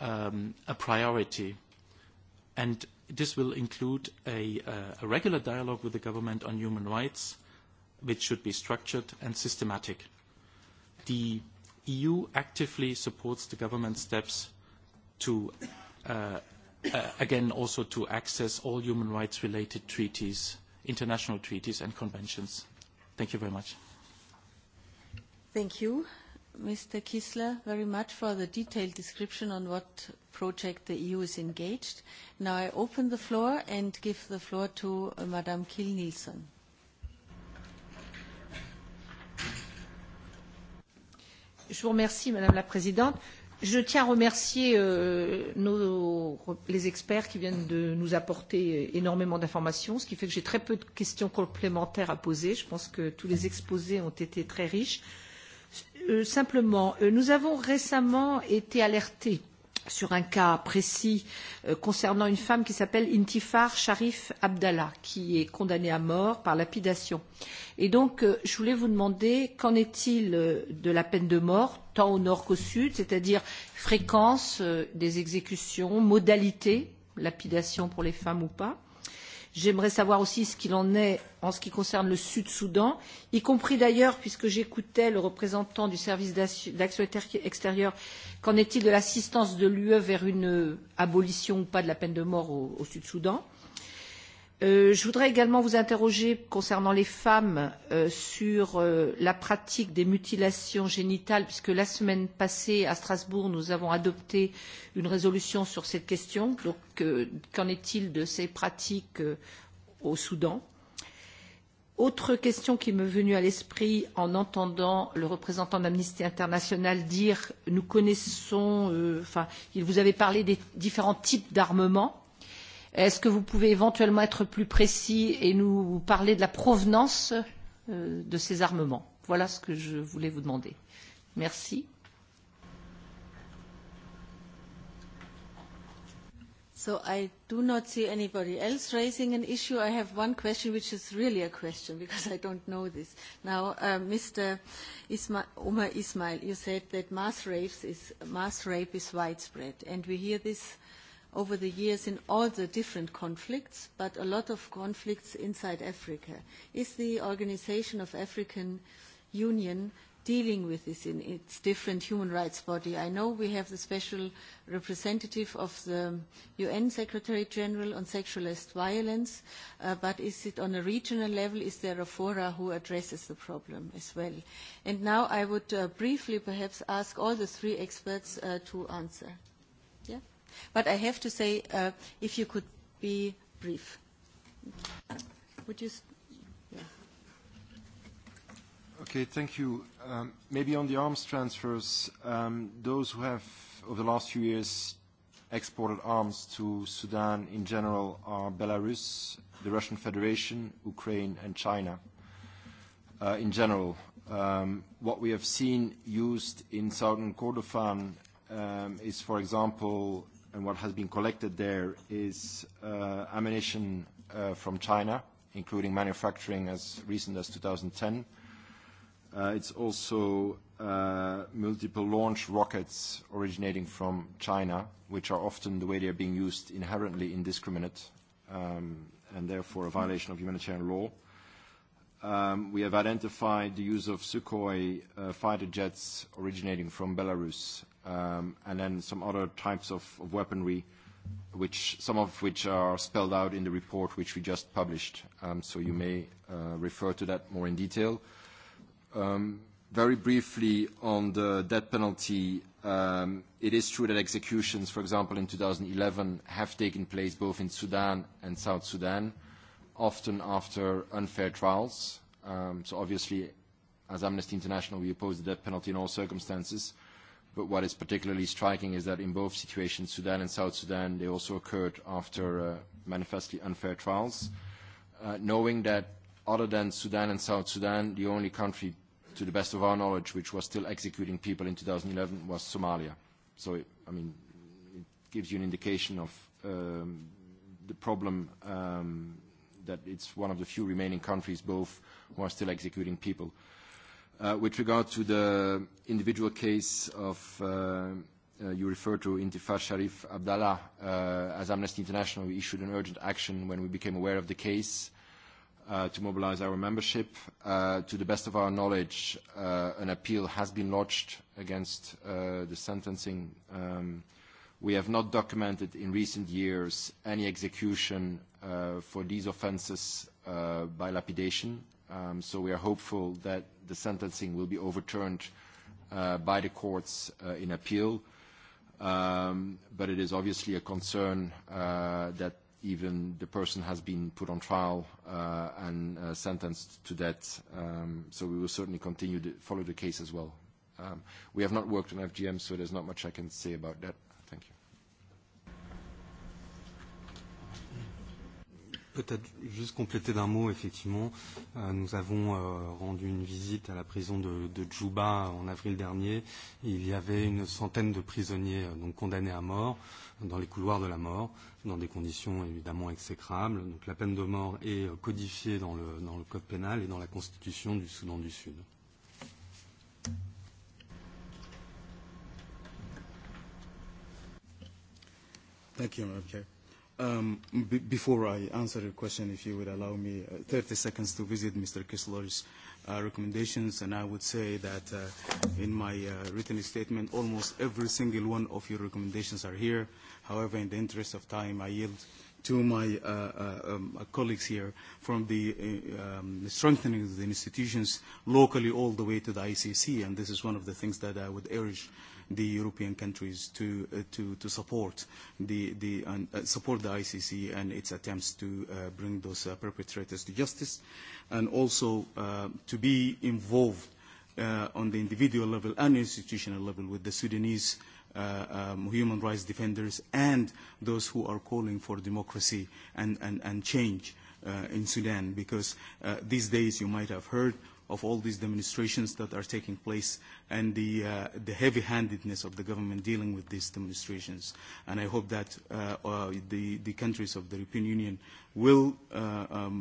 a priority. And this will include a regular dialogue with the government on human rights, which should be structured and systematic. The EU actively supports the government's steps to, again, also to access all human rights-related treaties, international treaties and conventions. Thank you very much. Thank you. Mr. Kissler, very much for the detailed description on what project the EU is engaged. Now I open the floor and give the floor to Madame Kiel-Nielsen. Je vous remercie, Madame la Présidente. Je tiens à remercier nos, les experts qui viennent de nous apporter énormément d'informations, ce qui fait que j'ai très peu de questions complémentaires à poser. Je pense que tous les exposés ont été très riches. Simplement, nous avons récemment été alertés sur un cas précis concernant une femme qui s'appelle Intifar Sharif Abdallah, qui est condamnée à mort par lapidation. Et donc, je voulais vous demander, qu'en est-il de la peine de mort, tant au nord qu'au sud, c'est-à-dire fréquence des exécutions, modalité, lapidation pour les femmes ou pas J'aimerais savoir aussi ce qu'il en est en ce qui concerne le Sud-Soudan, y compris d'ailleurs, puisque j'écoutais le représentant du service d'action extérieure, qu'en est-il de l'assistance de l'UE vers une abolition ou pas de la peine de mort au Sud-Soudan Je voudrais également vous interroger concernant les femmes sur la pratique des mutilations génitales, puisque la semaine passée, à Strasbourg, nous avons adopté une résolution sur cette question. Donc, qu'en est-il de ces pratiques au Soudan Autre question qui m'est venue à l'esprit en entendant le représentant d'Amnesty International dire « Nous connaissons… » Enfin, il vous avait parlé des différents types d'armements Est-ce que vous pouvez éventuellement être plus précis et nous parler de la provenance de ces armements Voilà ce que je voulais vous demander. Merci. So I do not see anybody else raising an issue. I have one question, which is really a question, because I don't know this. Now, Mr. Omar Ismail, you said that mass rape is widespread, and we hear this over the years in all the different conflicts, but a lot of conflicts inside Africa. Is the Organization of African Union dealing with this in its different human rights body? I know we have the special representative of the UN Secretary General on sexualist violence, but is it on a regional level? Is there a fora who addresses the problem as well? And now I would briefly perhaps ask all the three experts to answer. But I have to say, if you could be brief. Would you? Okay, thank you. Maybe on the arms transfers, those who have, over the last few years, exported arms to Sudan in general are Belarus, the Russian Federation, Ukraine, and China in general. What we have seen used in southern Kordofan is, for example, and what has been collected there is ammunition from China, including manufacturing as recent as 2010. It's also multiple launch rockets originating from China, which are often, the way they are being used, inherently indiscriminate and therefore a violation of humanitarian law. We have identified the use of Sukhoi fighter jets originating from Belarus and then some other types of weaponry, which some of which are spelled out in the report which we just published. So you may refer to that more in detail. Very briefly on the death penalty, it is true that executions, for example, in 2011 have taken place both in Sudan and South Sudan, often after unfair trials. So obviously, as Amnesty International, we oppose the death penalty in all circumstances But what is particularly striking is that in both situations, Sudan and South Sudan, they also occurred after manifestly unfair trials. Knowing that other than Sudan and South Sudan, the only country, to the best of our knowledge, which was still executing people in 2011 was Somalia. So, I mean, it gives you an indication of the problem that it's one of the few remaining countries both who are still executing people. With regard to the individual case of you refer to Intifa Sharif Abdallah, as Amnesty International, we issued an urgent action when we became aware of the case to mobilize our membership. To the best of our knowledge, an appeal has been lodged against the sentencing. We have not documented in recent years any execution for these offenses by lapidation so we are hopeful that the sentencing will be overturned by the courts in appeal. But it is obviously a concern that even the person has been put on trial and sentenced to death. So we will certainly continue to follow the case as well. We have not worked on FGM, so there's not much I can say about that. Peut-être juste compléter d'un mot, effectivement. Nous avons rendu une visite à la prison de Djouba en avril dernier. Il y avait une centaine de prisonniers donc condamnés à mort dans les couloirs de la mort, dans des conditions évidemment exécrables. Donc la peine de mort est codifiée dans le, dans le Code pénal et dans la Constitution du Soudan du Sud. Thank Before I answer your question, if you would allow me 30 seconds to visit Mr. Kessler's recommendations, and I would say that in my written statement, almost every single one of your recommendations are here. However, in the interest of time, I yield to my colleagues here from the strengthening of the institutions locally all the way to the ICC, and this is one of the things that I would urge the European countries to to to support the the support the ICC and its attempts to bring those perpetrators to justice, and also to be involved on the individual level and institutional level with the Sudanese human rights defenders and those who are calling for democracy and and and change in Sudan, because these days you might have heard of all these demonstrations that are taking place and the the heavy-handedness of the government dealing with these demonstrations. And I hope that the the countries of the European Union will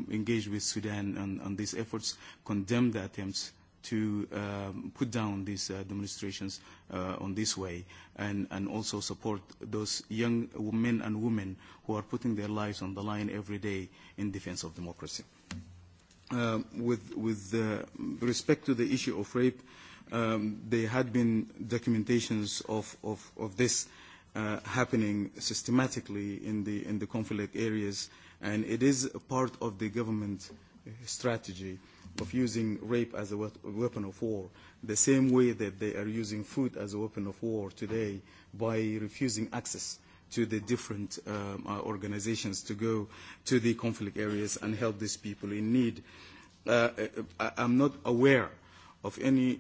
engage with Sudan on these efforts, condemn the attempts to put down these demonstrations on this way and and also support those young men and women who are putting their lives on the line every day in defense of democracy with respect to the issue of rape, there had been documentations of this happening systematically in the conflict areas, and it is a part of the government strategy of using rape as a weapon of war, the same way that they are using food as a weapon of war today by refusing access to the different organizations to go to the conflict areas and help these people in need. I'm not aware of any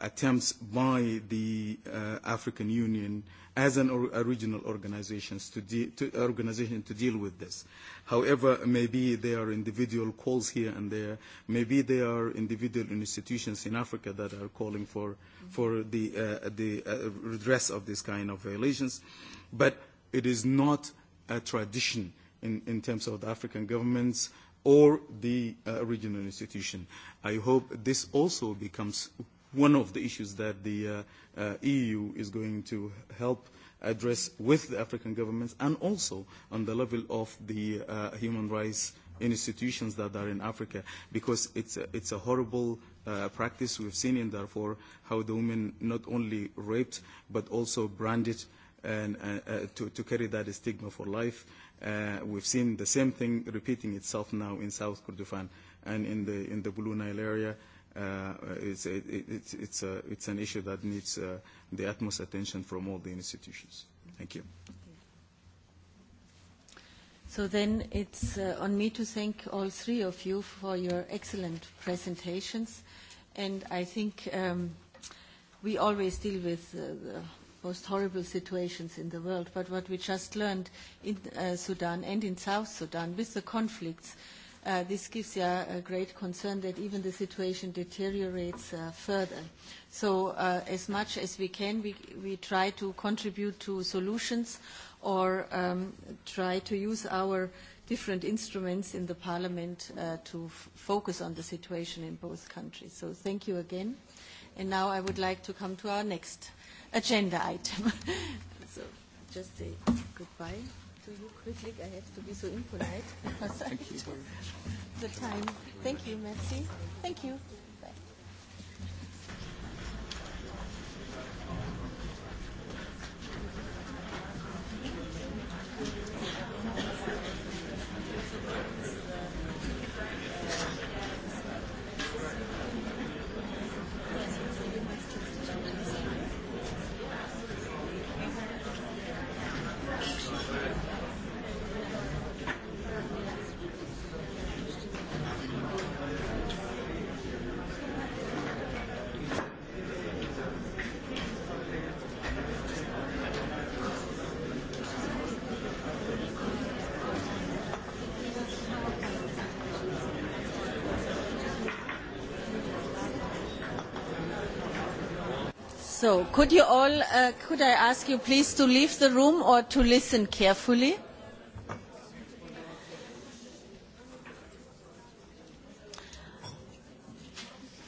attempts by the African Union as an original organization to deal with this. However, maybe there are individual calls here and there, maybe there are individual institutions in Africa that are calling for the redress of this kind of violations, but it is not a tradition in terms of the African governments or the regional institution. I hope this also becomes one of the issues that the EU is going to help address with the African governments and also on the level of the human rights institutions that are in Africa, because it's a horrible practice we've seen in Darfur, how the women not only raped but also branded and to carry that stigma for life We've seen the same thing repeating itself now in South Kurdistan and in the in the Blue Nile area. It's it's it's an issue that needs the utmost attention from all the institutions. Thank you. So then it's on me to thank all three of you for your excellent presentations, and I think we always deal with most horrible situations in the world. But what we just learned in Sudan and in South Sudan with the conflicts, this gives you a great concern that even the situation deteriorates further. So as much as we can, we try to contribute to solutions or try to use our different instruments in the Parliament to focus on the situation in both countries. So thank you again. And now I would like to come to our next agenda item. So, just say goodbye to you quickly. I have to be so impolite because the time. Thank you, Merci. Thank you. So, could you all, could I ask you please to leave the room or to listen carefully?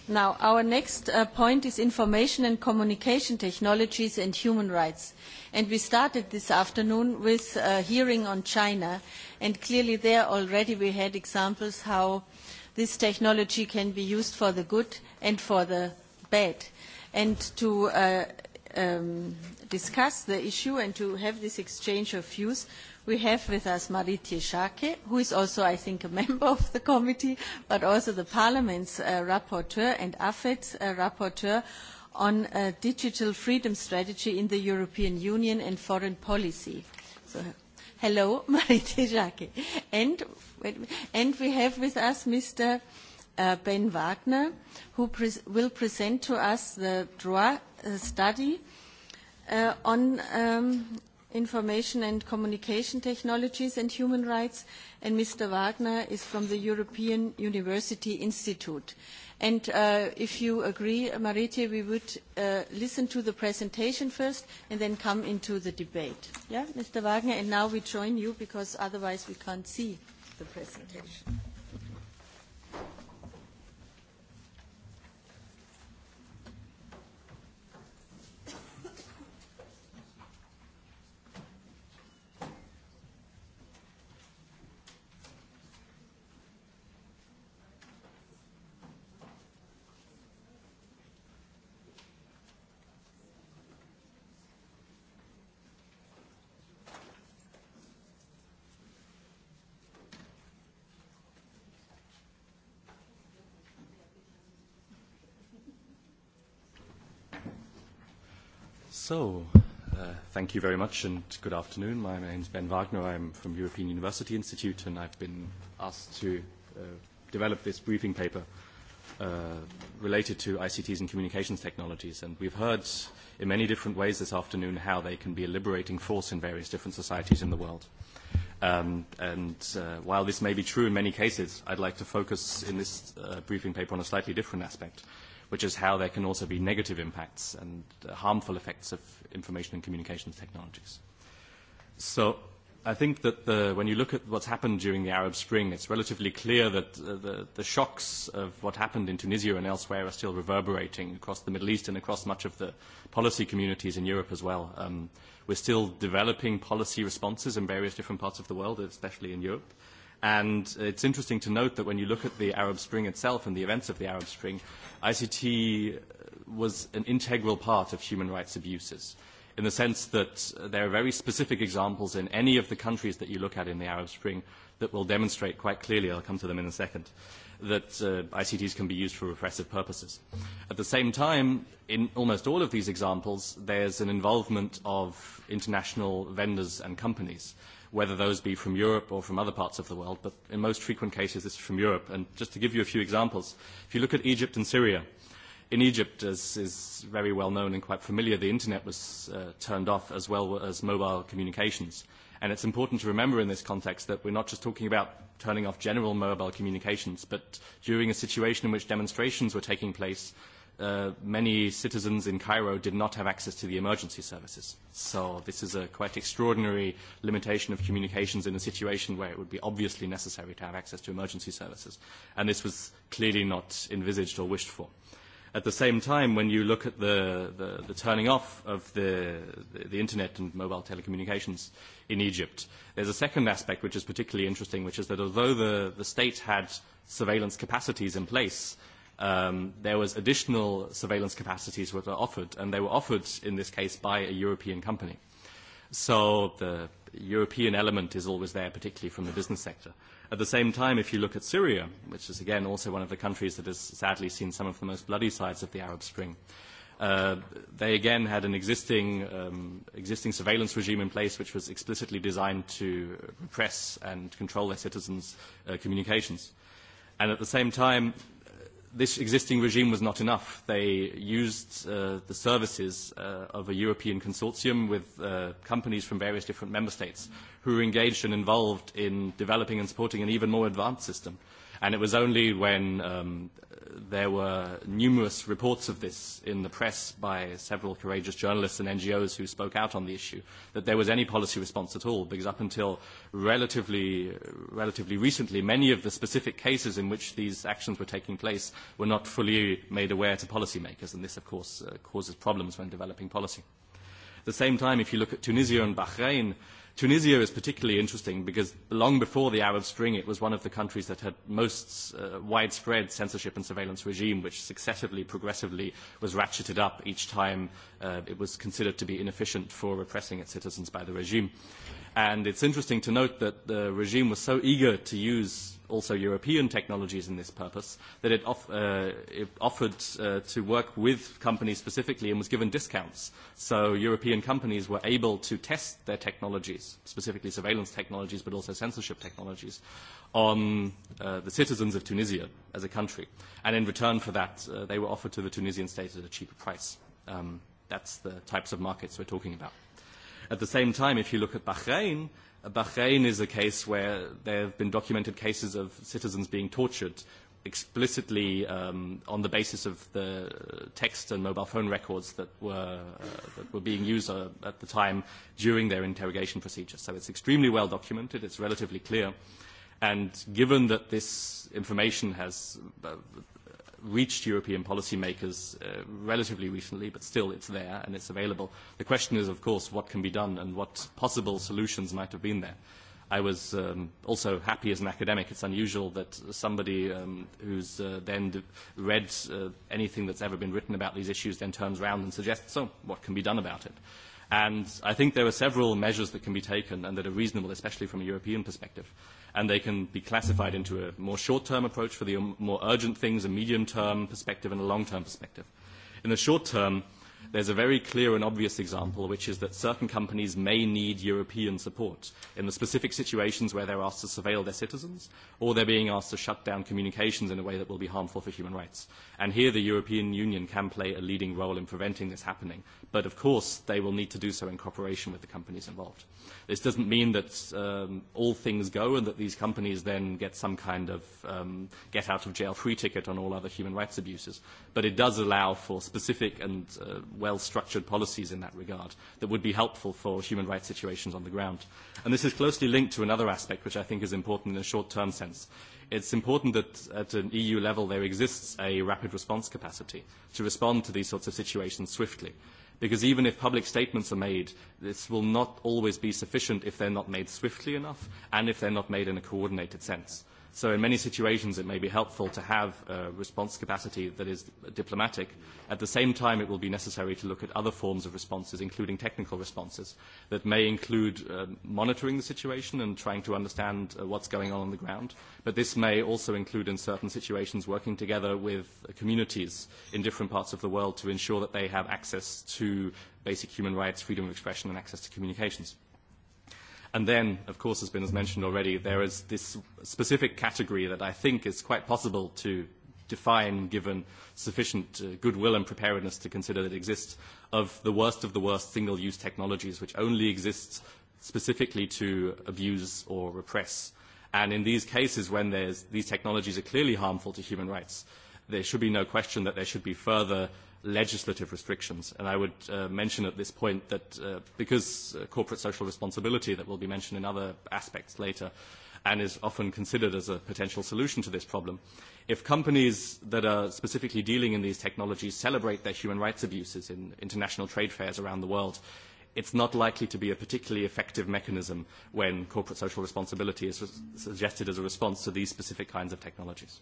Now, our next point is information and communication technologies and human rights. And we started this afternoon with a hearing on China. And clearly there already we had examples how this technology can be used for the good and for the bad and to discuss the issue and to have this exchange of views, we have with us Marit Schake, who is also, I think, a member of the committee, but also the Parliament's rapporteur and AFET's rapporteur on a digital freedom strategy in the European Union and foreign policy. So, hello, Marit And, And we have with us Mr. Ben Wagner, who will present to us the droit study on information and communication technologies and human rights, and Mr. Wagner is from the European University Institute. if you agree, Marietje, we would listen to the presentation first and then come into the debate. Yeah, Mr. Wagner, and now we join you because otherwise we can't see the presentation. So, thank you very much and good afternoon. My name is Ben Wagner. I'm from European University Institute and I've been asked to develop this briefing paper related to ICTs and communications technologies. And we've heard in many different ways this afternoon how they can be a liberating force in various different societies in the world. And while this may be true in many cases, I'd like to focus in this briefing paper on a slightly different aspect which is how there can also be negative impacts and harmful effects of information and communications technologies. So I think that when you look at what's happened during the Arab Spring, it's relatively clear that the shocks of what happened in Tunisia and elsewhere are still reverberating across the Middle East and across much of the policy communities in Europe as well. We're still developing policy responses in various different parts of the world, especially in Europe And it's interesting to note that when you look at the Arab Spring itself and the events of the Arab Spring, ICT was an integral part of human rights abuses in the sense that there are very specific examples in any of the countries that you look at in the Arab Spring that will demonstrate quite clearly, I'll come to them in a second, that ICTs can be used for repressive purposes. At the same time, in almost all of these examples, there's an involvement of international vendors and companies whether those be from Europe or from other parts of the world, but in most frequent cases this is from Europe. And just to give you a few examples, if you look at Egypt and Syria, in Egypt, as is very well known and quite familiar, the Internet was turned off as well as mobile communications. And it's important to remember in this context that we're not just talking about turning off general mobile communications, but during a situation in which demonstrations were taking place, many citizens in Cairo did not have access to the emergency services. So this is a quite extraordinary limitation of communications in a situation where it would be obviously necessary to have access to emergency services. And this was clearly not envisaged or wished for. At the same time, when you look at the the turning off of the the internet and mobile telecommunications in Egypt, there's a second aspect which is particularly interesting, which is that although the the state had surveillance capacities in place, there was additional surveillance capacities that were offered, and they were offered in this case by a European company. So the European element is always there, particularly from the business sector. At the same time, if you look at Syria, which is again also one of the countries that has sadly seen some of the most bloody sides of the Arab Spring, they again had an existing surveillance regime in place which was explicitly designed to repress and control their citizens' communications. And at the same time, this existing regime was not enough. They used the services of a European consortium with companies from various different member states who were engaged and involved in developing and supporting an even more advanced system. And it was only when There were numerous reports of this in the press by several courageous journalists and NGOs who spoke out on the issue, that there was any policy response at all, because up until relatively recently, many of the specific cases in which these actions were taking place were not fully made aware to policymakers, and this, of course, causes problems when developing policy. At the same time, if you look at Tunisia and Bahrain, Tunisia is particularly interesting because long before the Arab Spring, it was one of the countries that had most widespread censorship and surveillance regime, which successively, progressively was ratcheted up each time it was considered to be inefficient for repressing its citizens by the regime. And it's interesting to note that the regime was so eager to use also European technologies in this purpose, that it offered to work with companies specifically and was given discounts. So European companies were able to test their technologies, specifically surveillance technologies, but also censorship technologies, on the citizens of Tunisia as a country. And in return for that, they were offered to the Tunisian state at a cheaper price. That's the types of markets we're talking about. At the same time, if you look at Bahrain, Bahrain is a case where there have been documented cases of citizens being tortured explicitly on the basis of the text and mobile phone records that were that were being used at the time during their interrogation procedure. So it's extremely well documented. It's relatively clear. And given that this information has reached European policymakers relatively recently, but still it's there and it's available. The question is, of course, what can be done and what possible solutions might have been there. I was also happy as an academic. It's unusual that somebody who's then read anything that's ever been written about these issues then turns around and suggests, so what can be done about it? And I think there are several measures that can be taken and that are reasonable, especially from a European perspective and they can be classified into a more short-term approach for the more urgent things, a medium-term perspective, and a long-term perspective. In the short term, there's a very clear and obvious example, which is that certain companies may need European support in the specific situations where they're asked to surveil their citizens or they're being asked to shut down communications in a way that will be harmful for human rights. And here the European Union can play a leading role in preventing this happening But of course, they will need to do so in cooperation with the companies involved. This doesn't mean that all things go and that these companies then get some kind of get out of jail free ticket on all other human rights abuses. But it does allow for specific and well-structured policies in that regard that would be helpful for human rights situations on the ground. And this is closely linked to another aspect which I think is important in a short-term sense. It's important that at an EU level there exists a rapid response capacity to respond to these sorts of situations swiftly because even if public statements are made, this will not always be sufficient if they are not made swiftly enough and if they are not made in a coordinated sense. So in many situations it may be helpful to have a response capacity that is diplomatic. At the same time it will be necessary to look at other forms of responses, including technical responses, that may include monitoring the situation and trying to understand what's going on on the ground. But this may also include in certain situations working together with communities in different parts of the world to ensure that they have access to basic human rights, freedom of expression and access to communications. And then, of course, has been as mentioned already, there is this specific category that I think is quite possible to define given sufficient goodwill and preparedness to consider that exists of the worst of the worst single-use technologies which only exists specifically to abuse or repress. And in these cases when these technologies are clearly harmful to human rights, there should be no question that there should be further legislative restrictions. And I would mention at this point that because corporate social responsibility that will be mentioned in other aspects later and is often considered as a potential solution to this problem, if companies that are specifically dealing in these technologies celebrate their human rights abuses in international trade fairs around the world, it's not likely to be a particularly effective mechanism when corporate social responsibility is suggested as a response to these specific kinds of technologies.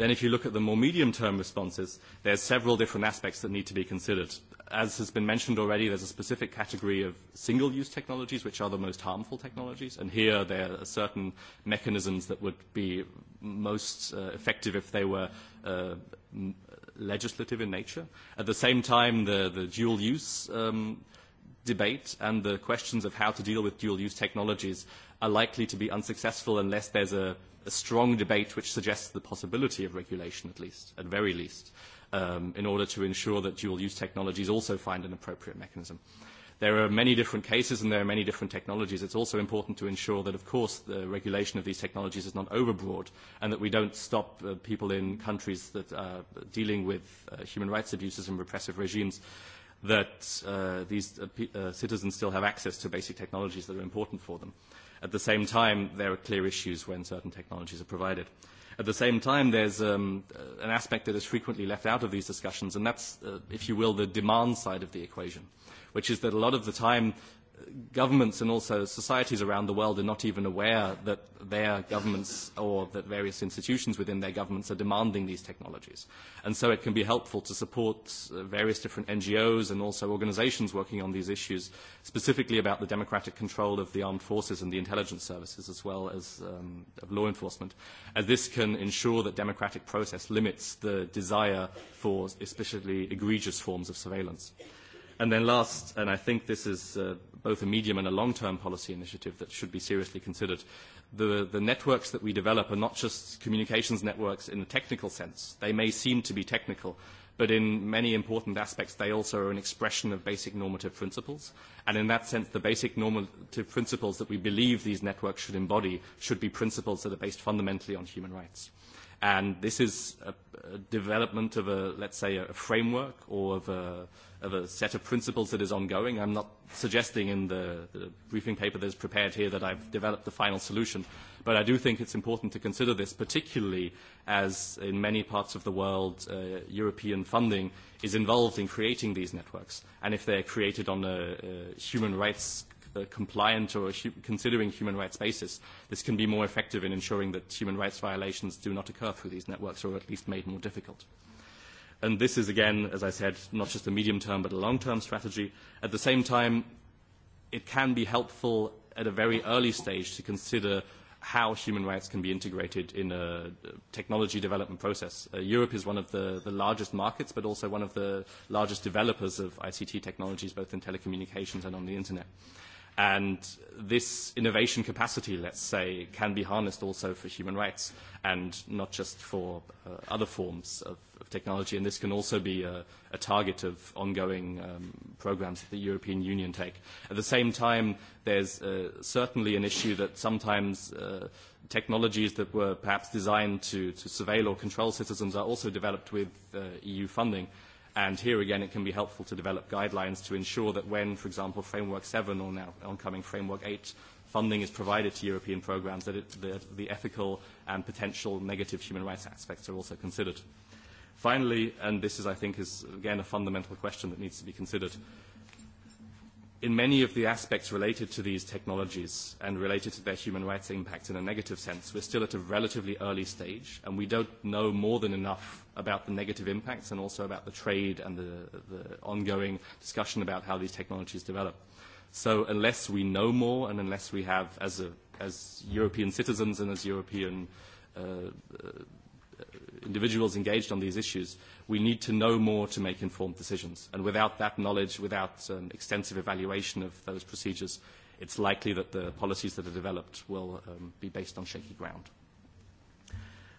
Then if you look at the more medium-term responses, there are several different aspects that need to be considered. As has been mentioned already, there's a specific category of single-use technologies, which are the most harmful technologies, and here there are certain mechanisms that would be most effective if they were legislative in nature. At the same time, the dual-use debate and the questions of how to deal with dual-use technologies are likely to be unsuccessful unless there's a strong debate which suggests the possibility of regulation, at least, at very least, in order to ensure that dual-use technologies also find an appropriate mechanism. There are many different cases and there are many different technologies. It's also important to ensure that, of course, the regulation of these technologies is not overbroad and that we don't stop people in countries that are dealing with human rights abuses and repressive regimes that these citizens still have access to basic technologies that are important for them. At the same time, there are clear issues when certain technologies are provided. At the same time, there's an aspect that is frequently left out of these discussions, and that's, if you will, the demand side of the equation, which is that a lot of the time governments and also societies around the world are not even aware that their governments or that various institutions within their governments are demanding these technologies. And so it can be helpful to support various different NGOs and also organizations working on these issues, specifically about the democratic control of the armed forces and the intelligence services as well as of law enforcement. as this can ensure that democratic process limits the desire for especially egregious forms of surveillance. And then last, and I think this is both a medium and a long-term policy initiative that should be seriously considered. The networks that we develop are not just communications networks in a technical sense. They may seem to be technical, but in many important aspects they also are an expression of basic normative principles. And in that sense, the basic normative principles that we believe these networks should embody should be principles that are based fundamentally on human rights and this is a development of a let's say a framework or of a of a set of principles that is ongoing i'm not suggesting in the briefing paper that is prepared here that i've developed the final solution but i do think it's important to consider this particularly as in many parts of the world european funding is involved in creating these networks and if they're created on a human rights compliant or considering human rights basis, this can be more effective in ensuring that human rights violations do not occur through these networks or at least made more difficult. And this is, again, as I said, not just a medium-term but a long-term strategy. At the same time, it can be helpful at a very early stage to consider how human rights can be integrated in a technology development process. Europe is one of the largest markets, but also one of the largest developers of ICT technologies, both in telecommunications and on the Internet. And this innovation capacity, let's say, can be harnessed also for human rights and not just for other forms of technology. And this can also be a target of ongoing programs that the European Union take. At the same time, there's certainly an issue that sometimes technologies that were perhaps designed to surveil or control citizens are also developed with EU funding And here again, it can be helpful to develop guidelines to ensure that when, for example, Framework 7 or now oncoming Framework 8 funding is provided to European programs, that the ethical and potential negative human rights aspects are also considered. Finally, and this is, I think, is again a fundamental question that needs to be considered, in many of the aspects related to these technologies and related to their human rights impact in a negative sense, we're still at a relatively early stage, and we don't know more than enough about the negative impacts and also about the trade and the ongoing discussion about how these technologies develop. So unless we know more and unless we have, as European citizens and as European individuals engaged on these issues, we need to know more to make informed decisions. And without that knowledge, without extensive evaluation of those procedures, it's likely that the policies that are developed will be based on shaky ground.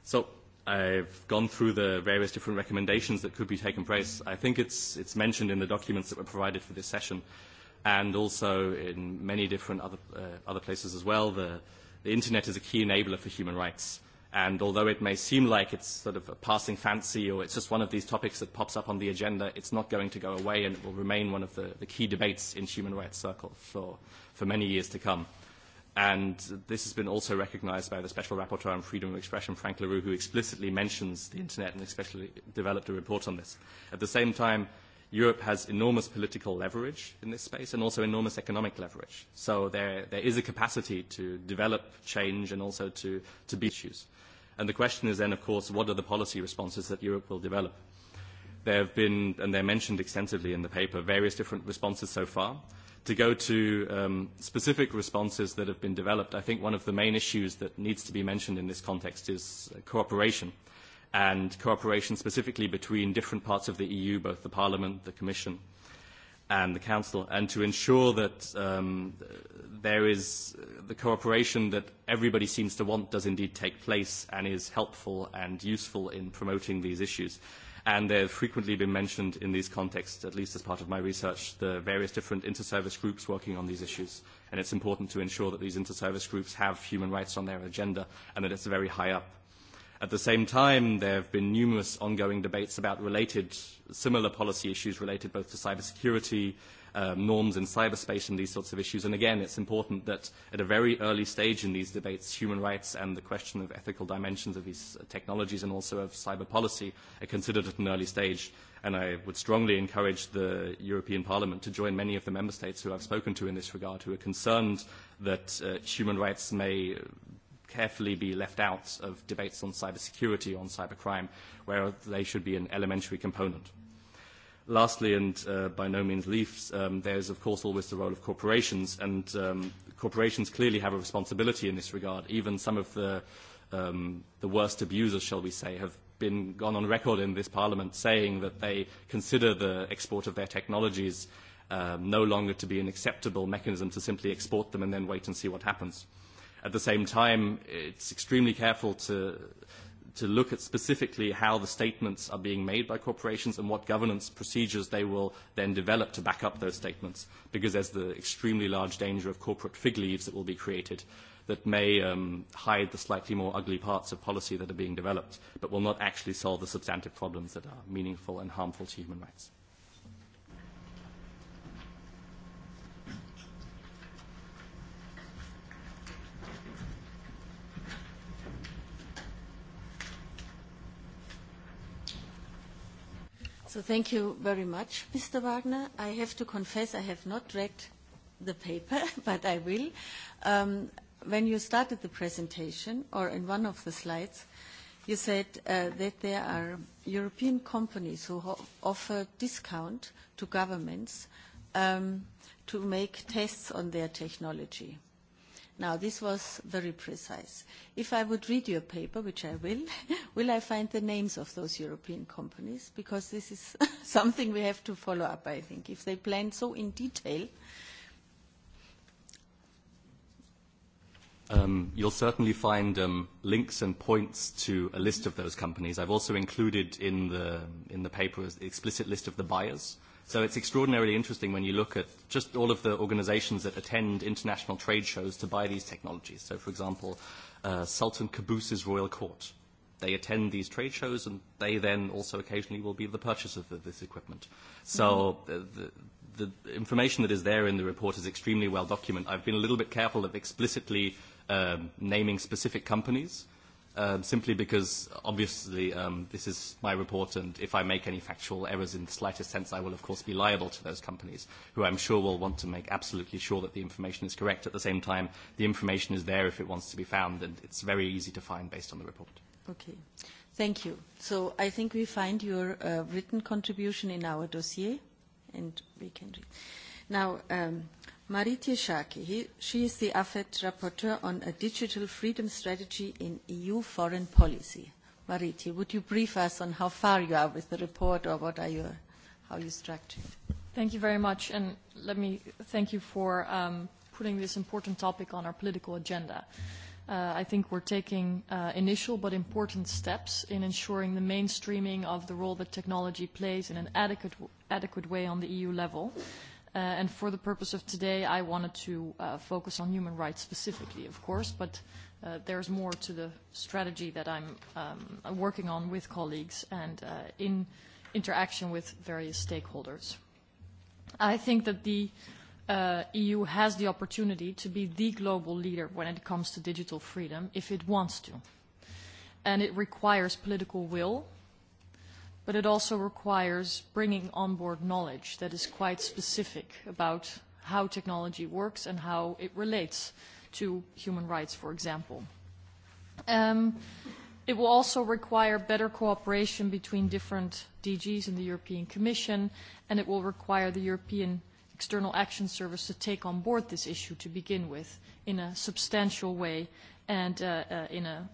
So I've gone through the various different recommendations that could be taken place. I think it's, it's mentioned in the documents that were provided for this session and also in many different other, other places as well. The, the Internet is a key enabler for human rights And although it may seem like it's sort of a passing fancy or it's just one of these topics that pops up on the agenda, it's not going to go away and it will remain one of the, the key debates in human rights circles for, for many years to come. And this has been also recognized by the Special Rapporteur on Freedom of Expression, Frank LaRue, who explicitly mentions the Internet and especially developed a report on this. At the same time, Europe has enormous political leverage in this space and also enormous economic leverage. So there there is a capacity to develop change and also to to be issues. And the question is then, of course, what are the policy responses that Europe will develop? There have been, and they're mentioned extensively in the paper, various different responses so far. To go to specific responses that have been developed, I think one of the main issues that needs to be mentioned in this context is cooperation and cooperation specifically between different parts of the EU, both the Parliament, the Commission and the Council, and to ensure that there is the cooperation that everybody seems to want does indeed take place and is helpful and useful in promoting these issues. And have frequently been mentioned in these contexts, at least as part of my research, the various different inter-service groups working on these issues. And it's important to ensure that these inter-service groups have human rights on their agenda and that it's very high up At the same time, there have been numerous ongoing debates about related, similar policy issues related both to cybersecurity, norms in cyberspace and these sorts of issues. And again, it's important that at a very early stage in these debates, human rights and the question of ethical dimensions of these technologies and also of cyber policy are considered at an early stage. And I would strongly encourage the European Parliament to join many of the member states who I've spoken to in this regard, who are concerned that human rights may carefully be left out of debates on cybersecurity, on cybercrime, where they should be an elementary component. Lastly, and by no means least, there is, of course, always the role of corporations, and corporations clearly have a responsibility in this regard. Even some of the worst abusers, shall we say, have been gone on record in this Parliament saying that they consider the export of their technologies no longer to be an acceptable mechanism to simply export them and then wait and see what happens. At the same time, it's extremely careful to look at specifically how the statements are being made by corporations and what governance procedures they will then develop to back up those statements, because there's the extremely large danger of corporate fig leaves that will be created that may hide the slightly more ugly parts of policy that are being developed, but will not actually solve the substantive problems that are meaningful and harmful to human rights. So thank you very much, Mr. Wagner. I have to confess I have not read the paper, but I will. When you started the presentation, or in one of the slides, you said that there are European companies who offer discount to governments to make tests on their technology. Now, this was very precise. If I would read your paper, which I will, will I find the names of those European companies? Because this is something we have to follow up, I think. If they plan so in detail. You'll certainly find links and points to a list of those companies. I've also included in the paper an explicit list of the buyers So it's extraordinarily interesting when you look at just all of the organizations that attend international trade shows to buy these technologies. So, for example, Sultan Qaboos's Royal Court. They attend these trade shows, and they then also occasionally will be the purchaser of this equipment. So the information that is there in the report is extremely well documented. I've been a little bit careful of explicitly naming specific companies simply because obviously this is my report and if I make any factual errors in the slightest sense I will of course be liable to those companies who I'm sure will want to make absolutely sure that the information is correct. At the same time the information is there if it wants to be found and it's very easy to find based on the report. Okay. Thank you. So I think we find your written contribution in our dossier and we can read. Now Marie Schaake. She is the AFET rapporteur on a digital freedom strategy in EU foreign policy. Mariti, would you brief us on how far you are with the report or what are your, how you it? Thank you very much, and let me thank you for um, putting this important topic on our political agenda. I think we're taking initial but important steps in ensuring the mainstreaming of the role that technology plays in an adequate way on the EU level. And for the purpose of today, I wanted to focus on human rights specifically, of course, but there is more to the strategy that I'm working on with colleagues and in interaction with various stakeholders. I think that the EU has the opportunity to be the global leader when it comes to digital freedom if it wants to. And it requires political will but it also requires bringing on board knowledge that is quite specific about how technology works and how it relates to human rights, for example. It will also require better cooperation between different DGs in the European Commission, and it will require the European External Action Service to take on board this issue to begin with in a substantial way and in a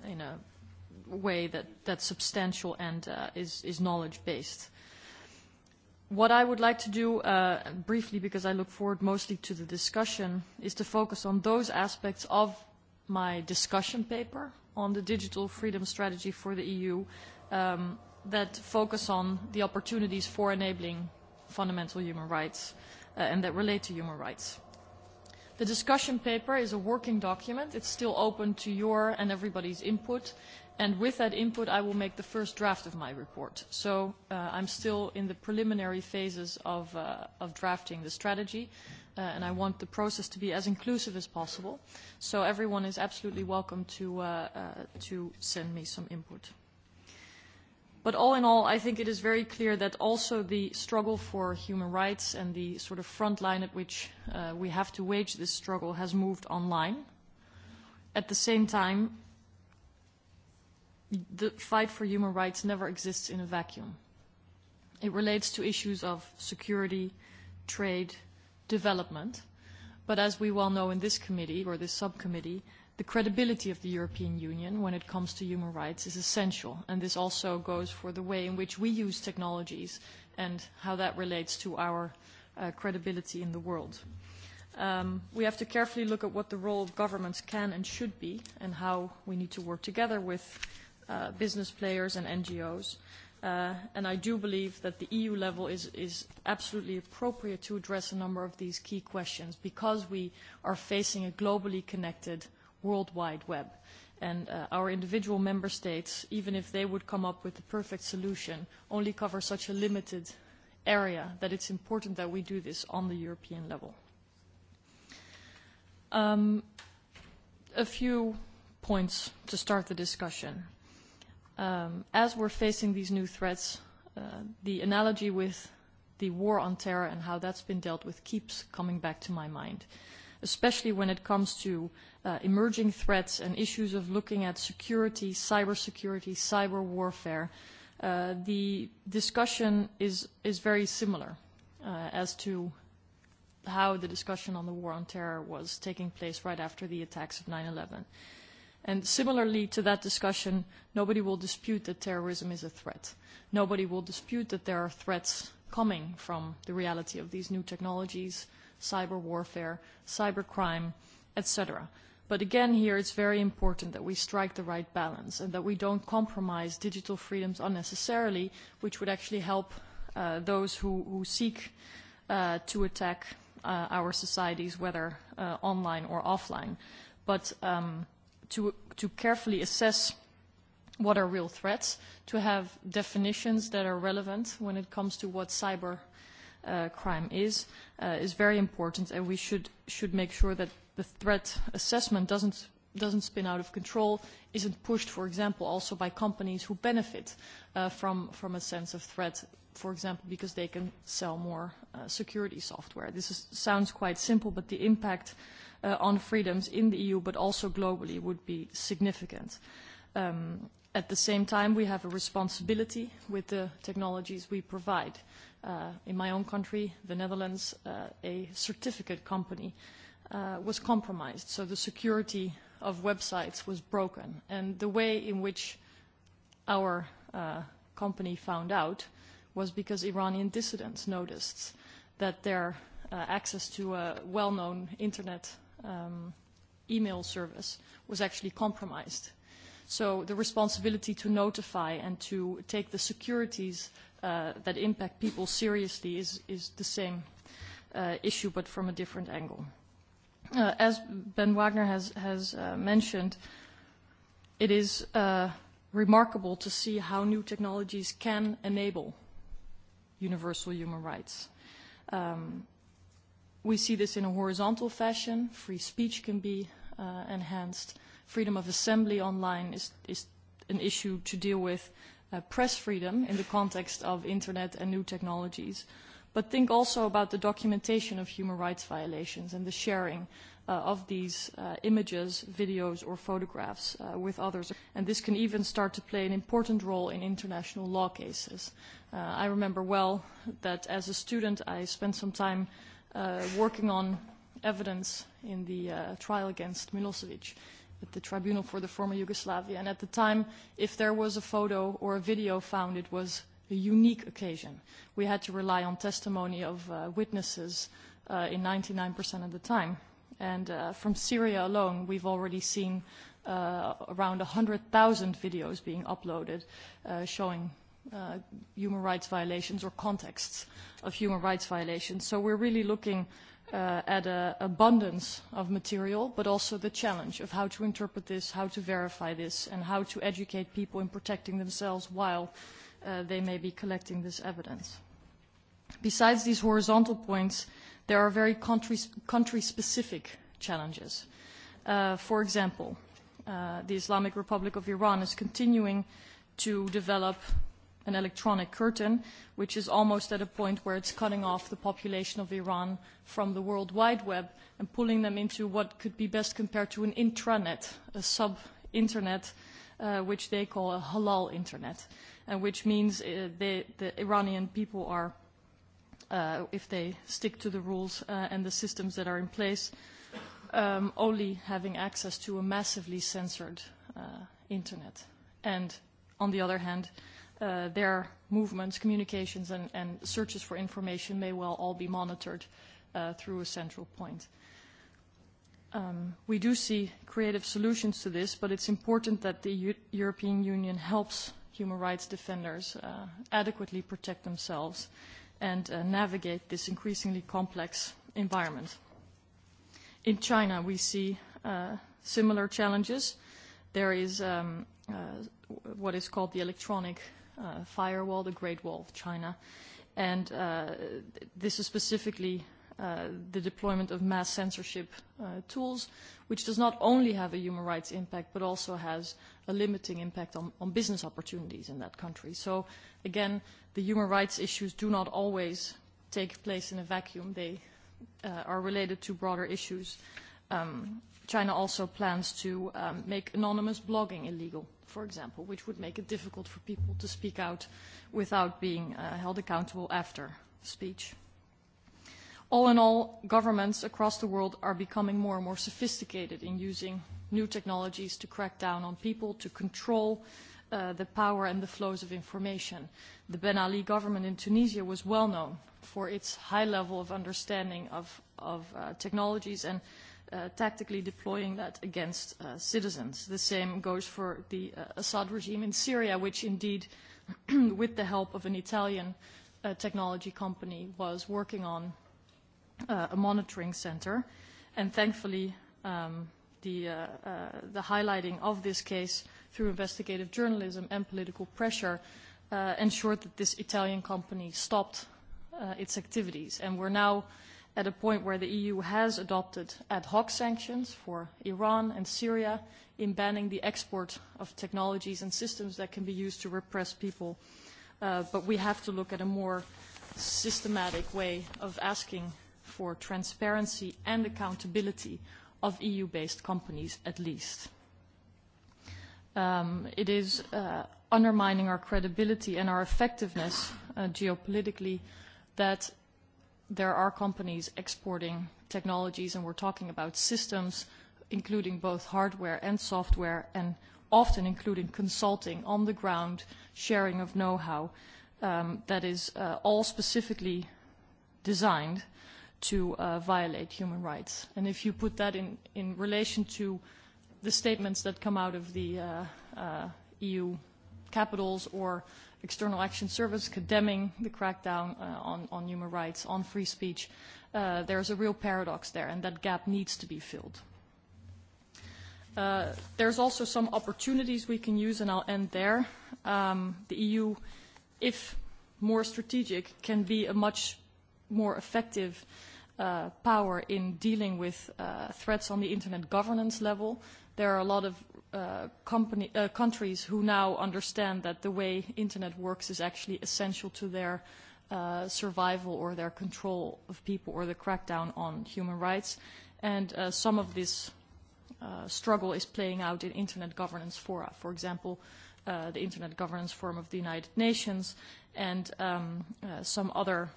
way that that's substantial and is is knowledge based. What I would like to do briefly, because I look forward mostly to the discussion, is to focus on those aspects of my discussion paper on the digital freedom strategy for the EU that focus on the opportunities for enabling fundamental human rights and that relate to human rights. The discussion paper is a working document. It's still open to your and everybody's input and with that input I will make the first draft of my report. So I'm still in the preliminary phases of drafting the strategy and I want the process to be as inclusive as possible. So everyone is absolutely welcome to send me some input. But all in all, I think it is very clear that also the struggle for human rights and the sort of front line at which we have to wage this struggle has moved online. At the same time, the fight for human rights never exists in a vacuum. It relates to issues of security, trade, development. But as we well know in this committee or this subcommittee, the credibility of the European Union when it comes to human rights is essential. And this also goes for the way in which we use technologies and how that relates to our credibility in the world. We have to carefully look at what the role of governments can and should be and how we need to work together with business players and NGOs. And I do believe that the EU level is absolutely appropriate to address a number of these key questions because we are facing a globally connected worldwide web. And our individual member states, even if they would come up with the perfect solution, only cover such a limited area that it's important that we do this on the European level. A few points to start the discussion as we're facing these new threats, the analogy with the war on terror and how that's been dealt with keeps coming back to my mind, especially when it comes to emerging threats and issues of looking at security, cybersecurity, cyber warfare. The discussion is very similar as to how the discussion on the war on terror was taking place right after the attacks of 9/11. And similarly to that discussion, nobody will dispute that terrorism is a threat. Nobody will dispute that there are threats coming from the reality of these new technologies, cyber warfare, cybercrime, etc. But again, here it's very important that we strike the right balance and that we don't compromise digital freedoms unnecessarily, which would actually help those who seek to attack our societies, whether online or offline. But to carefully assess what are real threats, to have definitions that are relevant when it comes to what cyber crime is, is very important, and we should make sure that the threat assessment doesn't doesn't spin out of control, isn't pushed, for example, also by companies who benefit from a sense of threat, for example, because they can sell more security software. This sounds quite simple, but the impact on freedoms in the EU, but also globally, would be significant. At the same time, we have a responsibility with the technologies we provide. In my own country, the Netherlands, a certificate company was compromised, so the security of websites was broken. And the way in which our company found out was because Iranian dissidents noticed that their access to a well-known internet email service was actually compromised. So the responsibility to notify and to take the securities that impact people seriously is the same issue, but from a different angle. As Ben Wagner has mentioned, it is remarkable to see how new technologies can enable universal human rights. We see this in a horizontal fashion. Free speech can be enhanced. Freedom of assembly online is an issue to deal with. Press freedom in the context of Internet and new technologies but think also about the documentation of human rights violations and the sharing of these images, videos, or photographs with others. And this can even start to play an important role in international law cases. I remember well that as a student I spent some time working on evidence in the trial against Milosevic at the Tribunal for the Former Yugoslavia. And at the time, if there was a photo or a video found, it was a unique occasion. We had to rely on testimony of witnesses in 99% of the time. And from Syria alone, we've already seen around 100,000 videos being uploaded showing human rights violations or contexts of human rights violations. So we're really looking at an abundance of material, but also the challenge of how to interpret this, how to verify this, and how to educate people in protecting themselves while they may be collecting this evidence. Besides these horizontal points, there are very country-specific challenges. For example, the Islamic Republic of Iran is continuing to develop an electronic curtain, which is almost at a point where it's cutting off the population of Iran from the World Wide Web and pulling them into what could be best compared to an intranet, a sub-internet, which they call a halal internet which means the Iranian people are, if they stick to the rules and the systems that are in place, only having access to a massively censored internet. And on the other hand, their movements, communications, and searches for information may well all be monitored through a central point. We do see creative solutions to this, but it's important that the European Union helps human rights defenders adequately protect themselves and navigate this increasingly complex environment. In China, we see similar challenges. There is what is called the electronic firewall, the Great Wall of China, and this is specifically the deployment of mass censorship tools, which does not only have a human rights impact, but also has a limiting impact on business opportunities in that country. So, again, the human rights issues do not always take place in a vacuum. They are related to broader issues. China also plans to make anonymous blogging illegal, for example, which would make it difficult for people to speak out without being held accountable after speech. All in all, governments across the world are becoming more and more sophisticated in using new technologies to crack down on people, to control the power and the flows of information. The Ben Ali government in Tunisia was well known for its high level of understanding of technologies and tactically deploying that against citizens. The same goes for the Assad regime in Syria, which indeed, with the help of an Italian technology company, was working on a monitoring center. And thankfully, the highlighting of this case through investigative journalism and political pressure ensured that this Italian company stopped its activities. And we're now at a point where the EU has adopted ad hoc sanctions for Iran and Syria in banning the export of technologies and systems that can be used to repress people. But we have to look at a more systematic way of asking for transparency and accountability of EU-based companies at least. It is undermining our credibility and our effectiveness geopolitically that there are companies exporting technologies, and we're talking about systems, including both hardware and software, and often including consulting on the ground, sharing of know-how, that is all specifically designed to violate human rights. And if you put that in in relation to the statements that come out of the EU capitals or External Action Service condemning the crackdown on human rights, on free speech, there is a real paradox there, and that gap needs to be filled. There's also some opportunities we can use, and I'll end there. The EU, if more strategic, can be a much more effective power in dealing with threats on the internet governance level. There are a lot of countries who now understand that the way internet works is actually essential to their survival or their control of people or the crackdown on human rights. And some of this struggle is playing out in internet governance fora. For example, the Internet Governance Forum of the United Nations and some other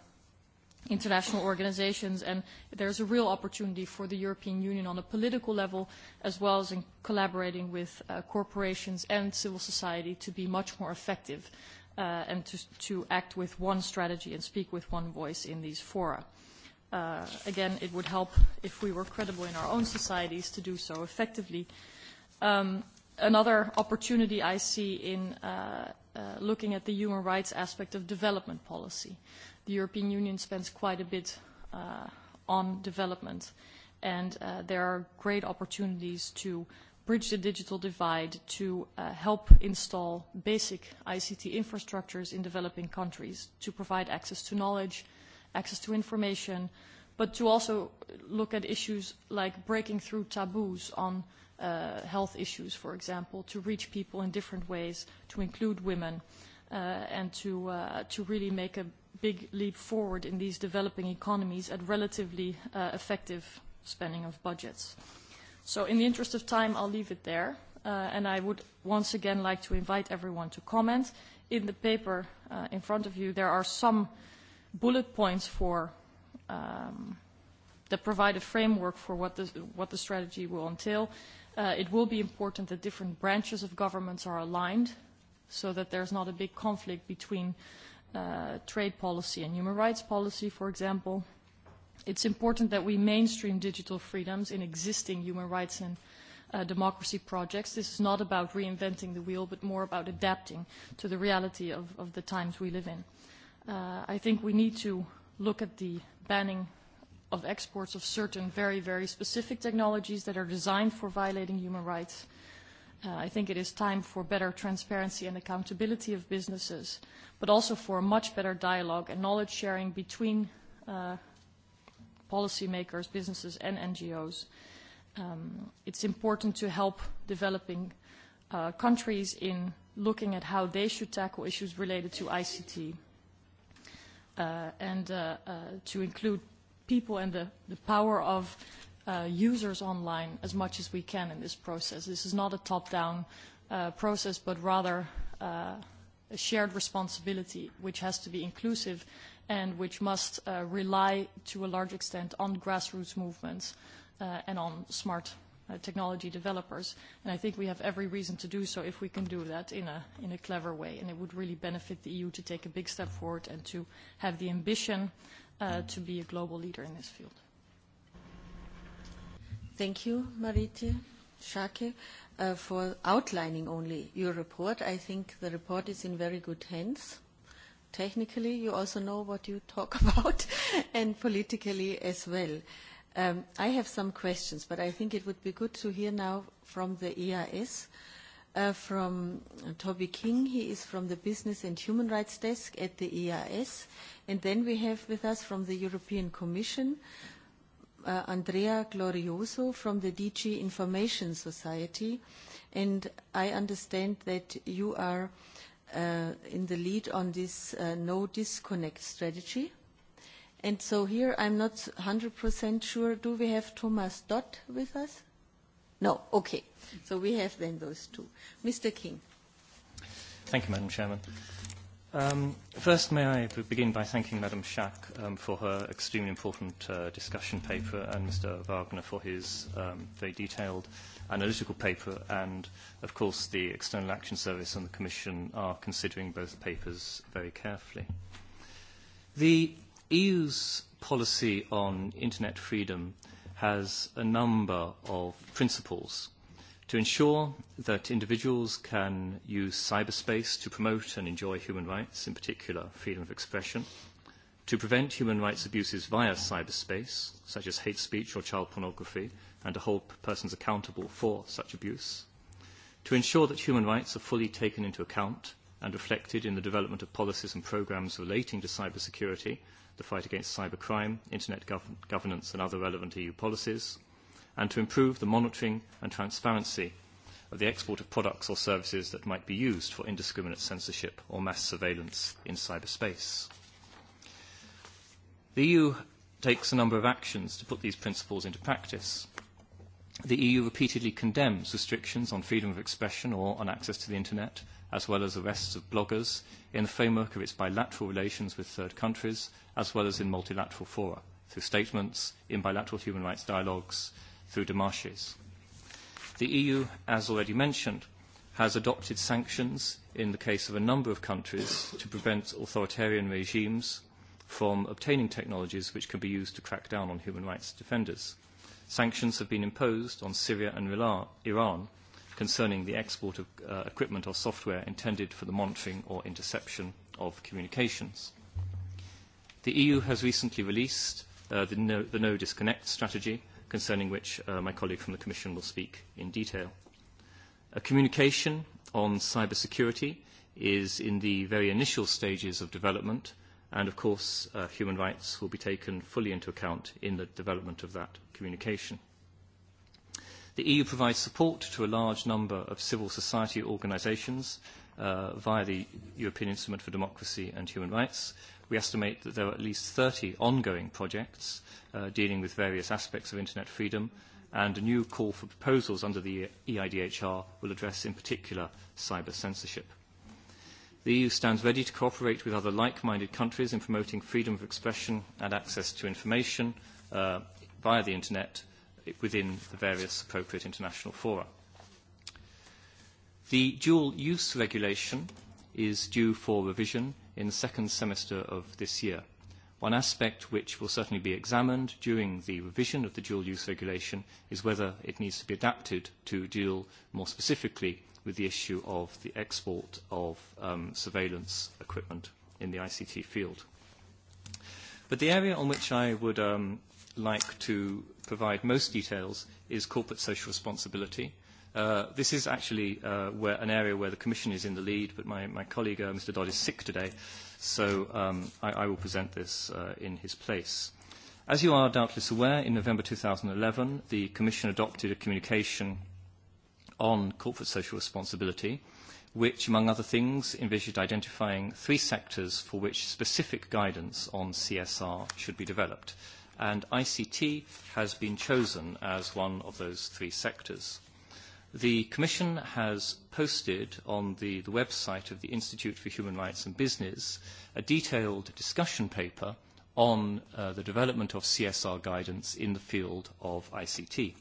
international organisations and there is a real opportunity for the European Union on a political level, as well as in collaborating with corporations and civil society to be much more effective and to act with one strategy and speak with one voice in these fora. Again, it would help if we were credible in our own societies to do so effectively. Another opportunity I see in looking at the human rights aspect of development policy the European Union spends quite a bit on development, and there are great opportunities to bridge the digital divide to help install basic ICT infrastructures in developing countries, to provide access to knowledge, access to information, but to also look at issues like breaking through taboos on health issues, for example, to reach people in different ways, to include women, and to really make a big leap forward in these developing economies at relatively effective spending of budgets. So in the interest of time, I'll leave it there. And I would once again like to invite everyone to comment. In the paper in front of you, there are some bullet points for that provide a framework for what the strategy will entail. It will be important that different branches of governments are aligned so that there's not a big conflict between trade policy and human rights policy, for example. It's important that we mainstream digital freedoms in existing human rights and democracy projects. This is not about reinventing the wheel, but more about adapting to the reality of the times we live in. I think we need to look at the banning of exports of certain very, very specific technologies that are designed for violating human rights I think it is time for better transparency and accountability of businesses, but also for a much better dialogue and knowledge sharing between policymakers, businesses and NGOs. It's important to help developing countries in looking at how they should tackle issues related to ICT and to include people and the power of users online as much as we can in this process. This is not a top-down process, but rather a shared responsibility which has to be inclusive and which must rely to a large extent on grassroots movements and on smart technology developers. And I think we have every reason to do so if we can do that in a, in a clever way. And it would really benefit the EU to take a big step forward and to have the ambition to be a global leader in this field. Thank you, Marite Schake, for outlining only your report. I think the report is in very good hands. Technically, you also know what you talk about, and politically as well. I have some questions, but I think it would be good to hear now from the EIS, from Toby King. He is from the Business and Human Rights Desk at the EIS. And then we have with us from the European Commission, Andrea Glorioso from the DG Information Society, and I understand that you are in the lead on this no disconnect strategy. And so here I'm not 100% sure. Do we have Thomas Dodd with us? No. Okay. So we have then those two. Mr. King. Thank you, Madam Chairman. First, may I begin by thanking Madam Schack for her extremely important discussion paper and Mr. Wagner for his very detailed analytical paper. And, of course, the External Action Service and the Commission are considering both papers very carefully. The EU's policy on Internet freedom has a number of principles To ensure that individuals can use cyberspace to promote and enjoy human rights, in particular freedom of expression, to prevent human rights abuses via cyberspace, such as hate speech or child pornography, and to hold persons accountable for such abuse, to ensure that human rights are fully taken into account and reflected in the development of policies and programmes relating to cybersecurity, the fight against cybercrime, internet governance and other relevant EU policies, and to improve the monitoring and transparency of the export of products or services that might be used for indiscriminate censorship or mass surveillance in cyberspace. The EU takes a number of actions to put these principles into practice. The EU repeatedly condemns restrictions on freedom of expression or on access to the Internet, as well as arrests of bloggers, in the framework of its bilateral relations with third countries, as well as in multilateral fora, through statements, in bilateral human rights dialogues, through demarches. The EU, as already mentioned, has adopted sanctions in the case of a number of countries to prevent authoritarian regimes from obtaining technologies which can be used to crack down on human rights defenders. Sanctions have been imposed on Syria and Iran concerning the export of equipment or software intended for the monitoring or interception of communications. The EU has recently released the No Disconnect strategy concerning which my colleague from the Commission will speak in detail. A communication on cybersecurity is in the very initial stages of development, and of course human rights will be taken fully into account in the development of that communication. The EU provides support to a large number of civil society organisations via the European Instrument for Democracy and Human Rights, We estimate that there are at least 30 ongoing projects dealing with various aspects of Internet freedom, and a new call for proposals under the EIDHR will address in particular cyber censorship. The EU stands ready to cooperate with other like-minded countries in promoting freedom of expression and access to information via the Internet within the various appropriate international fora. The dual-use regulation is due for revision in the second semester of this year. One aspect which will certainly be examined during the revision of the dual-use regulation is whether it needs to be adapted to deal more specifically with the issue of the export of surveillance equipment in the ICT field. But the area on which I would like to provide most details is corporate social responsibility This is actually an area where the Commission is in the lead, but my colleague, Mr. Dodd, is sick today, so I will present this in his place. As you are doubtless aware, in November 2011, the Commission adopted a communication on corporate social responsibility, which, among other things, envisioned identifying three sectors for which specific guidance on CSR should be developed, and ICT has been chosen as one of those three sectors. The Commission has posted on the website of the Institute for Human Rights and Business a detailed discussion paper on the development of CSR guidance in the field of ICT.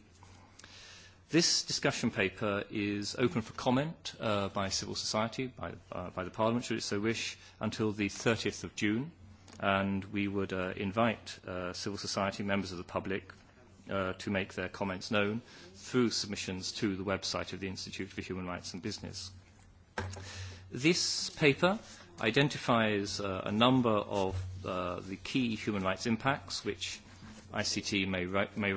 This discussion paper is open for comment by civil society, by the Parliament, should it so wish, until the 30th of June, and we would invite civil society, members of the public, to make their comments known through submissions to the website of the Institute for Human Rights and Business. This paper identifies a number of the key human rights impacts which ICT may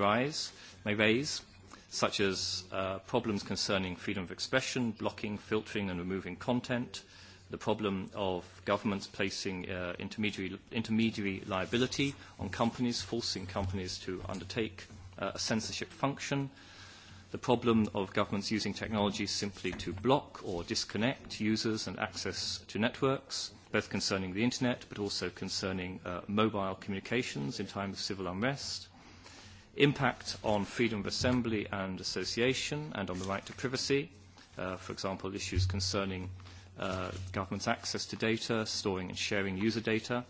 raise, such as problems concerning freedom of expression, blocking, filtering and removing content, the problem of governments placing intermediary liability on companies, forcing companies to undertake a censorship function, the problem of governments using technology simply to block or disconnect users and access to networks, both concerning the Internet but also concerning mobile communications in time of civil unrest, impact on freedom of assembly and association and on the right to privacy, for example, issues concerning governments' access to data, storing and sharing user data,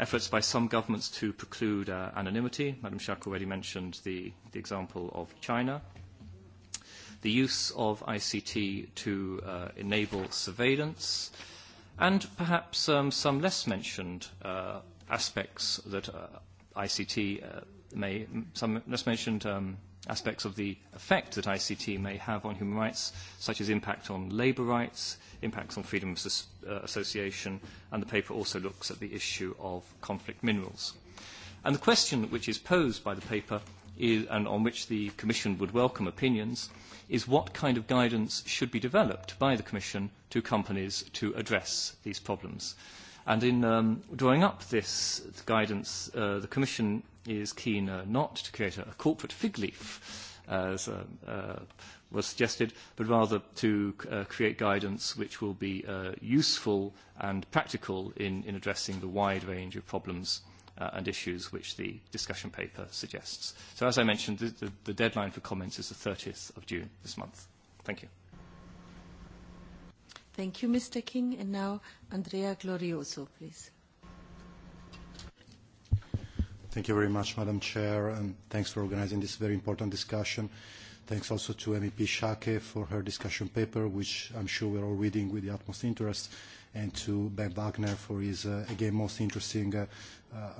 efforts by some governments to preclude anonymity. Madam Schack already mentioned the the example of China. The use of ICT to enable surveillance, and perhaps some less mentioned aspects that ICT may, some less mentioned aspects of the effect that ICT may have on human rights, such as impact on labour rights, impacts on freedom of association, and the paper also looks at the issue of conflict minerals. And the question which is posed by the paper, and on which the Commission would welcome opinions, is what kind of guidance should be developed by the Commission to companies to address these problems. And in drawing up this guidance, the Commission is keen not to create a corporate fig leaf, as was suggested, but rather to create guidance which will be useful and practical in addressing the wide range of problems and issues which the discussion paper suggests. So as I mentioned, the deadline for comments is the 30th of June this month. Thank you. Thank you, Mr. King. And now Andrea Glorioso, please. Thank you very much, Madam Chair, and thanks for organizing this very important discussion. Thanks also to MEP Schake for her discussion paper, which I'm sure we're all reading with the utmost interest, and to Ben Wagner for his, again, most interesting,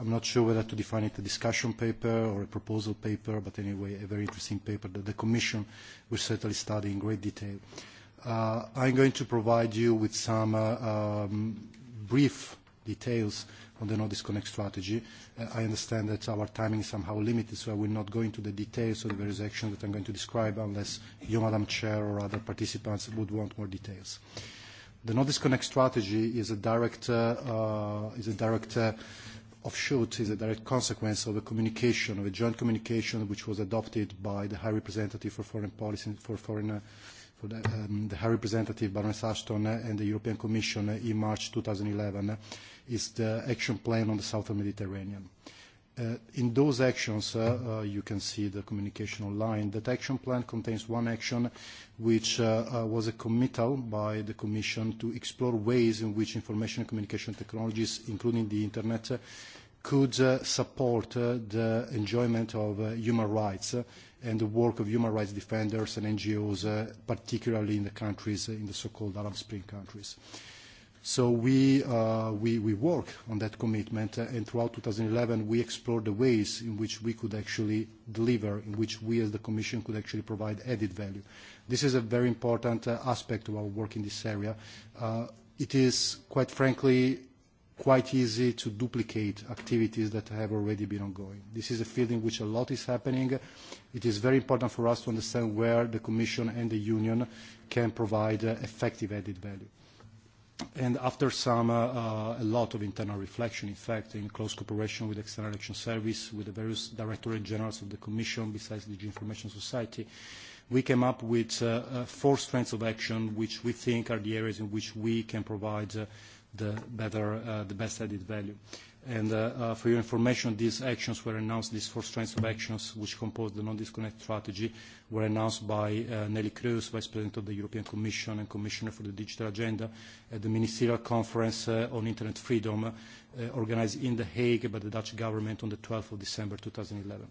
I'm not sure whether to define it a discussion paper or a proposal paper, but anyway, a very interesting paper that the Commission will certainly study in great detail. I'm going to provide you with some brief details on the no-disconnect strategy. I understand that our timing is somehow limited, so I will not go into the details of the various actions that I'm going to describe unless you, Madam Chair, or other participants would want more details. The no-disconnect strategy is a direct offshoot, is a direct consequence of a communication, of a joint communication which was adopted by the High Representative for Foreign Policy for Foreign for the High Representative Baroness Ashton and the European Commission in March 2011 is the action plan on the Southern Mediterranean. In those actions, you can see the communication online, that action plan contains one action which was a committal by the Commission to explore ways in which information and communication technologies, including the Internet, could support the enjoyment of human rights and the work of human rights defenders and NGOs, particularly in the countries, in the so-called Arab Spring countries. So we work on that commitment, and throughout 2011 we explored the ways in which we could actually deliver, in which we as the Commission could actually provide added value. This is a very important aspect of our work in this area. It is, quite frankly, quite easy to duplicate activities that have already been ongoing. This is a field in which a lot is happening. It is very important for us to understand where the Commission and the Union can provide effective added value. And after some, a lot of internal reflection, in fact, in close cooperation with the External Action Service, with the various Directorate Generals of the Commission, besides the Information Society, we came up with four strengths of action, which we think are the areas in which we can provide the better, the best added value. And for your information, these actions were announced, these four strands of actions which compose the non-disconnect strategy were announced by Nelly Cruz, Vice President of the European Commission and Commissioner for the Digital Agenda at the Ministerial Conference on Internet Freedom organized in The Hague by the Dutch government on the 12th of December 2011.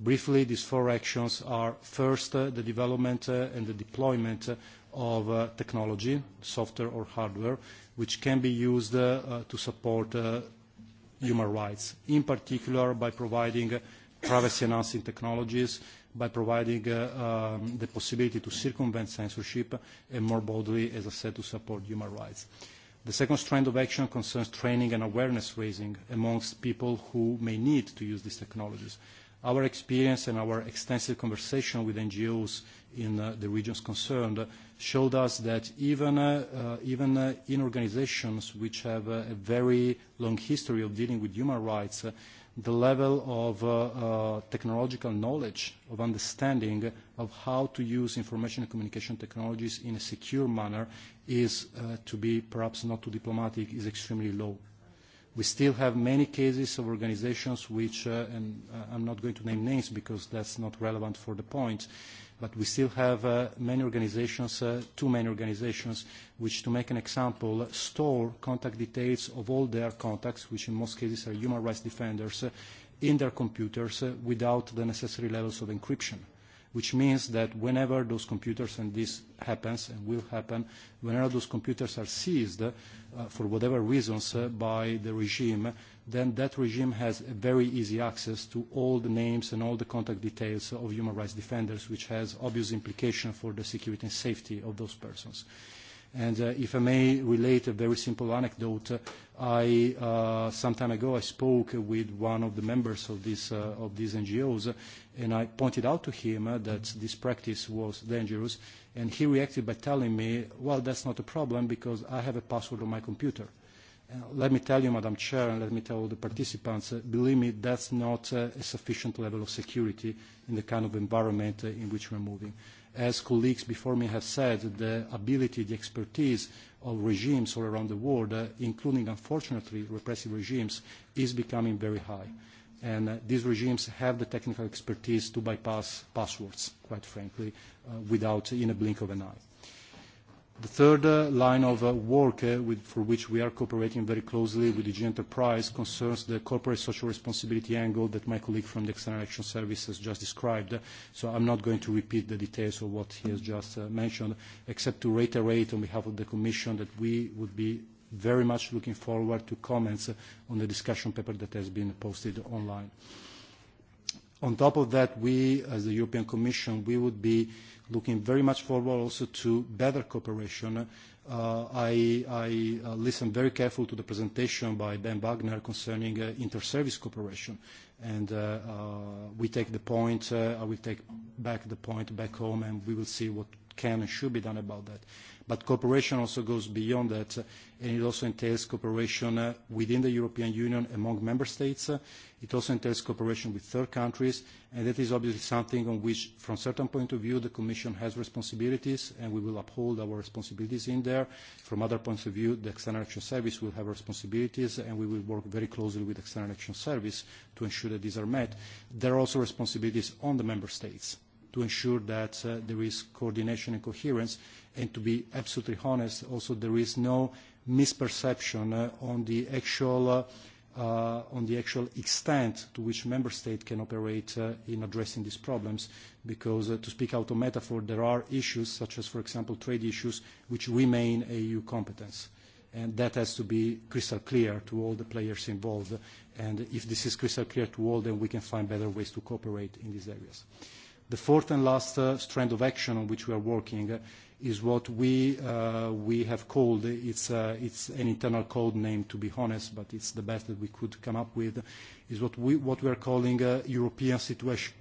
Briefly, these four actions are, first, the development and the deployment of technology, software or hardware, which can be used to support human rights, in particular by providing privacy-enhancing technologies, by providing the possibility to circumvent censorship, and more broadly, as I said, to support human rights. The second strand of action concerns training and awareness raising amongst people who may need to use these technologies. Our experience and our extensive conversation with NGOs in the regions concerned showed us that even in organizations which have a very long history of dealing with human rights, the level of technological knowledge, of understanding of how to use information and communication technologies in a secure manner is, to be perhaps not too diplomatic, is extremely low. We still have many cases of organizations which, and I'm not going to name names because that's not relevant for the point, but we still have many organizations, too many organizations, which, to make an example, store contact details of all their contacts, which in most cases are human rights defenders, in their computers without the necessary levels of encryption which means that whenever those computers, and this happens and will happen, whenever those computers are seized for whatever reasons by the regime, then that regime has very easy access to all the names and all the contact details of human rights defenders, which has obvious implication for the security and safety of those persons. And if I may relate a very simple anecdote, I some time ago I spoke with one of the members of these of these NGOs, and I pointed out to him that this practice was dangerous, and he reacted by telling me, "Well, that's not a problem because I have a password on my computer." Let me tell you, Madam Chair, and let me tell all the participants, believe me, that's not a sufficient level of security in the kind of environment in which we're moving as colleagues before me have said, the ability, the expertise of regimes all around the world, including, unfortunately, repressive regimes, is becoming very high. And these regimes have the technical expertise to bypass passwords, quite frankly, without in a blink of an eye. The third line of work for which we are cooperating very closely with DG Enterprise concerns the corporate social responsibility angle that my colleague from the External Action Service has just described. So I'm not going to repeat the details of what he has just mentioned, except to reiterate on behalf of the Commission that we would be very much looking forward to comments on the discussion paper that has been posted online. On top of that, we, as the European Commission, we would be looking very much forward also to better cooperation. I listened very carefully to the presentation by Ben Wagner concerning inter-service cooperation, and we take the point, I will take back the point back home, and we will see what can and should be done about that. But cooperation also goes beyond that, and it also entails cooperation within the European Union among member states. It also entails cooperation with third countries, and that is obviously something on which, from a certain point of view, the Commission has responsibilities, and we will uphold our responsibilities in there. From other points of view, the External Action Service will have responsibilities, and we will work very closely with the External Action Service to ensure that these are met. There are also responsibilities on the member states to ensure that there is coordination and coherence. And to be absolutely honest, also there is no misperception on the actual on the actual extent to which member states can operate in addressing these problems because to speak out of metaphor there are issues such as for example trade issues which remain EU competence and that has to be crystal clear to all the players involved and if this is crystal clear to all then we can find better ways to cooperate in these areas. The fourth and last strand of action on which we are working is what we have called, it's an internal code name to be honest, but it's the best that we could come up with, is what we are calling a European situation.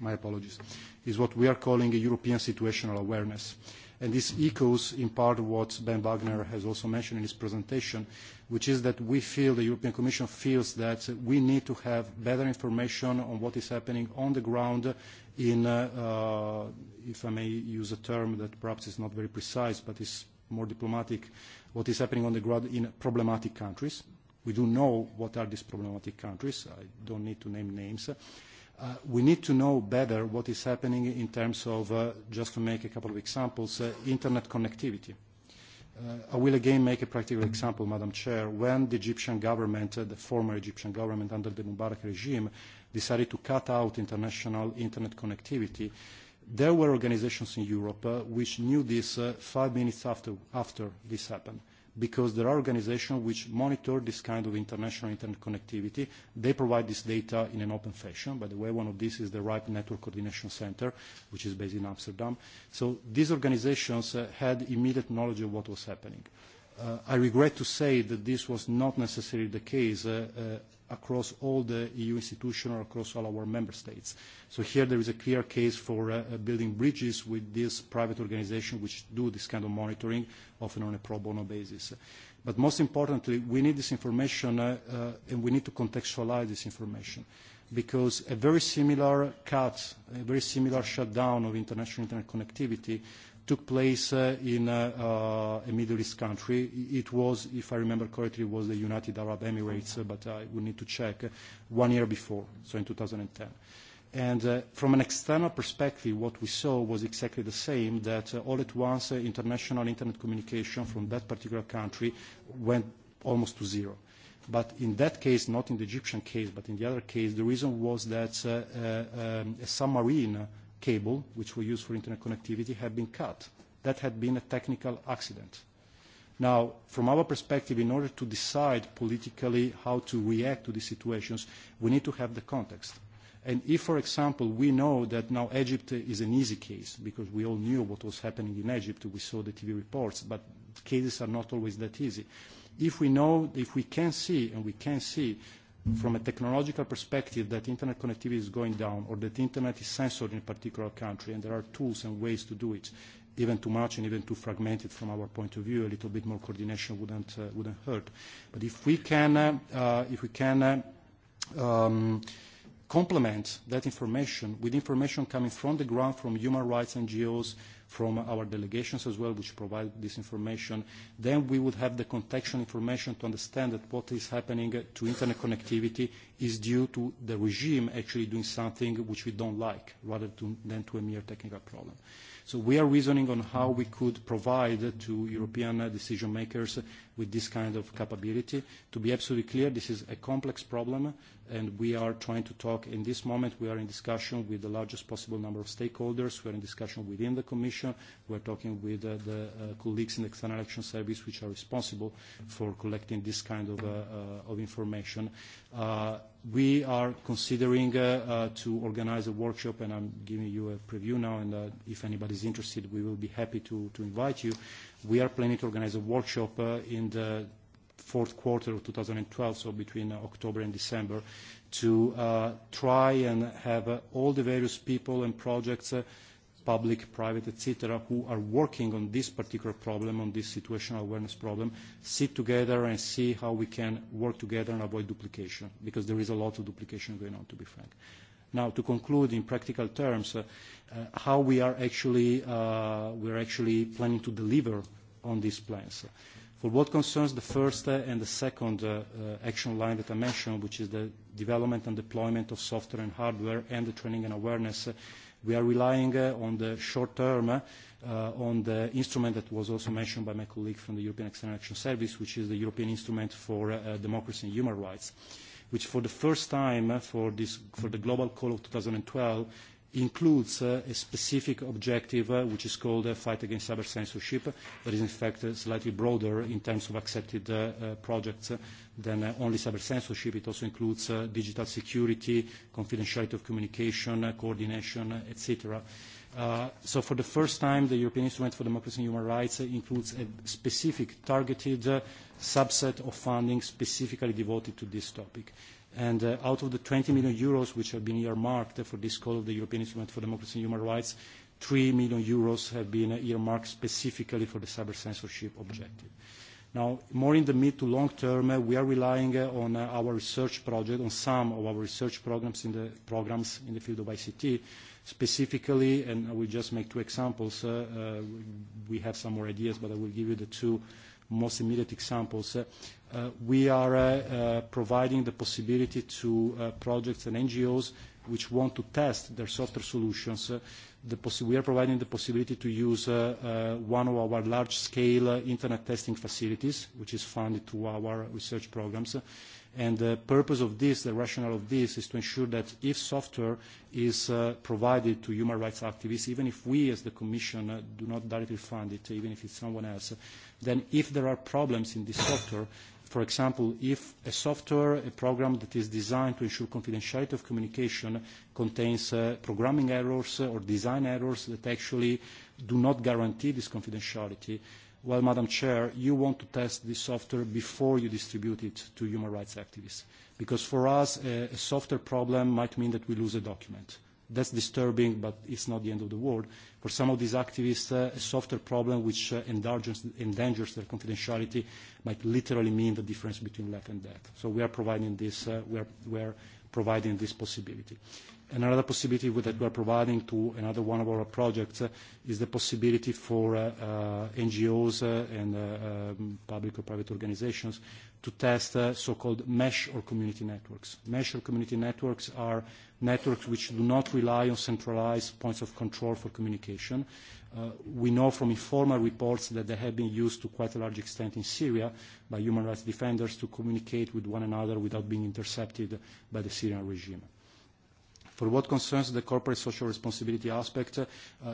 My apologies. Is what we are calling a European situational awareness. And this echoes in part what Ben Wagner has also mentioned in his presentation, which is that we feel, the European Commission feels that we need to have better information on what is happening on the ground in, if I may use a term that perhaps is not very precise but is more diplomatic, what is happening on the ground in problematic countries. We do know what are these problematic countries. I don't need to name names. We need to know better what is happening in terms of, just to make a couple of examples, internet connectivity. I will again make a practical example, Madam Chair. When the Egyptian government, the former Egyptian government under the Mubarak regime, decided to cut out international internet connectivity. There were organizations in Europe which knew this five minutes after this happened, because there are organizations which monitor this kind of international internet connectivity. They provide this data in an open fashion. By the way, one of these is the RIPE Network Coordination Center, which is based in Amsterdam. So these organizations had immediate knowledge of what was happening. I regret to say that this was not necessarily the case across all the EU institutions or across all our member states. So here there is a clear case for building bridges with these private organizations which do this kind of monitoring, often on a pro bono basis. But most importantly, we need this information and we need to contextualize this information because a very similar cut, a very similar shutdown of international internet connectivity took place in a Middle East country. It was, if I remember correctly, was the United Arab Emirates, but I would need to check, one year before, so in 2010. And from an external perspective, what we saw was exactly the same, that all at once international internet communication from that particular country went almost to zero. But in that case, not in the Egyptian case, but in the other case, the reason was that a submarine cable, which we use for internet connectivity, had been cut. That had been a technical accident. Now, from our perspective, in order to decide politically how to react to these situations, we need to have the context. And if, for example, we know that now Egypt is an easy case, because we all knew what was happening in Egypt, we saw the TV reports, but cases are not always that easy. If we know, if we can see, and we can see from a technological perspective that internet connectivity is going down or that internet is censored in a particular country, and there are tools and ways to do it, even too much and even too fragmented from our point of view, a little bit more coordination wouldn't wouldn't hurt. But if we can if we can complement that information with information coming from the ground, from human rights NGOs from our delegations as well, which provide this information. Then we would have the contextual information to understand that what is happening to internet connectivity is due to the regime actually doing something which we don't like, rather than to a mere technical problem. So we are reasoning on how we could provide to European decision makers with this kind of capability. To be absolutely clear, this is a complex problem, and we are trying to talk. In this moment, we are in discussion with the largest possible number of stakeholders. We are in discussion within the Commission. We are talking with the colleagues in the External Action Service, which are responsible for collecting this kind of information. We are considering to organize a workshop, and I'm giving you a preview now, and if anybody is interested, we will be happy to invite you We are planning to organize a workshop in the fourth quarter of 2012, so between October and December, to try and have all the various people and projects, public, private, etc., who are working on this particular problem, on this situational awareness problem, sit together and see how we can work together and avoid duplication, because there is a lot of duplication going on, to be frank. Now, to conclude in practical terms, how we are actually planning to deliver on these plans. For what concerns the first and the second action line that I mentioned, which is the development and deployment of software and hardware and the training and awareness, we are relying on the short term on the instrument that was also mentioned by my colleague from the European External Action Service, which is the European Instrument for Democracy and Human Rights which for the first time for the Global Call of 2012 includes a specific objective which is called the fight against cyber censorship, but is in fact slightly broader in terms of accepted projects than only cyber censorship. It also includes digital security, confidentiality of communication, coordination, etc. So for the first time, the European Instrument for Democracy and Human Rights includes a specific targeted subset of funding specifically devoted to this topic. And out of the 20 million euros which have been earmarked for this call of the European Instrument for Democracy and Human Rights, 3 million euros have been earmarked specifically for the cyber censorship objective. Now, more in the mid to long term, we are relying on our research project, on some of our research programs in the field of ICT specifically, and I will just make two examples. We have some more ideas, but I will give you the two most immediate examples. We are providing the possibility to projects and NGOs which want to test their software solutions. We are providing the possibility to use one of our large-scale internet testing facilities, which is funded through our research programs And the purpose of this, the rationale of this, is to ensure that if software is provided to human rights activists, even if we as the Commission do not directly fund it, even if it's someone else, then if there are problems in this software, for example, if a software, a program that is designed to ensure confidentiality of communication contains programming errors or design errors that actually do not guarantee this confidentiality, well, Madam Chair, you want to test this software before you distribute it to human rights activists. Because for us, a software problem might mean that we lose a document. That's disturbing, but it's not the end of the world. For some of these activists, a software problem which endangers their confidentiality might literally mean the difference between life and death. So we are providing this possibility. Another possibility that we are providing to another one of our projects is the possibility for NGOs and public or private organizations to test so-called mesh or community networks. Mesh or community networks are networks which do not rely on centralized points of control for communication. We know from informal reports that they have been used to quite a large extent in Syria by human rights defenders to communicate with one another without being intercepted by the Syrian regime. For what concerns the corporate social responsibility aspect,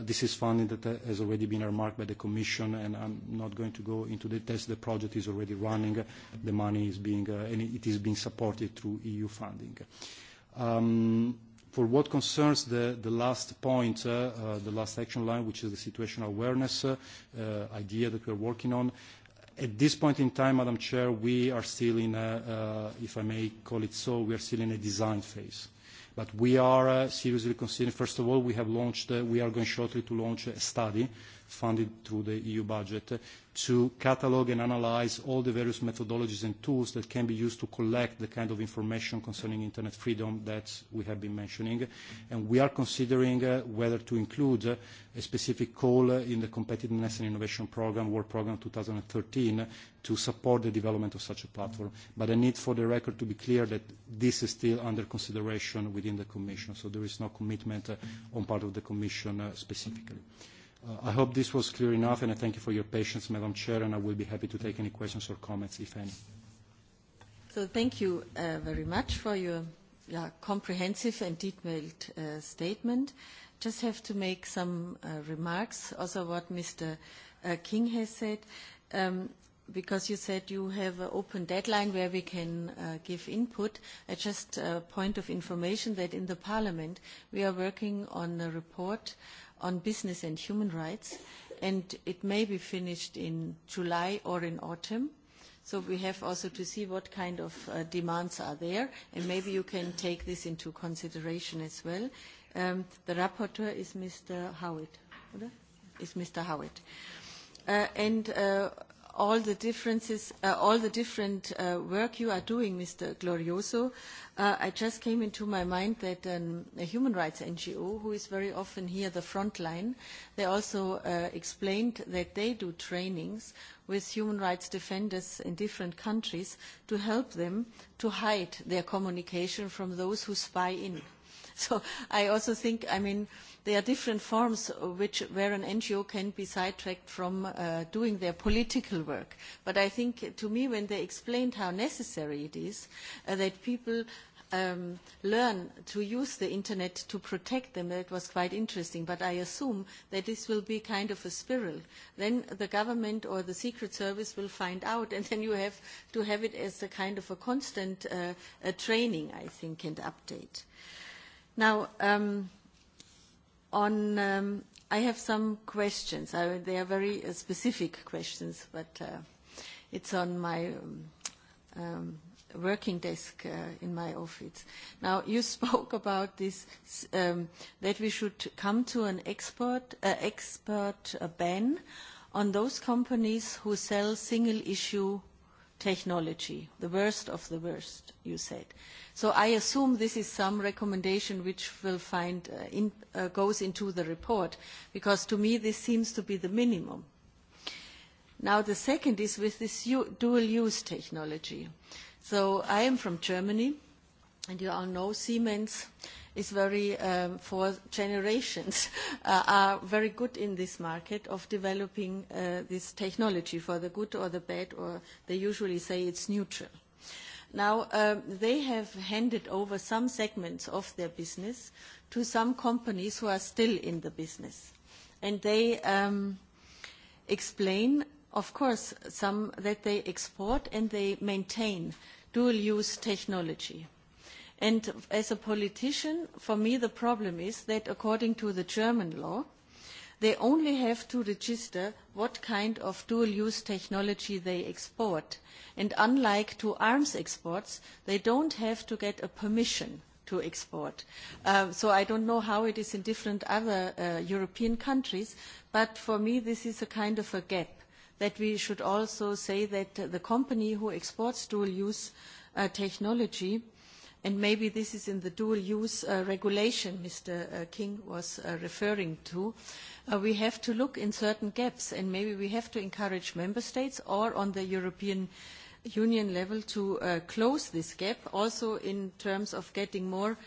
this is funding that has already been remarked by the Commission, and I'm not going to go into details. The project is already running. The money is being, and it is being supported through EU funding. For what concerns the last point, the last action line, which is the situational awareness idea that we are working on, at this point in time, Madam Chair, we are still in, if I may call it so, we are still in a design phase. But we are seriously considering, first of all, we have launched, we are going shortly to launch a study funded through the EU budget to catalog and analyze all the various methodologies and tools that can be used to collect the kind of information concerning Internet freedom that we have been mentioning. And we are considering whether to include a specific call in the Competitiveness and Innovation Programme, World Programme 2013, to support the development of such a platform. But I need for the record to be clear that this is still under consideration within the Commission, so there is no commitment on part of the Commission specifically. I hope this was clear enough, and I thank you for your patience, Madam Chair, and I will be happy to take any questions or comments, if any. So thank you very much for your comprehensive and detailed statement. Just have to make some remarks, also what Mr. King has said, because you said you have an open deadline where we can give input. Just a point of information that in the Parliament we are working on a report on business and human rights, and it may be finished in July or in autumn. So we have also to see what kind of demands are there, and maybe you can take this into consideration as well. The rapporteur is Mr. Howitt. Is Mr. Howitt. And all the differences, all the different work you are doing, Mr. Glorioso. I just came into my mind that a human rights NGO, who is very often here the front line, they also explained that they do trainings with human rights defenders in different countries to help them to hide their communication from those who spy in. So I also think, I mean There are different forms which where an NGO can be sidetracked from doing their political work. But I think, to me, when they explained how necessary it is that people learn to use the Internet to protect them, it was quite interesting. But I assume that this will be kind of a spiral. Then the government or the Secret Service will find out, and then you have to have it as a kind of a constant training, I think, and update. Now On, I have some questions. They are very specific questions, but it's on my working desk in my office. Now, you spoke about this, that we should come to an export ban on those companies who sell single-issue technology, the worst of the worst, you said. So I assume this is some recommendation which will find goes into the report, because to me this seems to be the minimum. Now the second is with this dual-use technology. So I am from Germany, and you all know Siemens is very for generations are very good in this market of developing this technology for the good or the bad or they usually say it's neutral. Now they have handed over some segments of their business to some companies who are still in the business. And they explain, of course, some that they export and they maintain dual-use technology. And as a politician, for me the problem is that according to the German law, they only have to register what kind of dual-use technology they export. And unlike to arms exports, they don't have to get a permission to export. So I don't know how it is in different other European countries, but for me this is a kind of a gap that we should also say that the company who exports dual-use technology and maybe this is in the dual use regulation Mr. King was referring to, we have to look in certain gaps and maybe we have to encourage member states or on the European Union level to close this gap also in terms of getting more,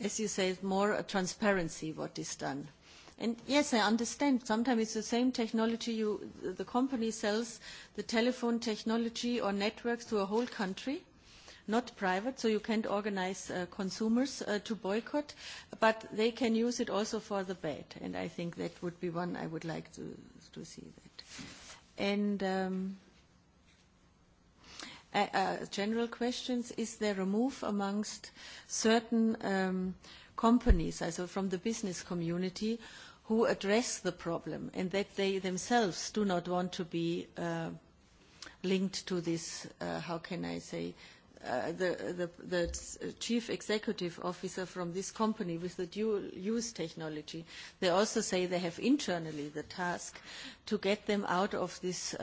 as you say, more transparency what is done. And yes, I understand. Sometimes it's the same technology. The company sells the telephone technology or networks to a whole country not private, so you can't organize consumers to boycott, but they can use it also for the bad, and I think that would be one I would like to to see that. And general questions, is there a move amongst certain companies, also from the business community, who address the problem and that they themselves do not want to be linked to this, how can I say, the chief executive officer from this company with the dual-use technology. They also say they have internally the task to get them out of this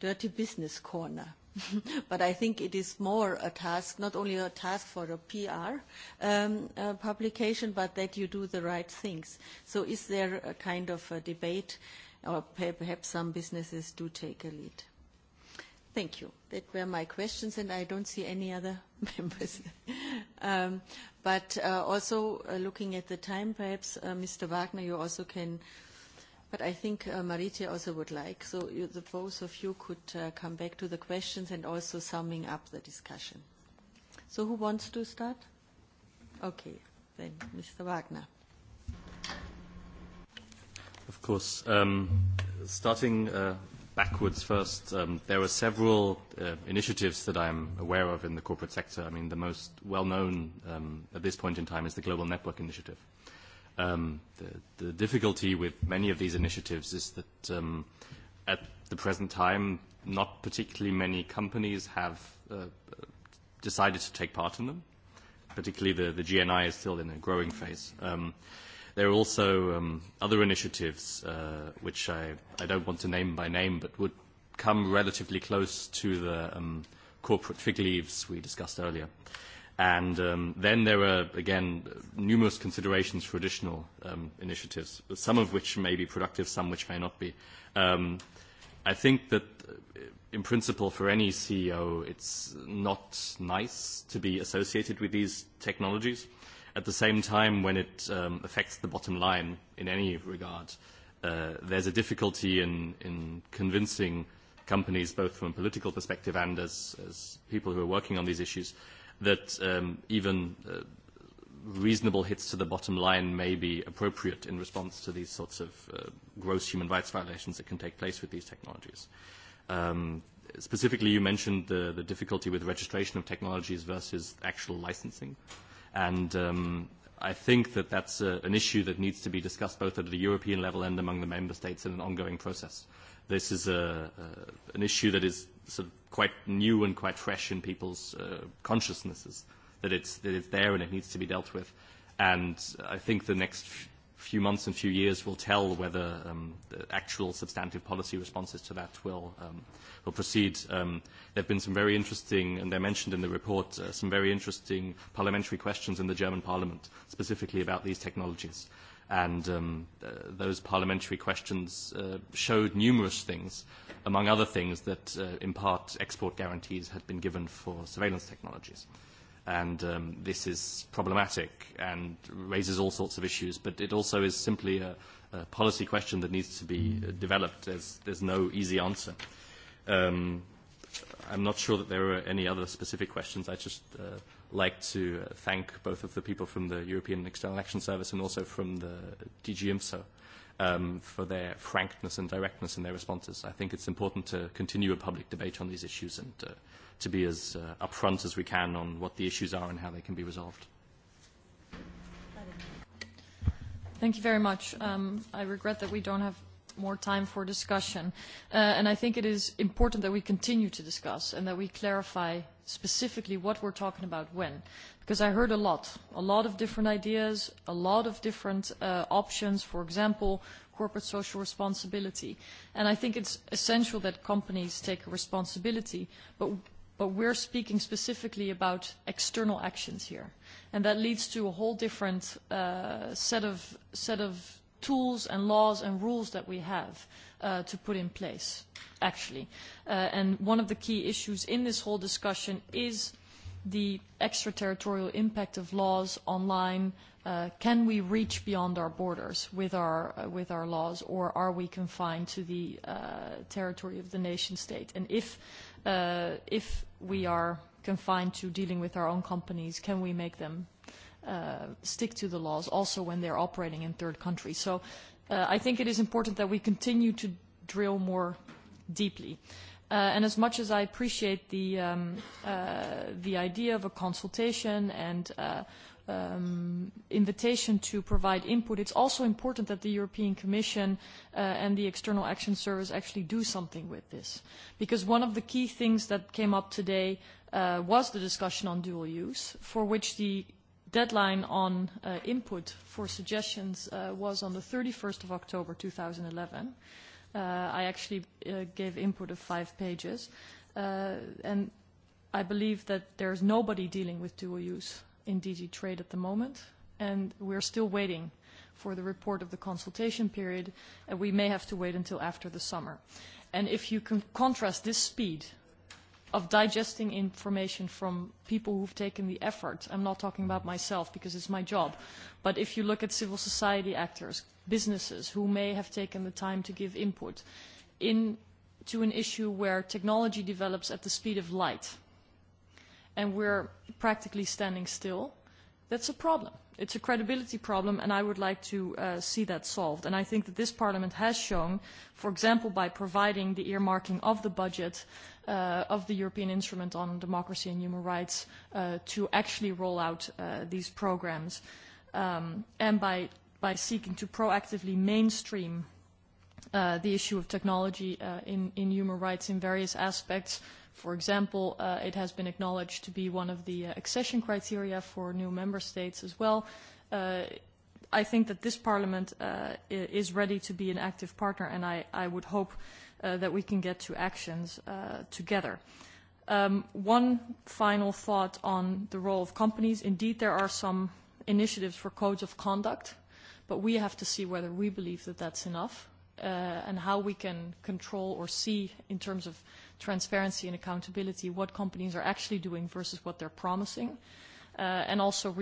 dirty business corner. But I think it is more a task, not only a task for a PR publication, but that you do the right things. So is there a kind of a debate, or perhaps some businesses do take a lead? Thank you. That were my questions, and I don't see any other members. But also looking at the time, perhaps Mr. Wagner, you also can, but I think Marite also would like. So the both of you could come back to the questions and also summing up the discussion. So who wants to start? Okay, then Mr. Wagner. Of course, starting backwards first. There are several initiatives that I'm aware of in the corporate sector. I mean, the most well-known at this point in time is the Global Network Initiative. The difficulty with many of these initiatives is that at the present time, not particularly many companies have decided to take part in them. Particularly the GNI is still in a growing phase. There are also other initiatives which I don't want to name by name, but would come relatively close to the corporate fig leaves we discussed earlier. And then there are, again, numerous considerations for additional initiatives, some of which may be productive, some which may not be. I think that, in principle, for any CEO, it's not nice to be associated with these technologies at the same time, when it affects the bottom line in any regard, there's a difficulty in convincing companies, both from a political perspective and as people who are working on these issues, that even reasonable hits to the bottom line may be appropriate in response to these sorts of gross human rights violations that can take place with these technologies. Specifically, you mentioned the difficulty with registration of technologies versus actual licensing. And I think that that's an issue that needs to be discussed both at the European level and among the member states in an ongoing process. This is an issue that is sort of quite new and quite fresh in people's consciousnesses, that it's there and it needs to be dealt with. And I think the next few months and few years will tell whether the actual substantive policy responses to that will will proceed. There have been some very interesting, and they're mentioned in the report, some very interesting parliamentary questions in the German Parliament, specifically about these technologies. And those parliamentary questions showed numerous things, among other things that, in part, export guarantees had been given for surveillance technologies. And this is problematic and raises all sorts of issues, but it also is simply a policy question that needs to be developed. There's no easy answer. I'm not sure that there are any other specific questions. I'd just like to thank both of the people from the European External Action Service and also from the DG IMSO for their frankness and directness in their responses. I think it's important to continue a public debate on these issues and to be as upfront as we can on what the issues are and how they can be resolved. Thank you very much. I regret that we don't have more time for discussion. And I think it is important that we continue to discuss and that we clarify specifically what we're talking about when. Because I heard a lot, a lot of different ideas, a lot of different options, for example, corporate social responsibility. And I think it's essential that companies take responsibility, but we're speaking specifically about external actions here. And that leads to a whole different set of tools and laws and rules that we have to put in place, actually. And one of the key issues in this whole discussion is the extraterritorial impact of laws online. Can we reach beyond our borders with our with our laws, or are we confined to the territory of the nation state? And if we are confined to dealing with our own companies, can we make them stick to the laws also when they're operating in third countries. So I think it is important that we continue to drill more deeply. And as much as I appreciate the idea of a consultation and invitation to provide input, it's also important that the European Commission and the External Action Service actually do something with this. Because one of the key things that came up today was the discussion on dual use, for which the deadline on input for suggestions was on the 31st of October 2011. I actually gave input of five pages. And I believe that there is nobody dealing with dual use in DG Trade at the moment. And we're still waiting for the report of the consultation period. And we may have to wait until after the summer. And if you can contrast this speed of digesting information from people who have taken the effort. I'm not talking about myself because it's my job. But if you look at civil society actors, businesses who may have taken the time to give input into an issue where technology develops at the speed of light and we're practically standing still, that's a problem It is a credibility problem, and I would like to see that solved. I think that this Parliament has shown, for example, by providing the earmarking of the budget of the European Instrument on Democracy and Human Rights to actually roll out these programmes and by seeking to proactively mainstream the issue of technology in human rights in various aspects For example, it has been acknowledged to be one of the accession criteria for new member states as well. I think that this Parliament is ready to be an active partner, and I would hope that we can get to actions together. One final thought on the role of companies. Indeed, there are some initiatives for codes of conduct, but we have to see whether we believe that that's enough and how we can control or see in terms of transparency and accountability, what companies are actually doing versus what they're promising. And also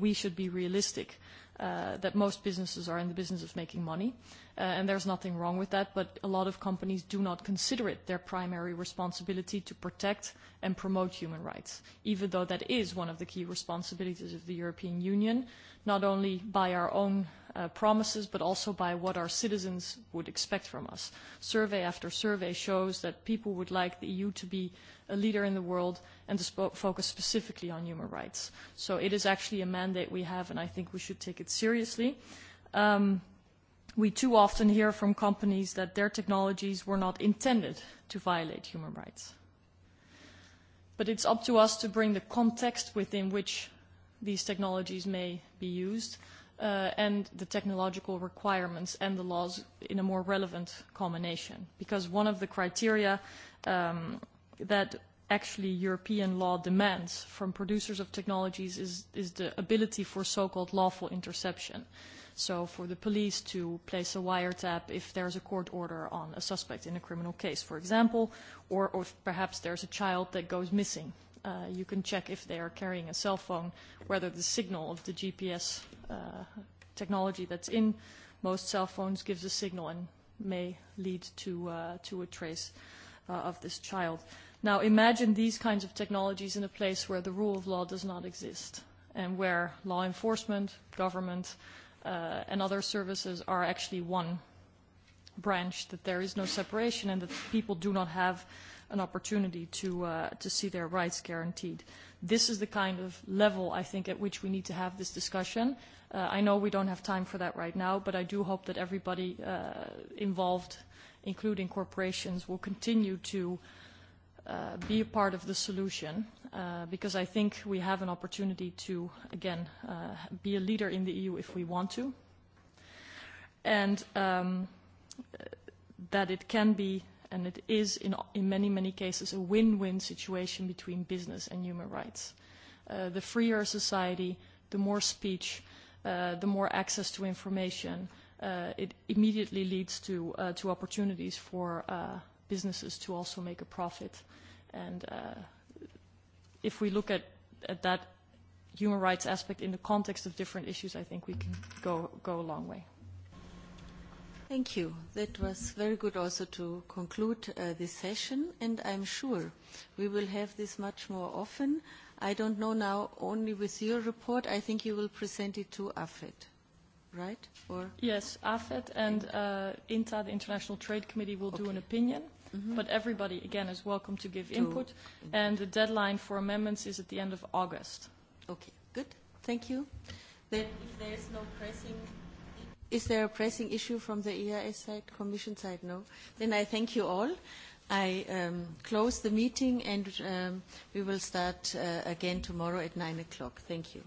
we should be realistic that most businesses are in the business of making money and there's nothing wrong with that, but a lot of companies do not consider it their primary responsibility to protect and promote human rights, even though that is one of the key responsibilities of the European Union, not only by our own promises, but also by what our citizens would expect from us. Survey after survey shows that people would like the EU to be a leader in the world and to focus specifically on human rights. So it is actually a mandate we have, and I think we should take it seriously we too often hear from companies that their technologies were not intended to violate human rights. But it's up to us to bring the context within which these technologies may be used and the technological requirements and the laws in a more relevant combination. Because one of the criteria that actually European law demands from producers of technologies is the ability for so-called lawful interception so for the police to place a wiretap if there's a court order on a suspect in a criminal case, for example, or if perhaps there's a child that goes missing. You can check if they are carrying a cell phone, whether the signal of the GPS technology that's in most cell phones gives a signal and may lead to a trace of this child. Now imagine these kinds of technologies in a place where the rule of law does not exist and where law enforcement, government, and other services are actually one branch, that there is no separation and that people do not have an opportunity to to see their rights guaranteed. This is the kind of level, I think, at which we need to have this discussion. I know we don't have time for that right now, but I do hope that everybody involved, including corporations, will continue to be a part of the solution because I think we have an opportunity to, again, be a leader in the EU if we want to, and that it can be, and it is in many, many cases, a win-win situation between business and human rights. The freer society, the more speech, the more access to information, it immediately leads to opportunities for businesses to also make a profit. And if we look at that human rights aspect in the context of different issues, I think we can go go a long way. Thank you. That was very good also to conclude this session, and I'm sure we will have this much more often. I don't know now only with your report. I think you will present it to AFET, right? Yes, AFET and INTA, the International Trade Committee, will do an opinion But everybody, again, is welcome to give input. And the deadline for amendments is at the end of August. Okay, good. Thank you. Then if there is no pressing... Is there a pressing issue from the EIS side, Commission side? No. Then I thank you all. I close the meeting and we will start again tomorrow at 9 o'clock. Thank you.